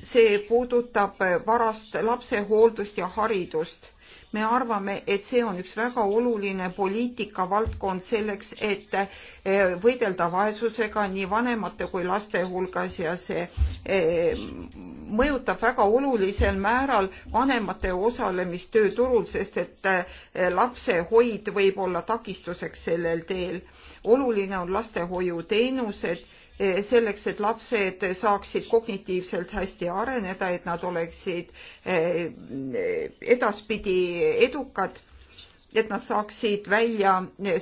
see puudutab varast lapsehooldust ja haridust me arvame, et see on üks väga oluline poliitikavaldkond selleks, et eh, võidelda vaesusega nii vanemate kui laste hulgas ja see eh, mõjutab väga olulisel määral vanemate osalemist tööturul, sest et eh, lapsehoid võib olla takistuseks sellel teel oluline on lastehoiuteenused selleks, et lapsed saaksid kognitiivselt hästi areneda, et nad oleksid eh, edaspidi edukad et nad saaksid välja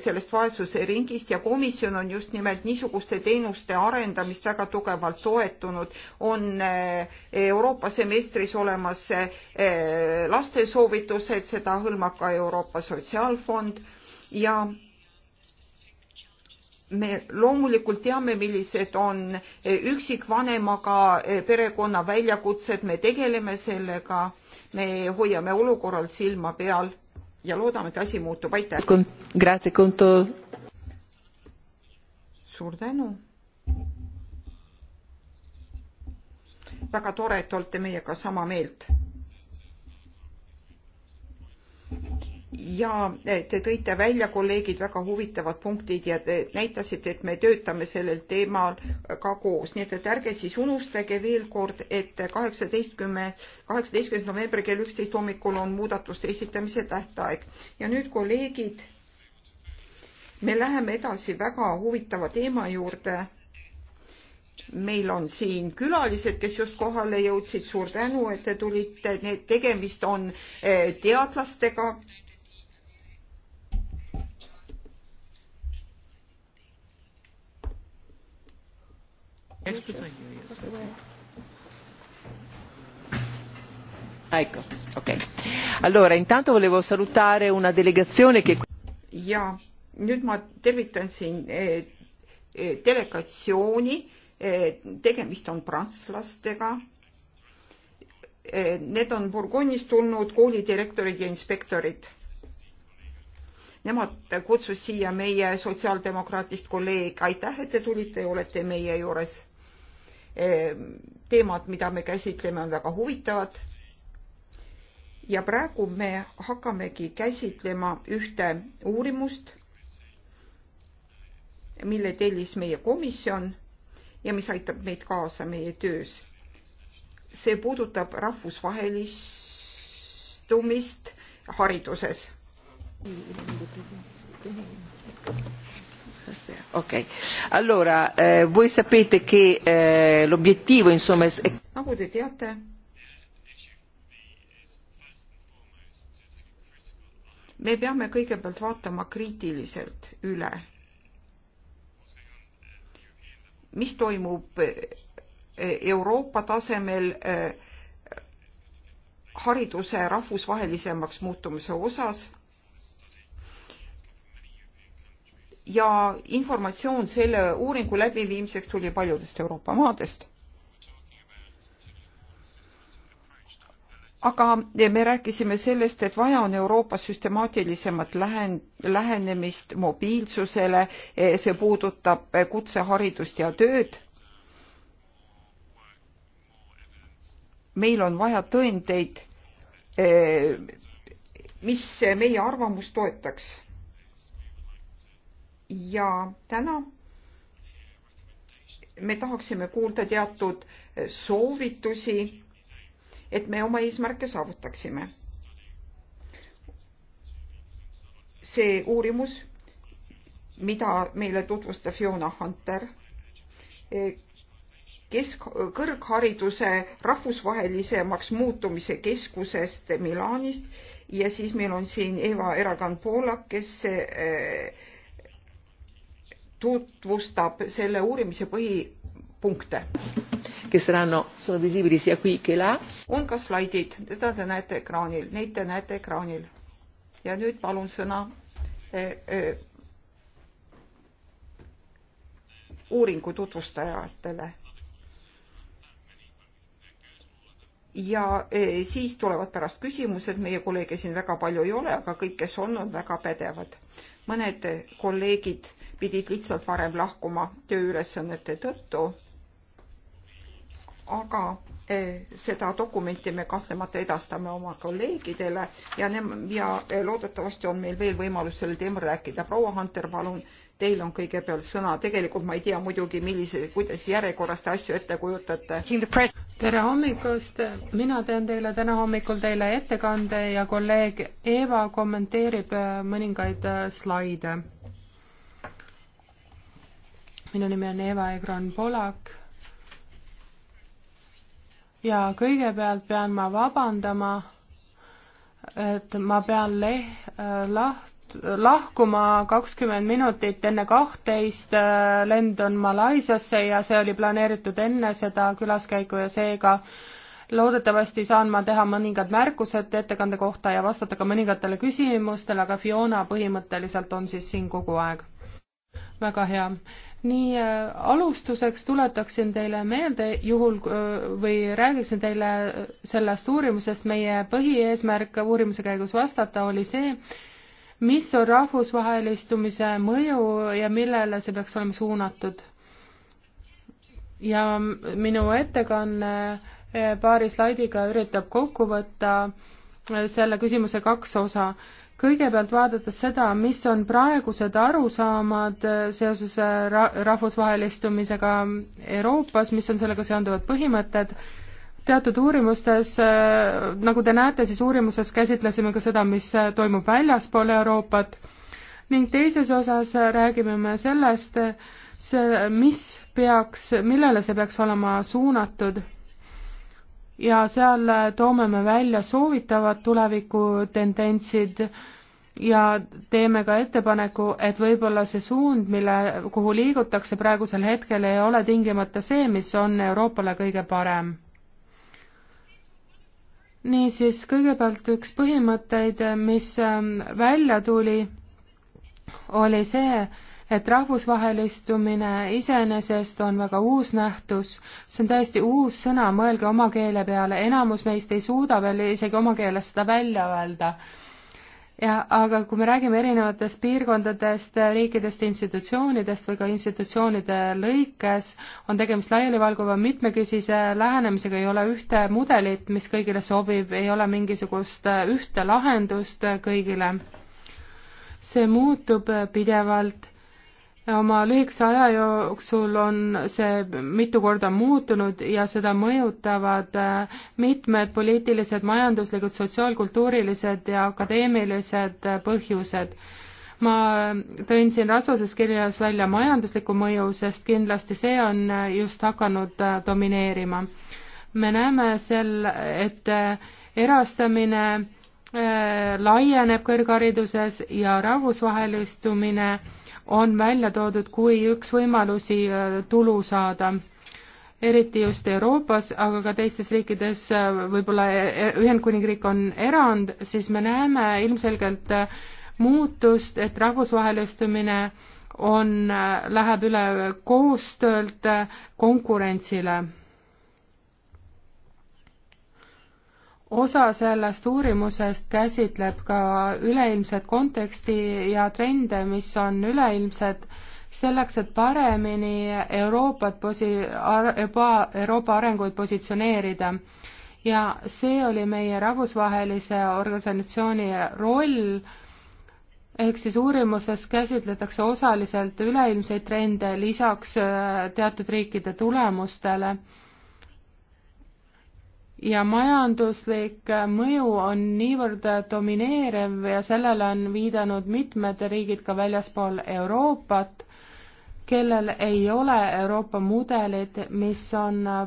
sellest vaesuse ringist ja komisjon on just nimelt niisuguste teenuste arendamist väga tugevalt toetunud. on eh, Euroopa semestris olemas eh, laste soovitused, seda hõlmab ka Euroopa Sotsiaalfond ja me loomulikult teame, millised on eh, üksikvanemaga eh, perekonna väljakutsed, me tegeleme sellega, me hoiame olukorral silma peal ja loodame, et asi muutub, aitäh. suur tänu. väga tore, et olete meiega sama meelt ja te tõite välja, kolleegid, väga huvitavad punktid ja te näitasite, et me töötame sellel teemal ka koos, nii et, et ärge siis unustage veel kord, et kaheksateistkümne, kaheksateistkümnes november kell üksteist hommikul on muudatuste esitamise tähtaeg ja nüüd kolleegid, me läheme edasi väga huvitava teema juurde. meil on siin külalised, kes just kohale jõudsid, suur tänu, et te tulite, need tegemist on eh, teadlastega Ecco, ok. Allora, intanto volevo salutare una delegazione che... Ja, nüüd ma tervitan siin eh, eh, delegatsiooni. Eh, tegemist on prantslastega. Eh, need on Burgonnist tulnud koolidirektorid ja inspektorid. Nemad kutsus siia meie sotsiaaldemokraatist kolleeg. Aitäh, et te tulite ja olete meie juures Ehm, teemad, mida me käsitleme, on väga huvitavad. ja praegu me hakkamegi käsitlema ühte uurimust, mille tellis meie komisjon ja mis aitab meid kaasa meie töös. see puudutab rahvusvahelistumist hariduses. Okay. Allora, eh, voi sapete che eh, l'obiettivo insomma è... Nagu te teate, me peame kõigepealt vaatama kriitiliselt üle, mis toimub eh, Euroopa tasemel eh, hariduse rahvusvahelisemaks muutumise osas ja informatsioon selle uuringu läbiviimiseks tuli paljudest Euroopa maadest. aga me rääkisime sellest, et vaja on Euroopas süstemaatilisemat lähen-, lähenemist mobiilsusele, see puudutab kutseharidust ja tööd. meil on vaja tõendeid, mis meie arvamust toetaks ja täna me tahaksime kuulda teatud soovitusi, et me oma eesmärke saavutaksime. see uurimus, mida meile tutvustab Fiona Hunter, kesk, kõrghariduse rahvusvahelisemaks muutumise keskusest Milanist ja siis meil on siin Eva Eragan-Poolak, kes äh, tutvustab selle uurimise põhipunkte. kes saranno, sono visibili sia qui che là. on ka slaidid, teda te näete ekraanil, neid te näete ekraanil. ja nüüd palun sõna eh, eh, uuringu tutvustajatele. ja eh, siis tulevad pärast küsimused, meie kolleege siin väga palju ei ole, aga kõik, kes on, on väga pädevad mõned kolleegid pidid lihtsalt varem lahkuma tööülesannete tõttu. aga eh, seda dokumenti me kahtlemata edastame oma kolleegidele ja, ja eh, loodetavasti on meil veel võimalus sellel teemal rääkida. proua Hunter, palun Teil on kõigepealt sõna. tegelikult ma ei tea muidugi, millise, kuidas järjekorras te asju ette kujutate. tere hommikust, mina teen teile täna hommikul teile ettekande ja kolleeg Eeva kommenteerib äh, mõningaid äh, slaide. minu nimi on Eeva Egron Polak ja kõigepealt pean ma vabandama, et ma pean leh-, äh, lah-, lahkuma kakskümmend minutit enne kahtteist, äh, lend on Malaisiasse ja see oli planeeritud enne seda külaskäiku ja seega loodetavasti saan ma teha mõningad märkused ettekande kohta ja vastata ka mõningatele küsimustele, aga Fiona põhimõtteliselt on siis siin kogu aeg. väga hea. nii äh, alustuseks tuletaksin teile meelde juhul äh, või räägiksin teile sellest uurimusest, meie põhieesmärk uurimuse käigus vastata oli see, mis on rahvusvahelistumise mõju ja millele see peaks olema suunatud. ja minu ettekanne eh, paari slaidiga üritab kokku võtta eh, selle küsimuse kaks osa. kõigepealt vaadates seda, mis on praegused arusaamad eh, seoses ra rahvusvahelistumisega Euroopas, mis on sellega seonduvad põhimõtted teatud uurimustes, äh, nagu te näete, siis uurimuses käsitlesime ka seda, mis äh, toimub väljaspool Euroopat ning teises osas äh, räägime me sellest, see, mis peaks, millele see peaks olema suunatud. ja seal toome me välja soovitavad tulevikutendentsid ja teeme ka ettepaneku, et võib-olla see suund, mille, kuhu liigutakse praegusel hetkel, ei ole tingimata see, mis on Euroopale kõige parem niisiis, kõigepealt üks põhimõtteid, mis ähm, välja tuli, oli see, et rahvusvahelistumine iseenesest on väga uus nähtus, see on täiesti uus sõna, mõelge oma keele peale, enamus meist ei suuda veel isegi oma keeles seda välja öelda ja aga kui me räägime erinevatest piirkondadest, riikidest, institutsioonidest või ka institutsioonide lõikes, on tegemist laialivalguva mitmekesise lähenemisega, ei ole ühte mudelit, mis kõigile sobib, ei ole mingisugust ühte lahendust kõigile. see muutub pidevalt oma lühikese aja jooksul on see mitu korda muutunud ja seda mõjutavad äh, mitmed poliitilised, majanduslikud, sotsiaalkultuurilised ja akadeemilised äh, põhjused. ma tõin siin rasvases kirjas välja majandusliku mõju, sest kindlasti see on äh, just hakanud domineerima. me näeme seal, et erastamine laieneb kõrghariduses ja rahvusvahelistumine on välja toodud kui üks võimalusi äh, tulu saada eriti just Euroopas, aga ka teistes riikides, äh, võib-olla äh, Ühendkuningriik on erand, siis me näeme ilmselgelt muutust, et rahvusvahelistumine on, läheb üle koostöölt konkurentsile osa sellest uurimusest käsitleb ka üleilmset konteksti ja trende, mis on üleilmsed, selleks, et paremini Euroopat posi-, Euroopa arenguid positsioneerida. ja see oli meie rahvusvahelise organisatsiooni roll, ehk siis uurimuses käsitletakse osaliselt üleilmseid trende lisaks äh, teatud riikide tulemustele ja majanduslik mõju on niivõrd domineeriv ja sellele on viidanud mitmed riigid ka väljaspool Euroopat, kellel ei ole Euroopa mudelit, mis on äh,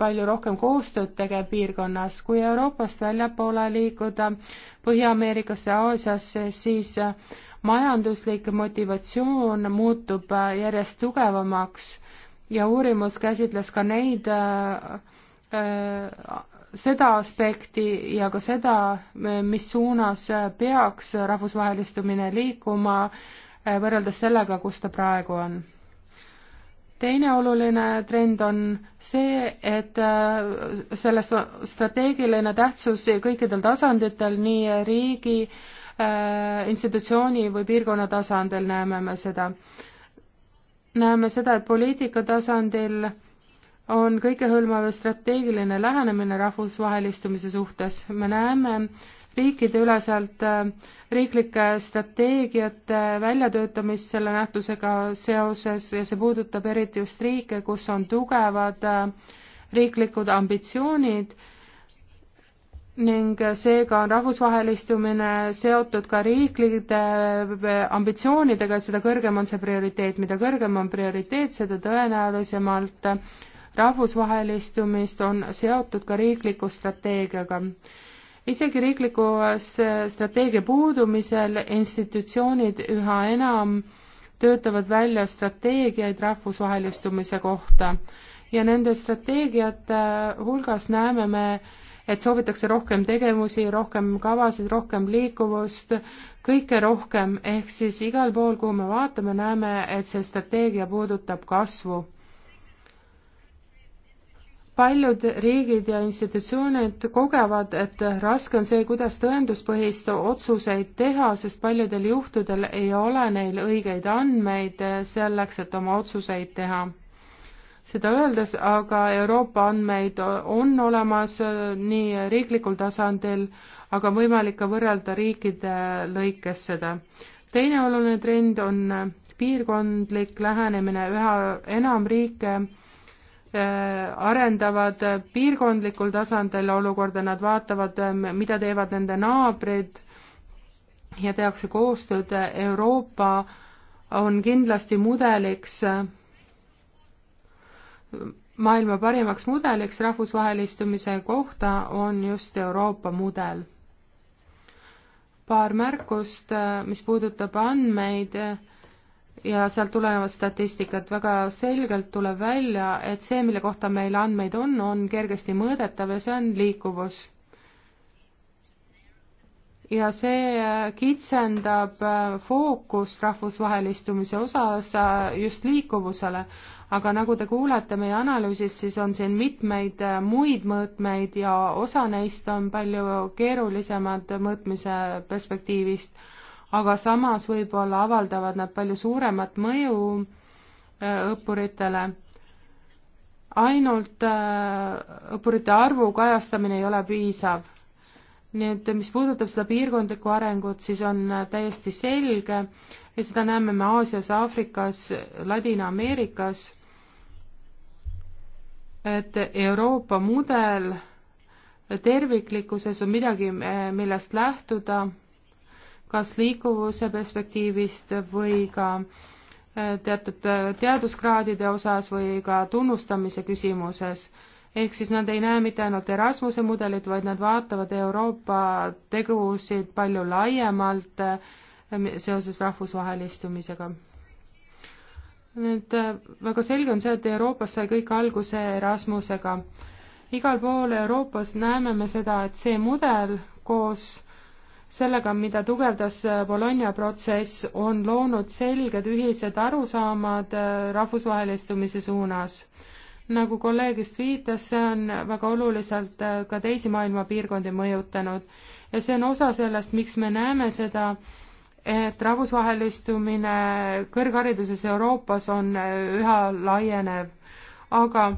palju rohkem koostööd tegev piirkonnas. kui Euroopast väljapoole liikuda Põhja-Ameerikasse, Aasiasse, siis äh, majanduslik motivatsioon muutub äh, järjest tugevamaks ja uurimus käsitles ka neid äh, Äh, seda aspekti ja ka seda, mis suunas peaks rahvusvahelistumine liikuma äh, võrreldes sellega, kus ta praegu on. teine oluline trend on see, et äh, sellest strateegiline tähtsus kõikidel tasanditel, nii riigi, institutsiooni või piirkonna tasandil näeme me seda. näeme seda, et poliitika tasandil on kõikehõlmav strateegiline lähenemine rahvusvahelistumise suhtes. me näeme riikideüleselt äh, riiklike strateegiate väljatöötamist selle nähtusega seoses ja see puudutab eriti just riike, kus on tugevad äh, riiklikud ambitsioonid ning seega on rahvusvahelistumine seotud ka riiklike äh, ambitsioonidega, seda kõrgem on see prioriteet, mida kõrgem on prioriteet, seda tõenäolisemalt rahvusvahelistumist on seotud ka riikliku strateegiaga. isegi riikliku strateegia puudumisel institutsioonid üha enam töötavad välja strateegiaid rahvusvahelistumise kohta ja nende strateegiate hulgas näeme me, et soovitakse rohkem tegevusi, rohkem kavasid, rohkem liikuvust, kõike rohkem, ehk siis igal pool, kuhu me vaatame, näeme, et see strateegia puudutab kasvu paljud riigid ja institutsioonid kogevad, et raske on see, kuidas tõenduspõhist otsuseid teha, sest paljudel juhtudel ei ole neil õigeid andmeid selleks, et oma otsuseid teha. seda öeldes aga Euroopa andmeid on olemas nii riiklikul tasandil, aga on võimalik ka võrrelda riikide lõikes seda. teine oluline trend on piirkondlik lähenemine, üha enam riike Äh, arendavad piirkondlikul tasandil olukorda, nad vaatavad, ähm, mida teevad nende naabrid ja tehakse koostööd. Euroopa on kindlasti mudeliks, äh, maailma parimaks mudeliks rahvusvahelistumise kohta on just Euroopa mudel. paar märkust, äh, mis puudutab andmeid ja sealt tulenevat statistikat, väga selgelt tuleb välja, et see, mille kohta meil andmeid on, on kergesti mõõdetav ja see on liikuvus. ja see kitsendab äh, fookust rahvusvahelistumise osas äh, just liikuvusele, aga nagu te kuulete meie analüüsis, siis on siin mitmeid äh, muid mõõtmeid ja osa neist on palju keerulisemad mõõtmise perspektiivist aga samas võib-olla avaldavad nad palju suuremat mõju äh, õppuritele. ainult äh, õppurite arvu kajastamine ei ole piisav. nii et mis puudutab seda piirkondlikku arengut, siis on äh, täiesti selge ja seda näeme me Aasias, Aafrikas, Ladina-Ameerikas, et Euroopa mudel terviklikkuses on midagi, millest lähtuda kas liikuvuse perspektiivist või ka äh, teatud äh, teaduskraadide osas või ka tunnustamise küsimuses. ehk siis nad ei näe mitte ainult Erasmuse mudelit, vaid nad vaatavad Euroopa tegusid palju laiemalt äh, seoses rahvusvahelistumisega nüüd väga selge on see, et Euroopas sai kõik alguse Erasmusega. igal pool Euroopas näeme me seda, et see mudel koos sellega, mida tugevdas äh, Bologna protsess, on loonud selged ühised arusaamad äh, rahvusvahelistumise suunas. nagu kolleeg just viitas, see on väga oluliselt äh, ka teisi maailma piirkondi mõjutanud ja see on osa sellest, miks me näeme seda, et rahvusvahelistumine kõrghariduses Euroopas on üha laienev, aga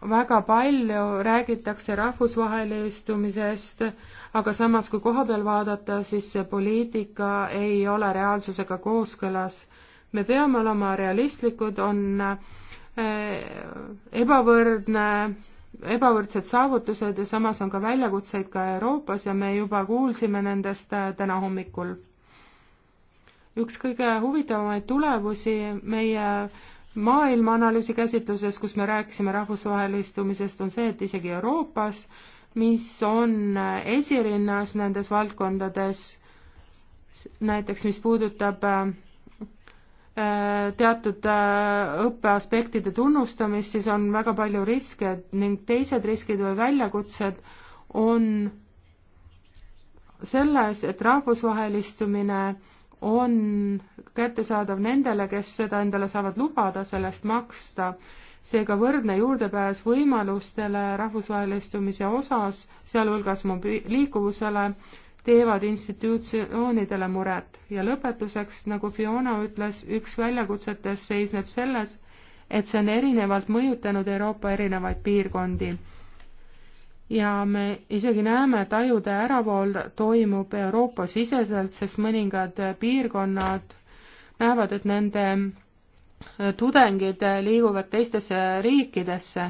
väga palju räägitakse rahvusvahelistumisest, aga samas, kui koha peal vaadata, siis see poliitika ei ole reaalsusega kooskõlas. me peame olema realistlikud, on eh, ebavõrdne, ebavõrdsed saavutused ja samas on ka väljakutseid ka Euroopas ja me juba kuulsime nendest eh, täna hommikul. üks kõige huvitavamaid tulevusi meie maailmaanalüüsi käsitluses, kus me rääkisime rahvusvahelistumisest, on see, et isegi Euroopas, mis on esirinnas nendes valdkondades, näiteks mis puudutab äh, teatud äh, õppeaspektide tunnustamist, siis on väga palju riske ning teised riskid või väljakutsed on selles, et rahvusvahelistumine on kättesaadav nendele, kes seda endale saavad lubada sellest maksta. seega võrdne juurdepääs võimalustele rahvusvahelistumise osas, sealhulgas liikuvusele, teevad institutsioonidele muret ja lõpetuseks, nagu Fiona ütles, üks väljakutsetes seisneb selles, et see on erinevalt mõjutanud Euroopa erinevaid piirkondi ja me isegi näeme, et ajude äravool toimub Euroopa-siseselt, sest mõningad piirkonnad näevad, et nende äh, tudengid liiguvad teistesse riikidesse.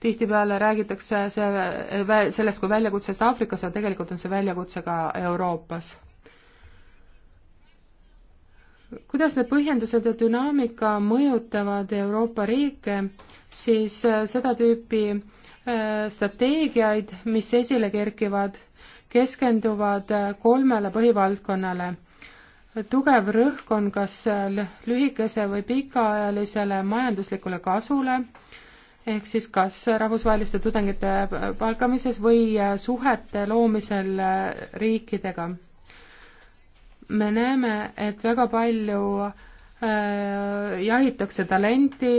tihtipeale räägitakse selle, äh, sellest kui väljakutsest Aafrikas, aga tegelikult on see väljakutse ka Euroopas. kuidas need põhjendused ja dünaamika mõjutavad Euroopa riike, siis äh, seda tüüpi Äh, strateegiaid, mis esile kerkivad, keskenduvad äh, kolmele põhivaldkonnale. tugev rõhk on kas äh, lühikese või pikaajalisele majanduslikule kasule, ehk siis kas rahvusvaheliste tudengite palkamises või suhete loomisel riikidega. me näeme, et väga palju jahitakse talenti,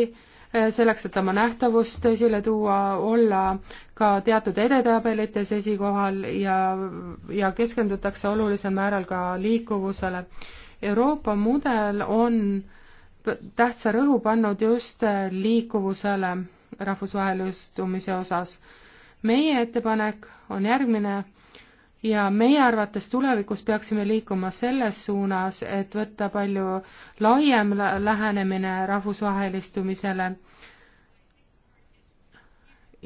Äh, selleks, et oma nähtavust esile tuua, olla ka teatud edetabelites esikohal ja, ja keskendutakse olulisel määral ka liikuvusele. Euroopa mudel on tähtsa rõhu pannud just liikuvusele rahvusvahelistumise osas. meie ettepanek on järgmine ja meie arvates tulevikus peaksime liikuma selles suunas, et võtta palju laiem lähenemine rahvusvahelistumisele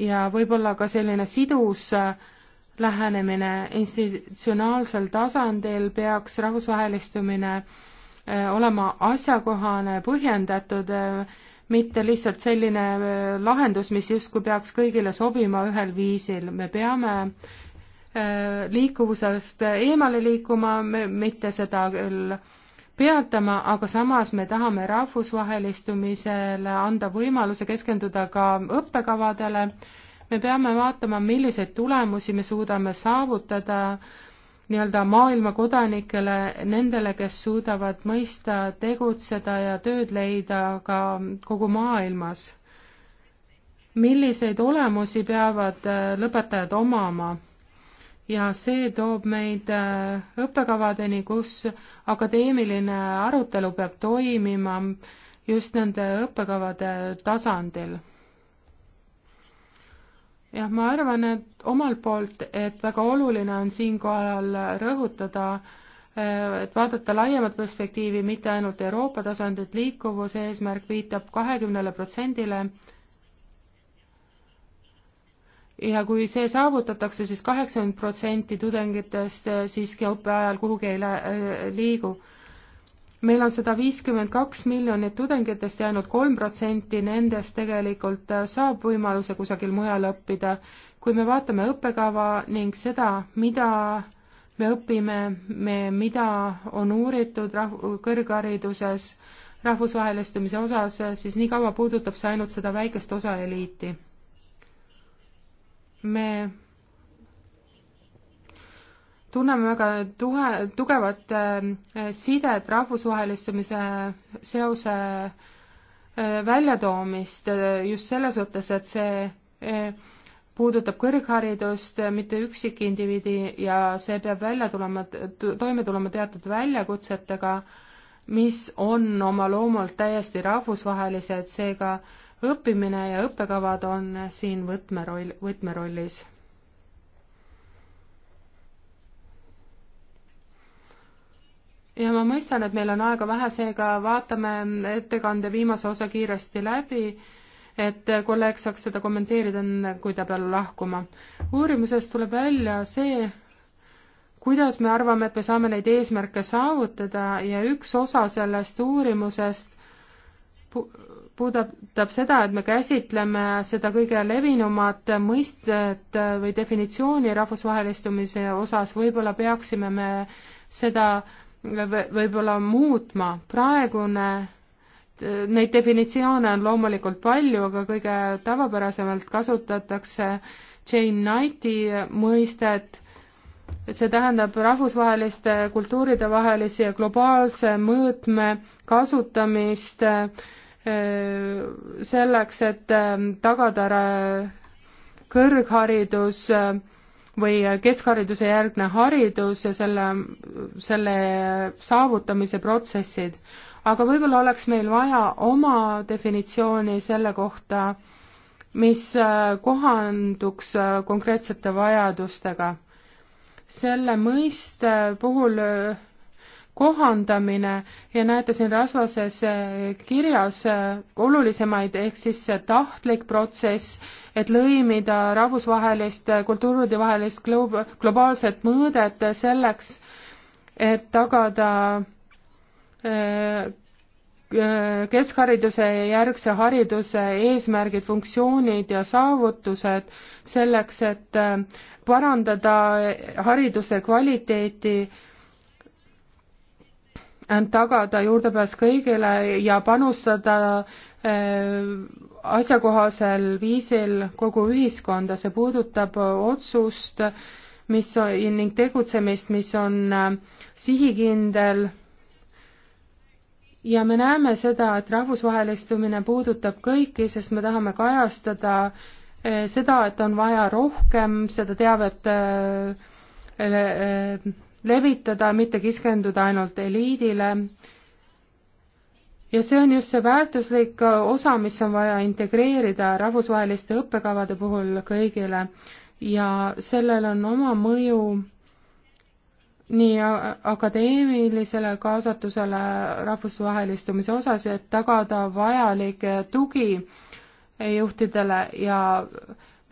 ja võib-olla ka selline sidus äh, lähenemine institutsionaalsel tasandil peaks rahvusvahelistumine äh, olema asjakohane, põhjendatud, äh, mitte lihtsalt selline lahendus, mis justkui peaks kõigile sobima ühel viisil, me peame Äh, liikuvusest eemale liikuma, mitte seda küll peatama, aga samas me tahame rahvusvahelistumisele anda võimaluse keskenduda ka õppekavadele. me peame vaatama, milliseid tulemusi me suudame saavutada nii-öelda maailma kodanikele, nendele, kes suudavad mõista, tegutseda ja tööd leida ka kogu maailmas. milliseid olemusi peavad äh, lõpetajad omama ja see toob meid äh, õppekavadeni, kus akadeemiline arutelu peab toimima just nende õppekavade tasandil. jah, ma arvan, et omalt poolt, et väga oluline on siinkohal rõhutada, äh, et vaadata laiemat perspektiivi, mitte ainult Euroopa tasandit, liikuvuse eesmärk viitab kahekümnele protsendile, ja kui see saavutatakse siis, siis kaheksakümmend protsenti tudengitest siiski õppe ajal kuhugi ei äh, liigu. meil on sada viiskümmend kaks miljonit tudengitest ja ainult kolm protsenti nendest tegelikult äh, saab võimaluse kusagil mujal õppida. kui me vaatame õppekava ning seda, mida me õpime, me, mida on uuritud rahv-, kõrghariduses rahvusvahelistumise osas, siis nii kaua puudutab see ainult seda väikest osa eliiti me tunneme väga tuhe, tugevat äh, sidet rahvusvahelistumise seose äh, väljatoomist äh, just selles mõttes, et see puudutab kõrgharidust, mitte üksikindiviidi ja see peab välja tulema, toime tulema teatud väljakutsetega, mis on oma loomult täiesti rahvusvahelised, seega äh, õppimine ja õppekavad on siin võtmeroll, võtmerollis. ja ma mõistan, et meil on aega vähe, seega vaatame ettekande viimase osa kiiresti läbi, et kolleeg saaks seda kommenteerida enne, kui ta peab lahkuma. uurimusest tuleb välja see, kuidas me arvame, et me saame neid eesmärke saavutada ja üks osa sellest uurimusest puudutab seda, et me käsitleme seda kõige levinumat mõistet või definitsiooni rahvusvahelistumise osas, võib-olla peaksime me seda võib-olla muutma. praegune, neid definitsioone on loomulikult palju, aga kõige tavapärasemalt kasutatakse Jane Knighti mõistet, see tähendab rahvusvaheliste kultuuride vahelisi ja globaalse mõõtme kasutamist äh, selleks, et ähm, tagada äh, kõrgharidus äh, või äh, keskhariduse järgne haridus ja selle, selle saavutamise protsessid. aga võib-olla oleks meil vaja oma definitsiooni selle kohta, mis kohanduks konkreetsete vajadustega. selle mõiste puhul kohandamine ja näete siin rasvases äh, kirjas äh, olulisemaid, ehk siis see tahtlik protsess, et lõimida rahvusvahelist, äh, kultuuridevahelist glob-, globaalset mõõdet selleks, et tagada keskhariduse ja järgse hariduse eesmärgid, funktsioonid ja saavutused selleks, et parandada hariduse kvaliteeti tagada juurdepääs kõigile ja panustada äh, asjakohasel viisil kogu ühiskonda, see puudutab otsust, mis on, ning tegutsemist, mis on äh, sihikindel ja me näeme seda, et rahvusvahelistumine puudutab kõiki, sest me tahame kajastada äh, seda, et on vaja rohkem seda teavet levitada, mitte keskenduda ainult eliidile. ja see on just see väärtuslik osa, mis on vaja integreerida rahvusvaheliste õppekavade puhul kõigile ja sellel on oma mõju nii akadeemilisele kaasatusele rahvusvahelistumise osas, et tagada vajalik tugi juhtidele ja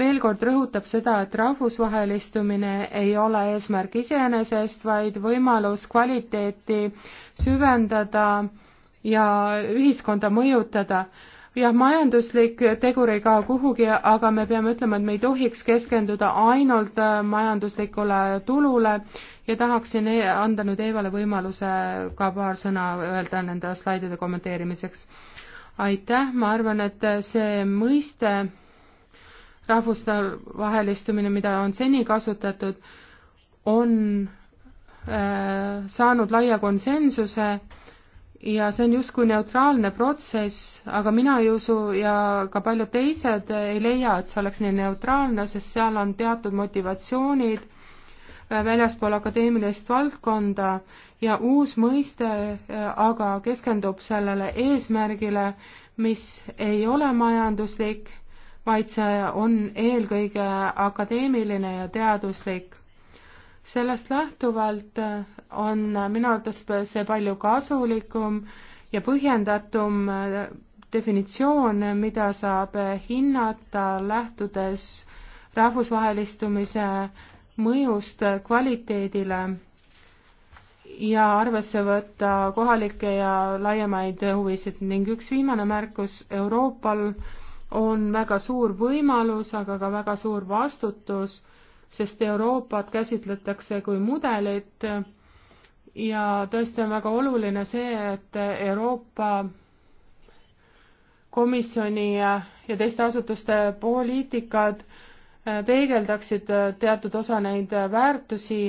veel kord rõhutab seda, et rahvusvahelistumine ei ole eesmärk iseenesest, vaid võimalus kvaliteeti süvendada ja ühiskonda mõjutada. jah, majanduslik tegur ei kao kuhugi, aga me peame ütlema, et me ei tohiks keskenduda ainult äh, majanduslikule tulule ja tahaksin e-, anda nüüd Eevale võimaluse ka paar sõna öelda nende slaidide kommenteerimiseks. aitäh, ma arvan, et äh, see mõiste rahvusvahelistumine, mida on seni kasutatud, on äh, saanud laia konsensuse ja see on justkui neutraalne protsess, aga mina ei usu ja ka paljud teised ei leia, et see oleks nii neutraalne, sest seal on teatud motivatsioonid äh, väljaspool akadeemilist valdkonda ja uus mõiste äh, aga keskendub sellele eesmärgile, mis ei ole majanduslik vaid see on eelkõige akadeemiline ja teaduslik. sellest lähtuvalt on minu arvates see palju kasulikum ja põhjendatum definitsioon, mida saab hinnata lähtudes rahvusvahelistumise mõjust kvaliteedile ja arvesse võtta kohalikke ja laiemaid huvisid ning üks viimane märkus Euroopal on väga suur võimalus, aga ka väga suur vastutus, sest Euroopat käsitletakse kui mudelit ja tõesti on väga oluline see, et Euroopa Komisjoni ja teiste asutuste poliitikad peegeldaksid teatud osa neid väärtusi,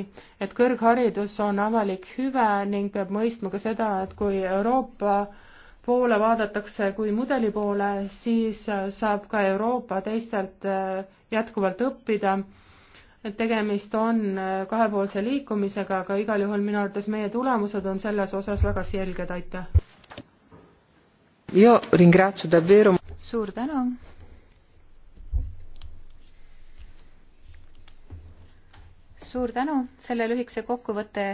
et kõrgharidus on avalik hüve ning peab mõistma ka seda, et kui Euroopa poole vaadatakse kui mudeli poole, siis saab ka Euroopa teistelt äh, jätkuvalt õppida. et tegemist on äh, kahepoolse liikumisega, aga igal juhul minu arvates meie tulemused on selles osas väga selged, aitäh. suur tänu. suur tänu selle lühikese kokkuvõtte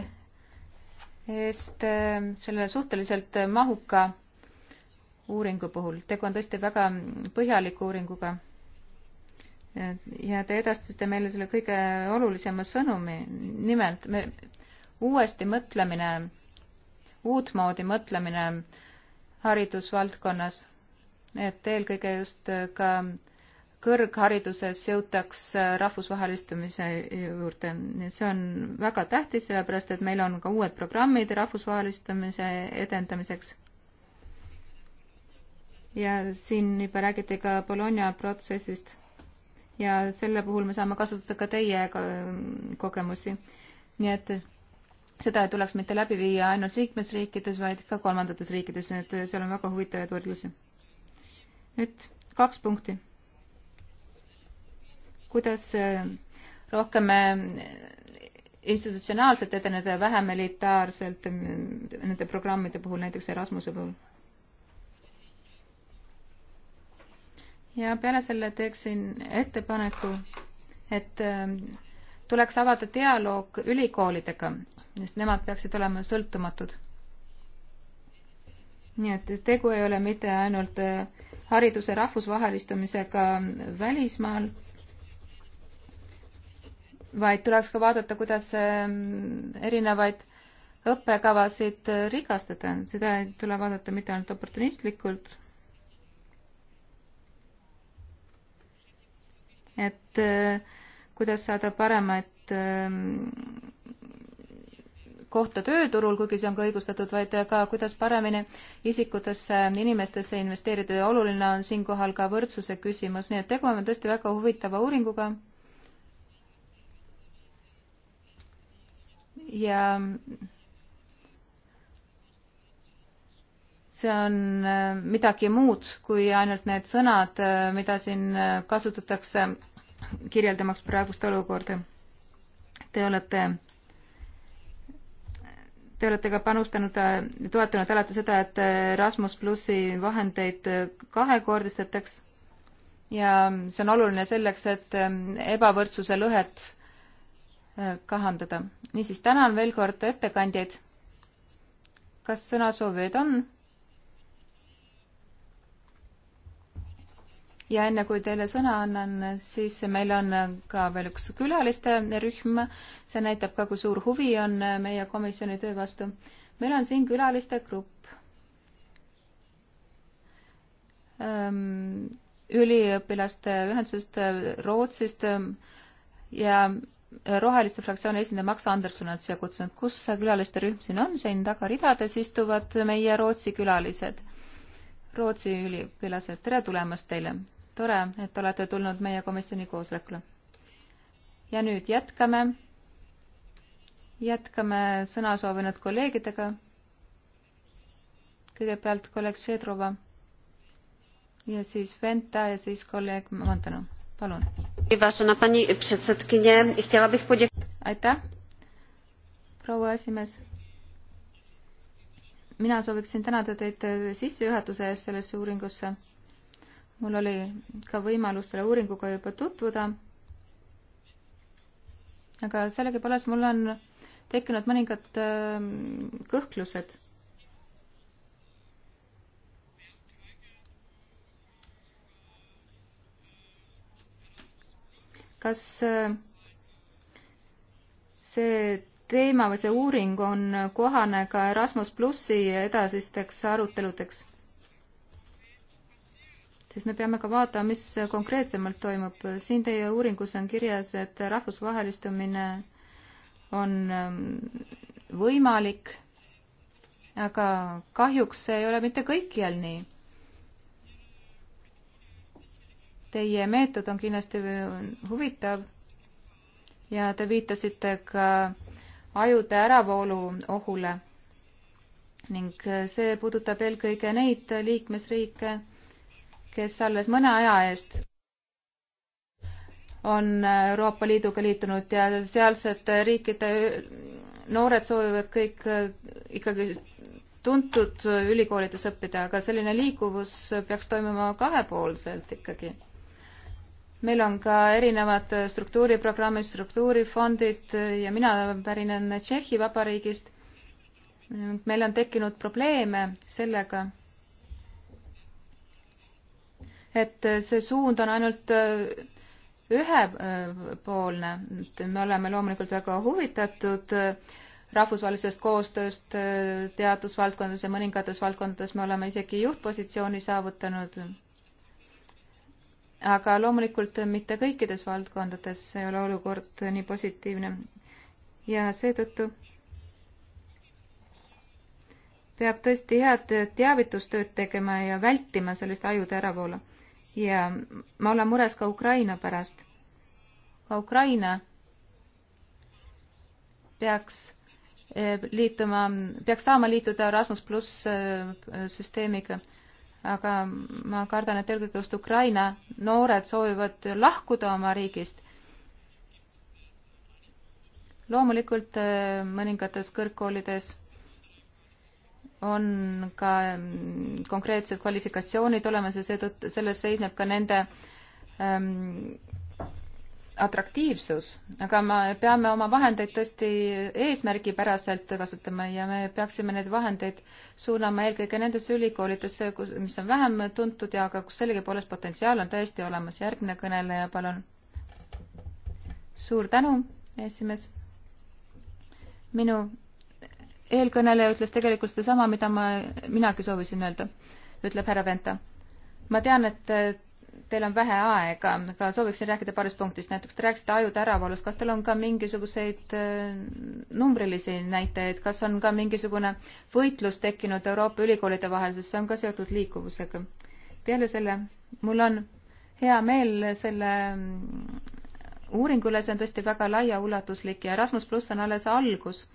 eest äh, selle suhteliselt mahuka uuringu puhul. tegu on tõesti väga põhjaliku uuringuga. ja te edastasite meile selle kõige olulisema sõnumi, nimelt me uuesti mõtlemine, uutmoodi mõtlemine haridusvaldkonnas, et eelkõige just ka kõrghariduses jõutaks rahvusvahelistumise juurde. see on väga tähtis, sellepärast et meil on ka uued programmid rahvusvahelistumise edendamiseks ja siin juba räägiti ka Bologna protsessist ja selle puhul me saame kasutada ka teie mm, kogemusi. nii et seda ei tuleks mitte läbi viia ainult liikmesriikides, vaid ka kolmandates riikides, nii et seal on väga huvitavaid võrdlusi. nüüd kaks punkti. kuidas äh, rohkem äh, institutsionaalselt edeneda ja vähem elitaarselt mm, nende programmide puhul, näiteks Erasmuse puhul? ja peale selle teeksin ettepaneku, et ähm, tuleks avada dialoog ülikoolidega, sest nemad peaksid olema sõltumatud. nii et tegu ei ole mitte ainult äh, hariduse rahvusvahelistamisega välismaal, vaid tuleks ka vaadata, kuidas ähm, erinevaid õppekavasid äh, rikastada, seda ei tule vaadata mitte ainult oportunistlikult et äh, kuidas saada paremat ähm, kohta tööturul, kuigi see on ka õigustatud, vaid ka kuidas paremini isikutesse, inimestesse investeerida ja oluline on siinkohal ka võrdsuse küsimus, nii et tegu on tõesti väga huvitava uuringuga. ja see on äh, midagi muud kui ainult need sõnad, äh, mida siin äh, kasutatakse kirjeldamaks praegust olukorda. Te olete, te olete ka panustanud, toetanud alati seda, et Rasmus plussi vahendeid kahekordistataks ja see on oluline selleks, et ebavõrdsuse lõhet kahandada. niisiis, tänan veel kord ettekandjaid. kas sõnasoovijaid on? ja enne kui teile sõna annan, siis meil on ka veel üks külaliste rühm. see näitab ka, kui suur huvi on meie komisjoni töö vastu. meil on siin külaliste grupp. Ehm, üliõpilaste ühendusest Rootsist ehm, ja Roheliste fraktsiooni esindaja Max Anderson on siia kutsunud. kus see külaliste rühm siin on? siin tagaridades istuvad meie Rootsi külalised, Rootsi üliõpilased. tere tulemast teile! tore, et olete tulnud meie komisjoni koosolekule. ja nüüd jätkame, jätkame sõna soovinud kolleegidega. kõigepealt kolleeg Šedrova ja siis Venta ja siis kolleeg Montanu, palun. aitäh, proua esimees mina sooviksin tänada teid sissejuhatuse eest sellesse uuringusse mul oli ka võimalus selle uuringuga juba tutvuda. aga sellegipoolest mul on tekkinud mõningad ähm, kõhklused. kas äh, see teema või see uuring on kohane ka Erasmus plussi edasisteks aruteludeks? siis me peame ka vaatama, mis konkreetsemalt toimub. siin teie uuringus on kirjas, et rahvusvahelistumine on ähm, võimalik, aga kahjuks see ei ole mitte kõikjal nii. Teie meetod on kindlasti huvitav ja te viitasite ka ajude äravoolu ohule ning see puudutab eelkõige neid liikmesriike, kes alles mõne aja eest on Euroopa Liiduga liitunud ja sealsete riikide noored soovivad kõik äh, ikkagi tuntud ülikoolides õppida, aga selline liikuvus peaks toimuma kahepoolselt ikkagi. meil on ka erinevad struktuuriprogrammid, struktuurifondid ja mina pärinen Tšehhi Vabariigist. meil on tekkinud probleeme sellega et see suund on ainult äh, ühepoolne, et me oleme loomulikult väga huvitatud äh, rahvusvahelisest koostööst äh, teadusvaldkondades ja mõningates valdkondades me oleme isegi juhtpositsiooni saavutanud. aga loomulikult mitte kõikides valdkondades ei ole olukord nii positiivne ja seetõttu peab tõesti head teavitustööd tegema ja vältima sellist ajude äravoolu ja ma olen mures ka Ukraina pärast. ka Ukraina peaks eh, liituma, peaks saama liituda Erasmus pluss eh, süsteemiga, aga ma kardan, et eelkõige just Ukraina noored soovivad lahkuda oma riigist. loomulikult eh, mõningates kõrgkoolides on ka mm, konkreetsed kvalifikatsioonid olemas ja seetõttu selles seisneb ka nende ähm, atraktiivsus, aga me peame oma vahendeid tõesti eesmärgipäraselt kasutama ja me peaksime neid vahendeid suunama eelkõige nendesse ülikoolidesse, kus, mis on vähem tuntud ja aga kus sellegipoolest potentsiaal on täiesti olemas. järgmine kõneleja, palun. suur tänu, esimees. minu eelkõneleja ütles tegelikult sedasama, mida ma, minagi soovisin öelda, ütleb härra Venta. ma tean, et äh, teil on vähe aega, aga sooviksin rääkida paarist punktist. näiteks te rääkisite ajude äravoolust, kas teil on ka mingisuguseid äh, numbrilisi näitajaid, kas on ka mingisugune võitlus tekkinud Euroopa ülikoolide vahel, sest see on ka seotud liikuvusega? peale selle, mul on hea meel selle mm, uuringu üle, see on tõesti väga laiaulatuslik ja Erasmus pluss on alles algus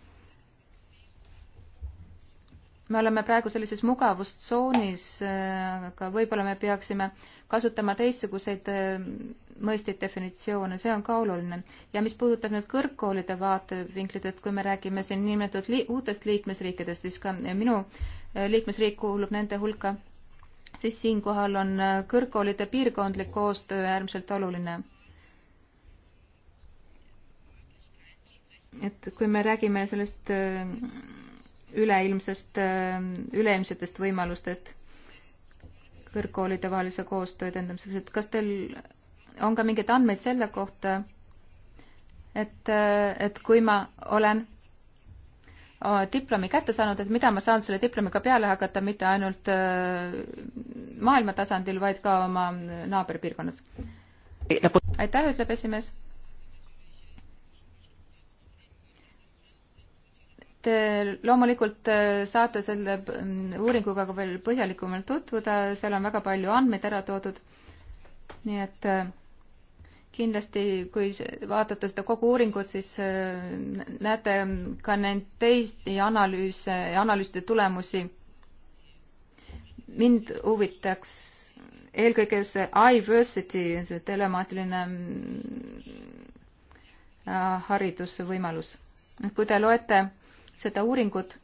me oleme praegu sellises mugavustsoonis, äh, aga võib-olla me peaksime kasutama teistsuguseid äh, mõisteid, definitsioone, see on ka oluline. ja mis puudutab nüüd kõrgkoolide vaatevinklit, et kui me räägime siin nimetatud li uutest liikmesriikidest, siis ka minu äh, liikmesriik kuulub nende hulka, siis siinkohal on kõrgkoolide piirkondlik koostöö äärmiselt oluline. et kui me räägime sellest üleilmsest, äh, üleilmsetest võimalustest kõrgkoolide vahelise koostöö edendamiseks, et kas teil on ka mingeid andmeid selle kohta, et, äh, et kui ma olen äh, diplomi kätte saanud, et mida ma saan selle diplomiga peale hakata, mitte ainult maailma tasandil, vaid ka oma naaberpiirkonnas. aitäh, ütleb esimees Te äh, loomulikult äh, saate selle mm, uuringuga ka veel põhjalikumalt tutvuda, seal on väga palju andmeid ära toodud. nii et äh, kindlasti, kui vaatate seda kogu uuringut, siis näete ka neid teisi analüüse ja analüüside tulemusi. mind huvitaks eelkõige see iversity, see telemaatiline mm, haridusvõimalus. kui te loete äh, seda uuringut,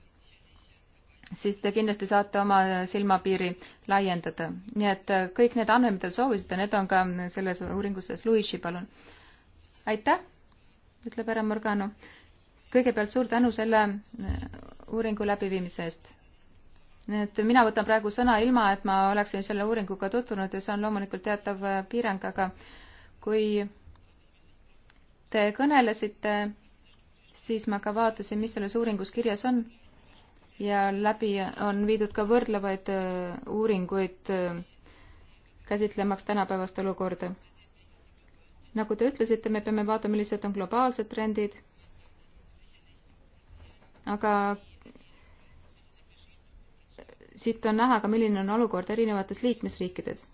siis te kindlasti saate oma silmapiiri laiendada. nii et äh, kõik need andmed, mida te soovisite, need on ka selles uuringus sees. Luigi, palun. aitäh, ütleb härra Morgano. kõigepealt suur tänu selle äh, uuringu läbiviimise eest. nii et mina võtan praegu sõna ilma, et ma oleksin selle uuringuga tutvunud ja see on loomulikult teatav äh, piirang, aga kui te kõnelesite siis ma ka vaatasin, mis selles uuringus kirjas on ja läbi on viidud ka võrdlevaid äh, uuringuid äh, käsitlemaks tänapäevast olukorda. nagu te ütlesite, me peame vaatama, millised on globaalsed trendid, aga siit on näha ka, milline on olukord erinevates liikmesriikides.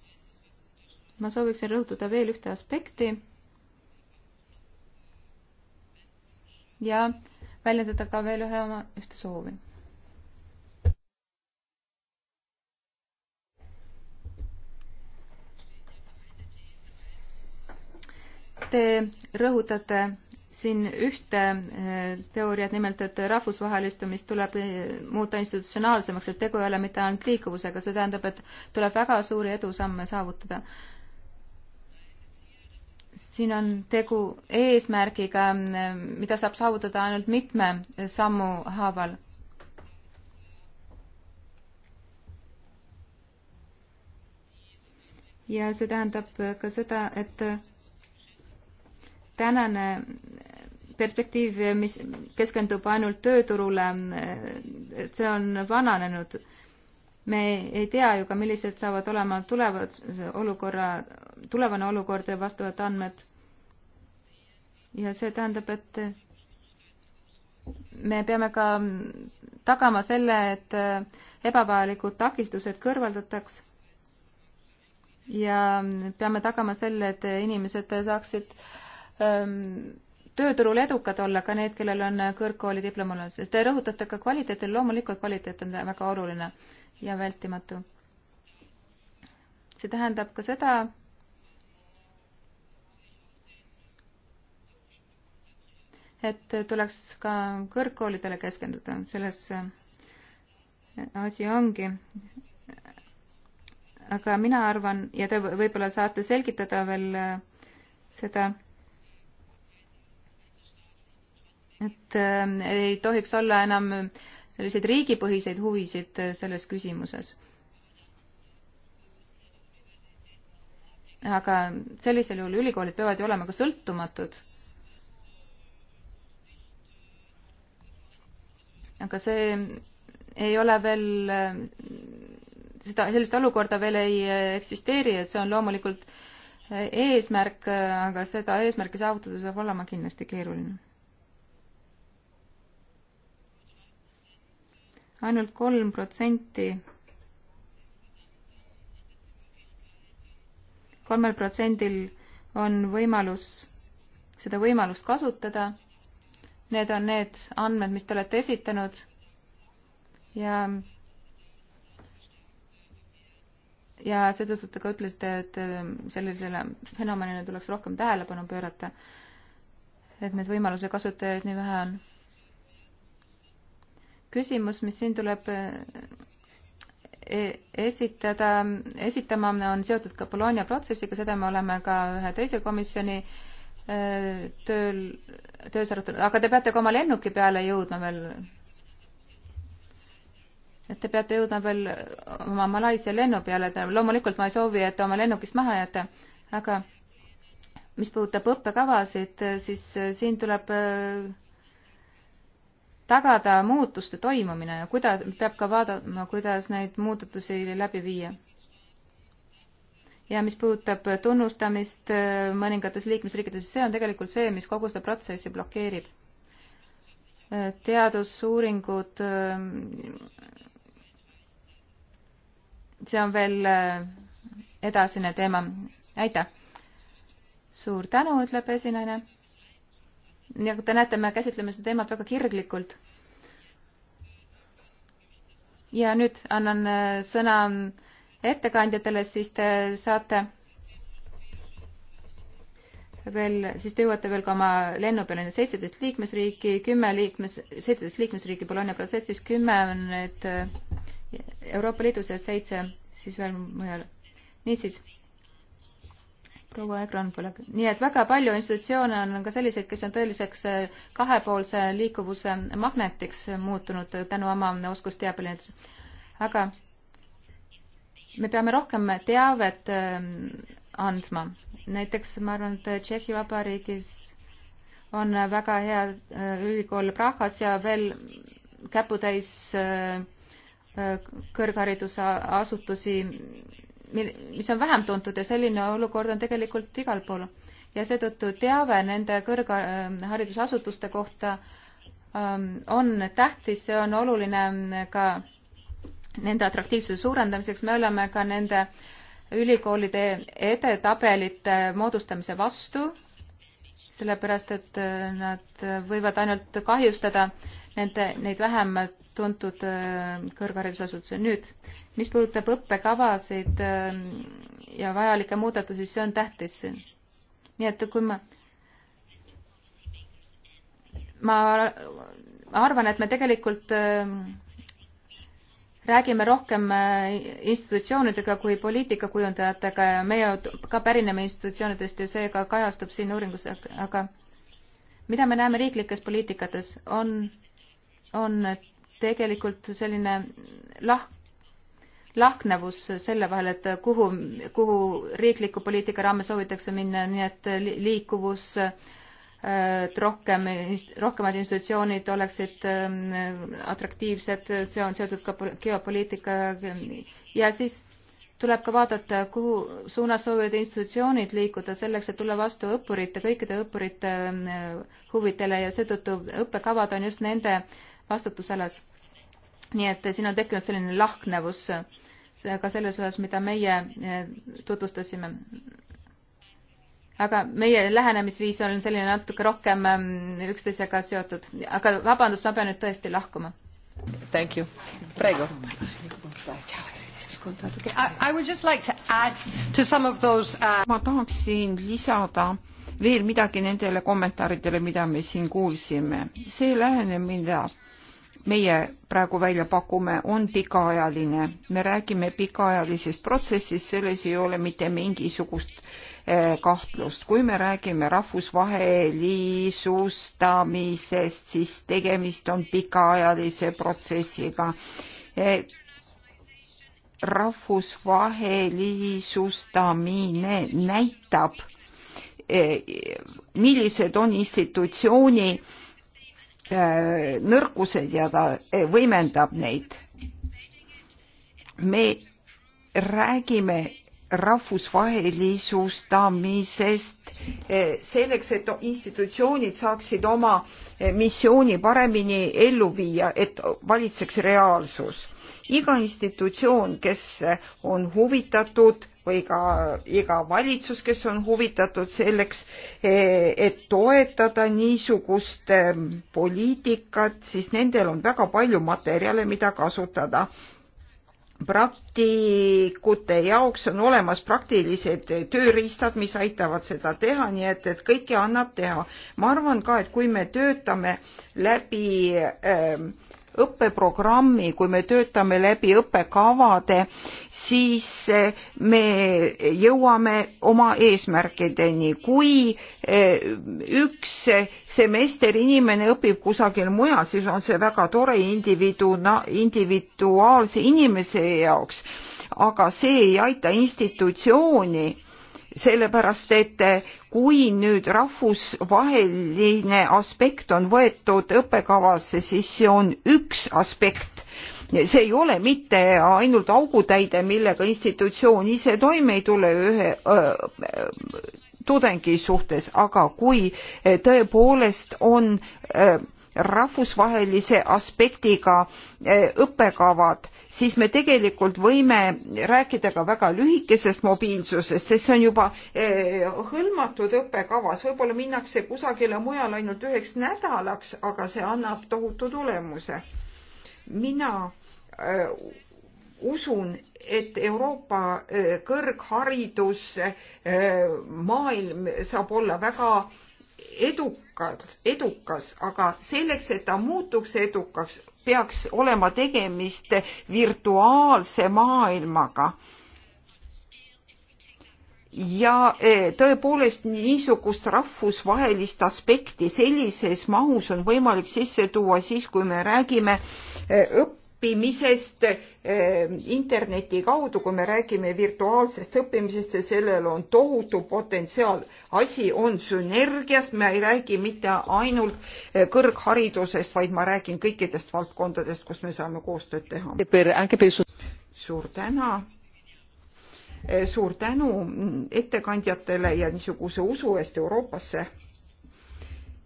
ma sooviksin rõhutada veel ühte aspekti ja väljendada ka veel ühe oma, ühte soovi. Te rõhutate siin ühte eh, teooriat, nimelt, et rahvusvahelistumist tuleb eh, muuta institutsionaalsemaks, et tegu ei ole mitte ainult liikuvusega, see tähendab, et tuleb väga suuri edusamme saavutada siin on tegu eesmärgiga, mida saab saavutada ainult mitme sammu haaval. ja see tähendab ka seda, et tänane perspektiiv, mis keskendub ainult tööturule, et see on vananenud me ei tea ju ka, millised saavad olema tulevad olukorra, tulevane olukord ja vastavad andmed. ja see tähendab, et me peame ka tagama selle, et ebavajalikud takistused kõrvaldataks ja peame tagama selle, et inimesed saaksid ähm, tööturul edukad olla, ka need, kellel on kõrgkooli diplom olemas. Te rõhutate ka kvaliteeti, loomulikult kvaliteet on väga oluline ja vältimatu. see tähendab ka seda, et tuleks ka kõrgkoolidele keskenduda, selles äh, asi ongi. aga mina arvan ja te võib-olla saate selgitada veel äh, seda, et äh, ei tohiks olla enam äh, selliseid riigipõhiseid huvisid äh, selles küsimuses. aga sellisel juhul ülikoolid peavad ju olema ka sõltumatud. aga see ei ole veel, äh, seda, sellist olukorda veel ei äh, eksisteeri, et see on loomulikult eesmärk, aga seda eesmärki saavutada saab olema kindlasti keeruline ainult kolm protsenti, kolmel protsendil on võimalus, seda võimalust kasutada. Need on need andmed, mis te olete esitanud ja ja seetõttu te ka ütlesite, et äh, sellisele fenomenile tuleks rohkem tähelepanu pöörata, et neid võimaluse kasutajaid nii vähe on küsimus, mis siin tuleb e-, esitada, esitama, on seotud ka Bologna protsessiga, seda me oleme ka ühe teise komisjoni e, tööl, töös arutanud, aga te peate ka oma lennuki peale jõudma veel. et te peate jõudma veel oma Malaisia lennu peale, loomulikult ma ei soovi, et te oma lennukist maha jääte, aga mis puudutab õppekavasid, siis e, siin tuleb tagada muutuste toimumine ja kuida-, peab ka vaatama, kuidas neid muudatusi läbi viia. ja mis puudutab tunnustamist äh, mõningates liikmesriikides, see on tegelikult see, mis kogu seda protsessi blokeerib. Äh, teadusuuringud, äh, see on veel edasine teema. aitäh! suur tänu, ütleb esinaine nagu te näete, me käsitleme seda teemat väga kirglikult. ja nüüd annan äh, sõna ettekandjatele, siis te saate veel, siis te jõuate veel ka oma lennu peale, nüüd seitseteist liikmesriiki, kümme liikmes, seitseteist liikmesriiki Bologna protsessis, kümme on nüüd äh, Euroopa Liidus ja seitse siis veel mujal. niisiis proua Egron pole. nii et väga palju institutsioone on ka selliseid, kes on tõeliseks äh, kahepoolse liikuvuse magnetiks muutunud tänu oma oskusteabele. aga me peame rohkem teavet äh, andma. näiteks ma arvan, et Tšehhi Vabariigis on väga hea äh, ülikool Prahas ja veel käputäis kõrghariduse asutusi mis on vähem tuntud ja selline olukord on tegelikult igal pool. ja seetõttu teave nende kõrgharidusasutuste ähm, kohta ähm, on tähtis, see on oluline ähm, ka nende atraktiivsuse suurendamiseks, me oleme ka nende ülikoolide edetabelite moodustamise vastu, sellepärast et äh, nad võivad ainult kahjustada äh, nende, neid vähem tuntud äh, kõrgharidusasutusi. nüüd, mis puudutab õppekavasid äh, ja vajalikke muudatusi, see on tähtis. nii et kui ma, ma arvan, et me tegelikult äh, räägime rohkem institutsioonidega kui poliitikakujundajatega ja meie ka pärineme institutsioonidest ja see ka kajastub siin uuringus, aga mida me näeme riiklikes poliitikates, on on tegelikult selline lah-, lahknevus selle vahel, et kuhu, kuhu riikliku poliitika raames soovitakse minna, nii et liikuvus, et rohkem, rohkemad institutsioonid oleksid ähm, atraktiivsed, see on seotud ka geopoliitikaga ja siis tuleb ka vaadata, kuhu suunas soovivad institutsioonid liikuda selleks, et tulla vastu õppurite, kõikide õppurite ähm, huvidele ja seetõttu õppekavad on just nende äh, vastutusalas. nii et siin on tekkinud selline lahknevus ka selles osas, mida meie eh, tutvustasime. aga meie lähenemisviis on selline natuke rohkem mm, üksteisega seotud, aga vabandust, ma pean nüüd tõesti lahkuma. Thank you. Prego. I would just like to add to some of those uh... ma tahaksin lisada veel midagi nendele kommentaaridele, mida me siin kuulsime. see lähenemine, mida meie praegu välja pakume, on pikaajaline. me räägime pikaajalisest protsessist, selles ei ole mitte mingisugust eh, kahtlust. kui me räägime rahvusvahelisustamisest, siis tegemist on pikaajalise protsessiga. Eh, rahvusvahelisustamine näitab, eh, millised on institutsiooni Äh, nõrkused ja ta äh, võimendab neid. me räägime rahvusvahelisustamisest äh, selleks, et institutsioonid saaksid oma missiooni paremini ellu viia, et valitseks reaalsus. iga institutsioon, kes on huvitatud või ka iga valitsus, kes on huvitatud selleks, e, et toetada niisugust e, poliitikat, siis nendel on väga palju materjale, mida kasutada praktikute jaoks on olemas praktilised tööriistad, mis aitavad seda teha, nii et, et kõike annab teha. ma arvan ka, et kui me töötame läbi ähm, õppeprogrammi, kui me töötame läbi õppekavade, siis eh, me jõuame oma eesmärkideni. kui eh, üks semester inimene õpib kusagil mujal, siis on see väga tore individu, individuaalse inimese jaoks, aga see ei aita institutsiooni sellepärast et kui nüüd rahvusvaheline aspekt on võetud õppekavasse, siis see on üks aspekt. see ei ole mitte ainult augutäide, millega institutsioon ise toime ei tule ühe öö, äh, tudengi suhtes, aga kui tõepoolest on öö, äh, rahvusvahelise aspektiga eh, õppekavad, siis me tegelikult võime rääkida ka väga lühikesest mobiilsusest, sest see on juba eh, hõlmatud õppekavas, võib-olla minnakse kusagile mujale ainult üheks nädalaks, aga see annab tohutu tulemuse. mina eh, usun, et Euroopa kõrgharidus, maailm saab olla väga edukas edukas, edukas, aga selleks, et ta muutuks edukaks, peaks olema tegemist virtuaalse maailmaga. ja e, tõepoolest niisugust rahvusvahelist aspekti sellises mahus on võimalik sisse tuua siis, kui me räägime e, õpp-, õppimisest ehm, interneti kaudu, kui me räägime virtuaalsest õppimisest ja sellel on tohutu potentsiaal. asi on sünergiast, ma ei räägi mitte ainult eh, kõrgharidusest, vaid ma räägin kõikidest valdkondadest, kus me saame koostööd teha. suur täna eh, suur tänu mm, ettekandjatele ja niisuguse usu eest Euroopasse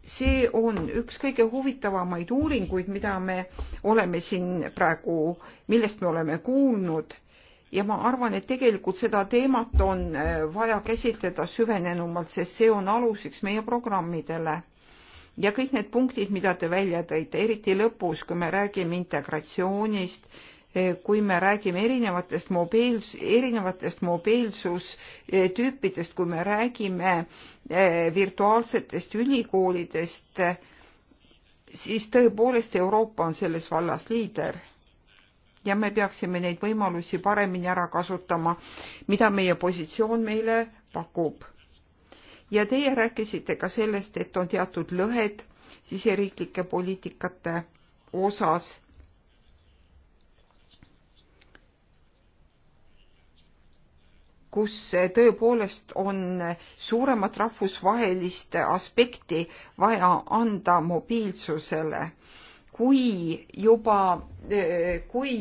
see on üks kõige huvitavamaid uuringuid, mida me oleme siin praegu, millest me oleme kuulnud ja ma arvan, et tegelikult seda teemat on äh, vaja käsitleda süvenenumalt, sest see on aluseks meie programmidele. ja kõik need punktid, mida te välja tõite, eriti lõpus, kui me räägime integratsioonist Eh, kui me räägime erinevatest mobiils-, erinevatest mobiilsustüüpidest, kui me räägime eh, virtuaalsetest ülikoolidest, siis tõepoolest Euroopa on selles vallas liider ja me peaksime neid võimalusi paremini ära kasutama, mida meie positsioon meile pakub. ja teie rääkisite ka sellest, et on teatud lõhed siseriiklike poliitikate osas kus eh, tõepoolest on suuremat rahvusvahelist aspekti vaja anda mobiilsusele kui juba, kui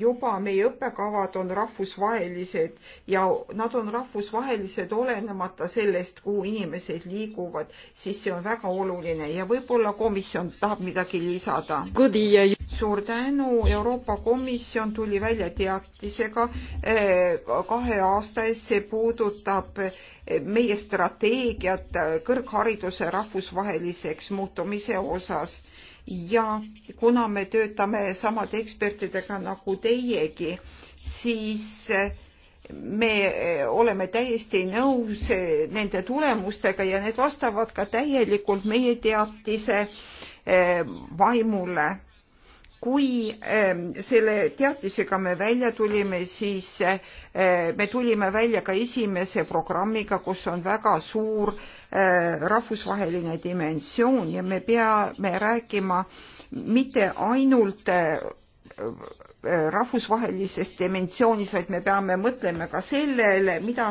juba meie õppekavad on rahvusvahelised ja nad on rahvusvahelised olenemata sellest, kuhu inimesed liiguvad, siis see on väga oluline ja võib-olla komisjon tahab midagi lisada. suur tänu, Euroopa Komisjon tuli välja teatisega eh, kahe aasta eest, see puudutab eh, meie strateegiat kõrghariduse rahvusvaheliseks muutumise osas ja kuna me töötame samade ekspertidega nagu teiegi, siis eh, me eh, oleme täiesti nõus eh, nende tulemustega ja need vastavad ka täielikult meie teatise vaimule kui ehm, selle teatisega me välja tulime, siis eh, me tulime välja ka esimese programmiga, kus on väga suur eh, rahvusvaheline dimensioon ja me peame rääkima mitte ainult eh, Äh, rahvusvahelises dimensioonis, vaid me peame mõtlema ka sellele, mida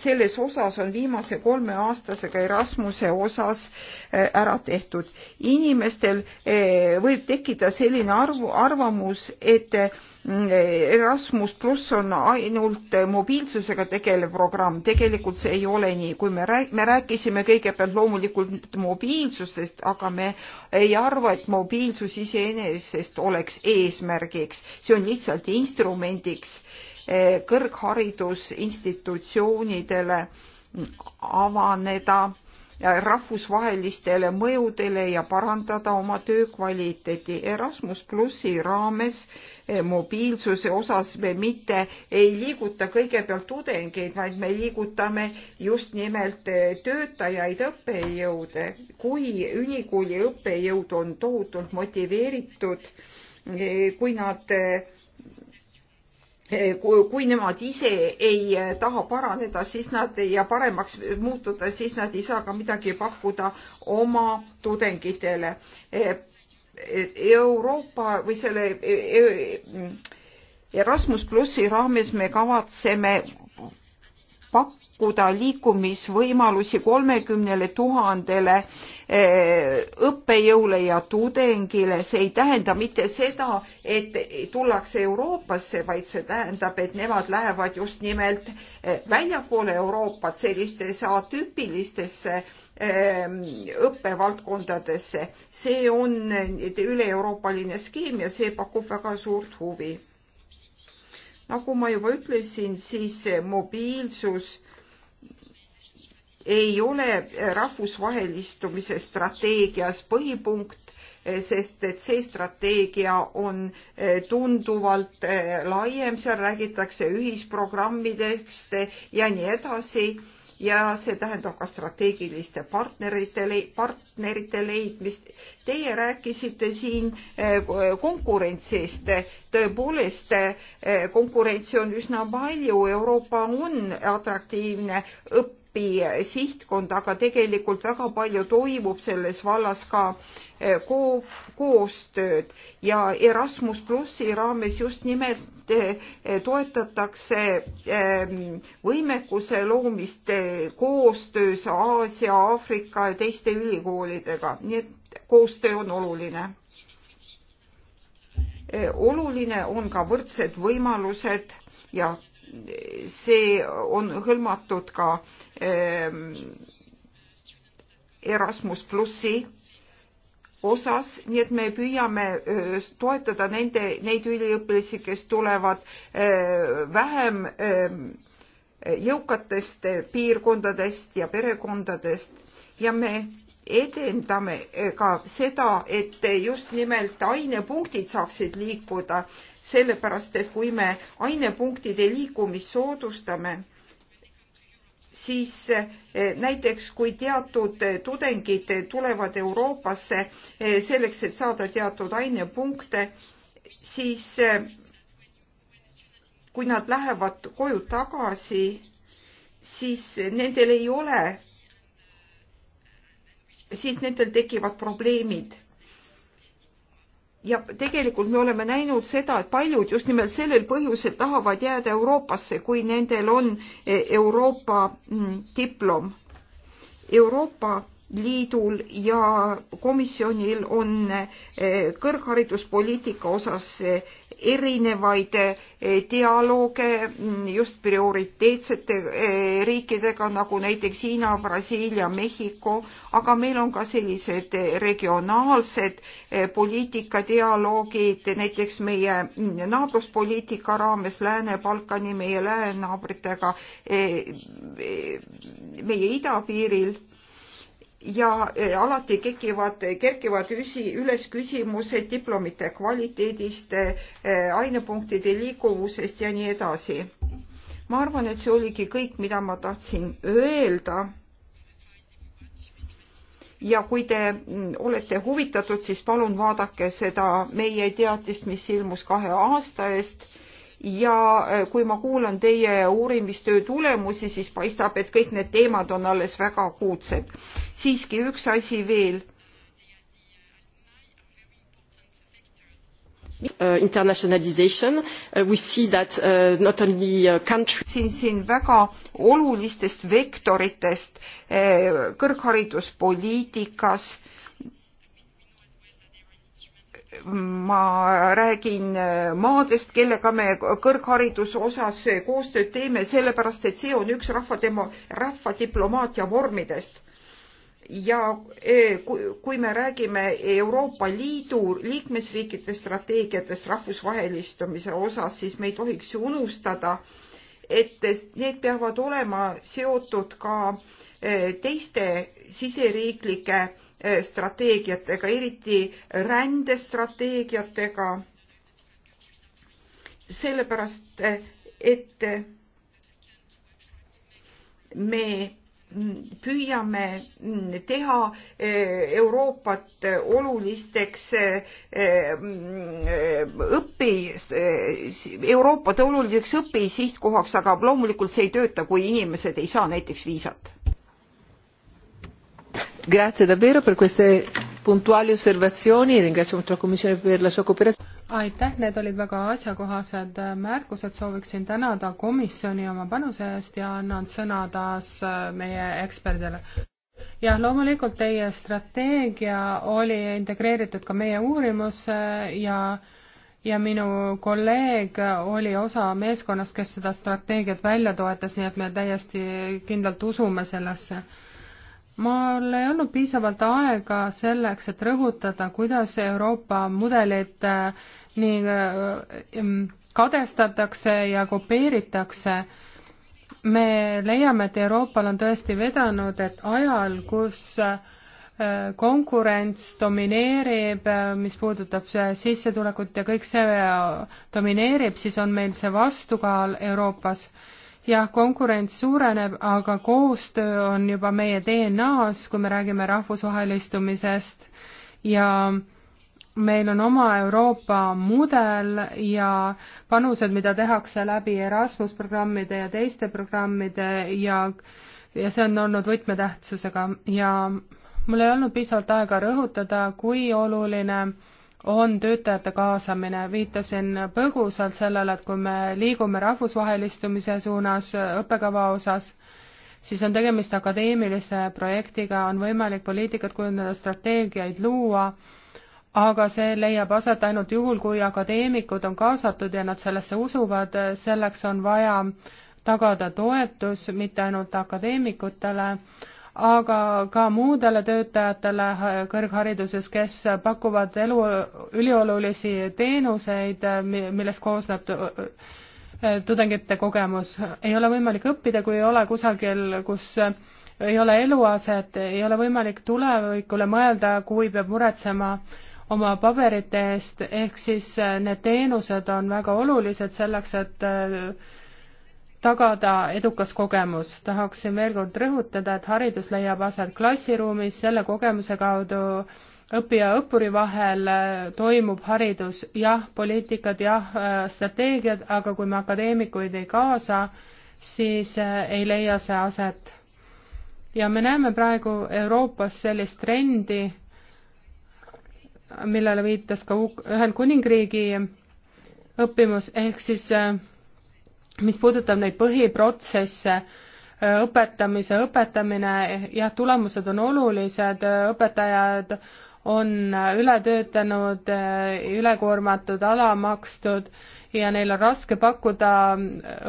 selles osas on viimase kolme aastasega Erasmuse osas äh, ära tehtud. inimestel äh, võib tekkida selline arv, arvamus, et Erasmus pluss on ainult mobiilsusega tegelev programm, tegelikult see ei ole nii, kui me rääk-, me rääkisime kõigepealt loomulikult mobiilsusest, aga me ei arva, et mobiilsus iseenesest oleks eesmärgiks, see on lihtsalt instrumendiks eh, kõrgharidusinstitutsioonidele avaneda rahvusvahelistele mõjudele ja parandada oma töö kvaliteeti. Erasmus plussi raames äh, Eh, mobiilsuse osas me mitte ei liiguta kõigepealt tudengeid, vaid me liigutame just nimelt eh, töötajaid, õppejõude. kui ülikooli õppejõud on tohutult motiveeritud, eh, kui nad kui nemad ise ei taha paraneda, siis nad ja paremaks muutuda, siis nad ei saa ka midagi pakkuda oma tudengitele. Euroopa või selle e, e, e, Erasmus plussi raames me kavatseme pakkuda liikumisvõimalusi kolmekümnele tuhandele õppejõule ja tudengile. see ei tähenda mitte seda, et tullakse Euroopasse, vaid see tähendab, et nemad lähevad just nimelt väljapoole Euroopat sellistesse atüüpilistesse Ähm, õppevaldkondadesse. see on üle-euroopaline skeem ja see pakub väga suurt huvi. nagu ma juba ütlesin, siis mobiilsus ei ole rahvusvahelistumise strateegias põhipunkt, sest et see strateegia on äh, tunduvalt äh, laiem, seal räägitakse ühisprogrammidest ja nii edasi ja see tähendab ka strateegiliste partnerite, partnerite leidmist. Teie rääkisite siin eh, konkurentsist. tõepoolest, eh, konkurentsi on üsna palju, Euroopa on atraktiivne õppimine appi sihtkond, aga tegelikult väga palju toimub selles vallas ka eh, ko koostööd ja Erasmus plussi raames just nimelt eh, toetatakse eh, võimekuse loomist koostöös Aasia, Aafrika ja teiste ülikoolidega, nii et koostöö on oluline oluline on ka võrdsed võimalused ja see on hõlmatud ka ehm, Erasmus plussi osas, nii et me püüame toetada nende, neid üliõpilasi, kes tulevad vähem jõukatest piirkondadest ja perekondadest ja me edendame ka seda, et just nimelt ainepunktid saaksid liikuda, sellepärast et kui me ainepunktide liikumist soodustame, siis eh, näiteks kui teatud tudengid tulevad Euroopasse eh, selleks, et saada teatud ainepunkte, siis eh, kui nad lähevad koju tagasi, siis nendel ei ole siis nendel tekivad probleemid. ja tegelikult me oleme näinud seda, et paljud just nimelt sellel põhjusel tahavad jääda Euroopasse, kui nendel on e, Euroopa mm, diplom. Euroopa Liidul ja komisjonil on e, kõrghariduspoliitika osas e, erinevaid eh, dialoog mm, just prioriteetsete eh, riikidega nagu näiteks Hiina, Brasiilia, Mehhiko, aga meil on ka sellised eh, regionaalsed poliitikadialoogid näiteks meie mm, naabruspoliitika raames Lääne-Balkani, meie läänenaabritega, meie idapiiril ja alati kekivad, kerkivad üsi, üles küsimused diplomite kvaliteedist, eh, ainepunktide liikuvusest ja nii edasi. ma arvan, et see oligi kõik, mida ma tahtsin öelda. ja kui te mm, olete huvitatud, siis palun vaadake seda meie teatist, mis ilmus kahe aasta eest ja äh, kui ma kuulan teie uurimistöö tulemusi, siis paistab, et kõik need teemad on alles väga akuutsed. siiski üks asi veel. Uh, internationalization uh, we see that uh, not only uh, country siin siin väga olulistest vektoritest uh, kõrghariduspoliitikas uh, ma räägin äh, maadest, kellega me kõrghariduse osas koostööd teeme, sellepärast et see on üks rahva demo-, rahvadiplomaatia vormidest. ja äh, kui me räägime Euroopa Liidu liikmesriikide strateegiatest rahvusvahelistumise osas, siis me ei tohiks ju unustada, et need peavad olema seotud ka äh, teiste siseriiklike Eh, strateegiatega, eriti rändestrateegiatega. sellepärast, et me püüame teha Euroopat olulisteks õpi, Euroopat oluliseks õpisihtkohaks, aga loomulikult see ei tööta, kui inimesed ei saa näiteks viisat grazie davvero per queste puntuali osservazioni e ringrazio molto la Commissione per la sua cooperazione. aitäh, need olid väga asjakohased märkused, sooviksin tänada komisjoni oma panuse eest ja annan sõna taas äh, meie eksperdile. jah, loomulikult teie strateegia oli integreeritud ka meie uurimusse ja ja minu kolleeg oli osa meeskonnast, kes seda strateegiat välja toetas, nii et me täiesti kindlalt usume sellesse mul ei olnud piisavalt aega selleks, et rõhutada, kuidas Euroopa mudelit äh, nii äh, mm, kadestatakse ja kopeeritakse. me leiame, et Euroopal on tõesti vedanud, et ajal, kus äh, konkurents domineerib, mis puudutab sissetulekut ja kõik see domineerib, siis on meil see vastukaal Euroopas jah, konkurents suureneb, aga koostöö on juba meie DNA-s, kui me räägime rahvusvahelistumisest ja meil on oma Euroopa mudel ja panused, mida tehakse läbi Erasmus programmide ja teiste programmide ja ja see on olnud võtmetähtsusega ja mul ei olnud piisavalt aega rõhutada, kui oluline äh, on töötajate kaasamine, viitasin põgusalt sellele, et kui me liigume rahvusvahelistumise suunas äh, õppekava osas, siis on tegemist akadeemilise projektiga, on võimalik poliitikat kujundada, strateegiaid luua, aga see leiab aset ainult juhul, kui akadeemikud on kaasatud ja nad sellesse usuvad, selleks on vaja tagada toetus mitte ainult akadeemikutele, aga ka muudele töötajatele kõrghariduses, kes pakuvad elu, üliolulisi teenuseid, millest koosneb tudengite kogemus. ei ole võimalik õppida, kui ei ole kusagil, kus ei ole eluaset, ei ole võimalik tulevikule mõelda, kui peab muretsema oma paberite eest, ehk siis need teenused on väga olulised selleks, et tagada edukas kogemus. tahaksin veel kord rõhutada, et haridus leiab aset klassiruumis, selle kogemuse kaudu õppija õppuri vahel toimub haridus, jah, poliitikad, jah, strateegiad, aga kui me akadeemikuid ei kaasa, siis eh, ei leia see aset. ja me näeme praegu Euroopas sellist trendi, millele viitas ka Ühendkuningriigi õppimus, ehk siis äh, mis puudutab neid põhiprotsesse, äh, õpetamise õpetamine, jah, tulemused on olulised, äh, õpetajad on äh, ületöötanud, ülekoormatud, alamakstud ja neil on raske pakkuda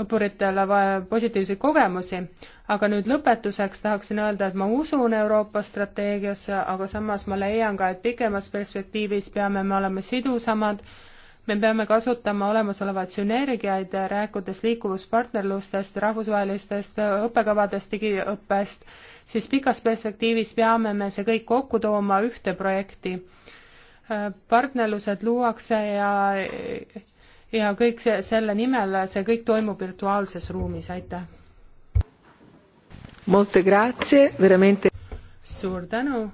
õppuritele positiivseid kogemusi. aga nüüd lõpetuseks tahaksin öelda, et ma usun Euroopa strateegiasse, aga samas ma leian ka, et pikemas perspektiivis peame me olema sidusamad me peame kasutama olemasolevaid sünergiaid, rääkides liikuvuspartnerlustest, rahvusvahelistest õppekavadest, digiõppest, siis pikas perspektiivis peame me see kõik kokku tooma ühte projekti. partnerlused luuakse ja, ja kõik see, selle nimel, see kõik toimub virtuaalses ruumis, aitäh! suur tänu!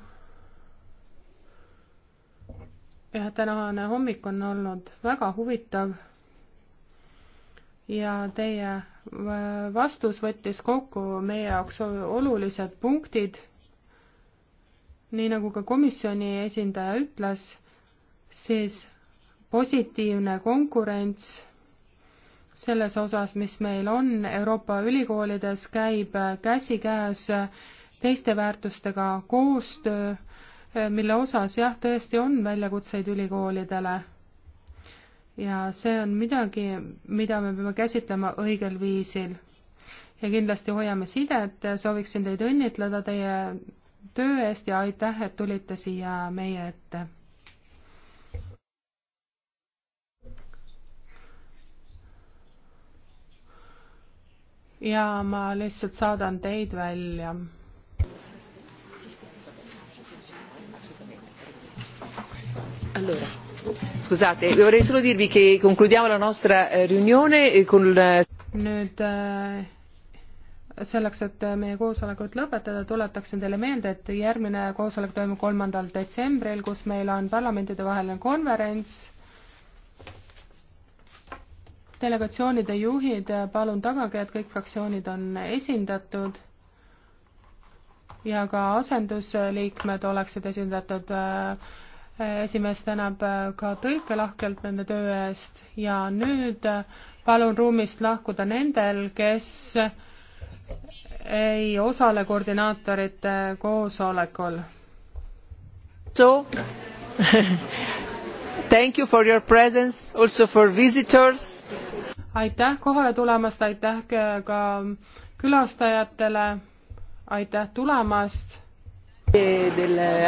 ja tänane hommik on olnud väga huvitav ja teie vastus võttis kokku meie jaoks olulised punktid, nii nagu ka komisjoni esindaja ütles, siis positiivne konkurents selles osas, mis meil on Euroopa ülikoolides, käib käsikäes teiste väärtustega koostöö Äh, mille osas jah, tõesti on väljakutseid ülikoolidele. ja see on midagi, mida me peame käsitlema õigel viisil. ja kindlasti hoiame sidet, sooviksin teid õnnitleda teie töö eest ja aitäh, et tulite siia meie ette. ja ma lihtsalt saadan teid välja allora scusate vorrei solo dirvi che concludiamo la nostra eh, riunione eh, con nüüd eh, selleks, et meie koosolekut lõpetada, tuletaksin teile meelde, et järgmine koosolek toimub kolmandal detsembril, kus meil on parlamentidevaheline konverents. delegatsioonide juhid, palun tagage, et kõik fraktsioonid on esindatud ja ka asendusliikmed oleksid esindatud äh, esimees tänab äh, ka tõlke lahkelt nende töö eest ja nüüd äh, palun ruumist lahkuda nendel, kes ei osale koordinaatorite koosolekul. So thank you for your presence, also for visitors. aitäh kohale tulemast, aitäh ka külastajatele, aitäh tulemast.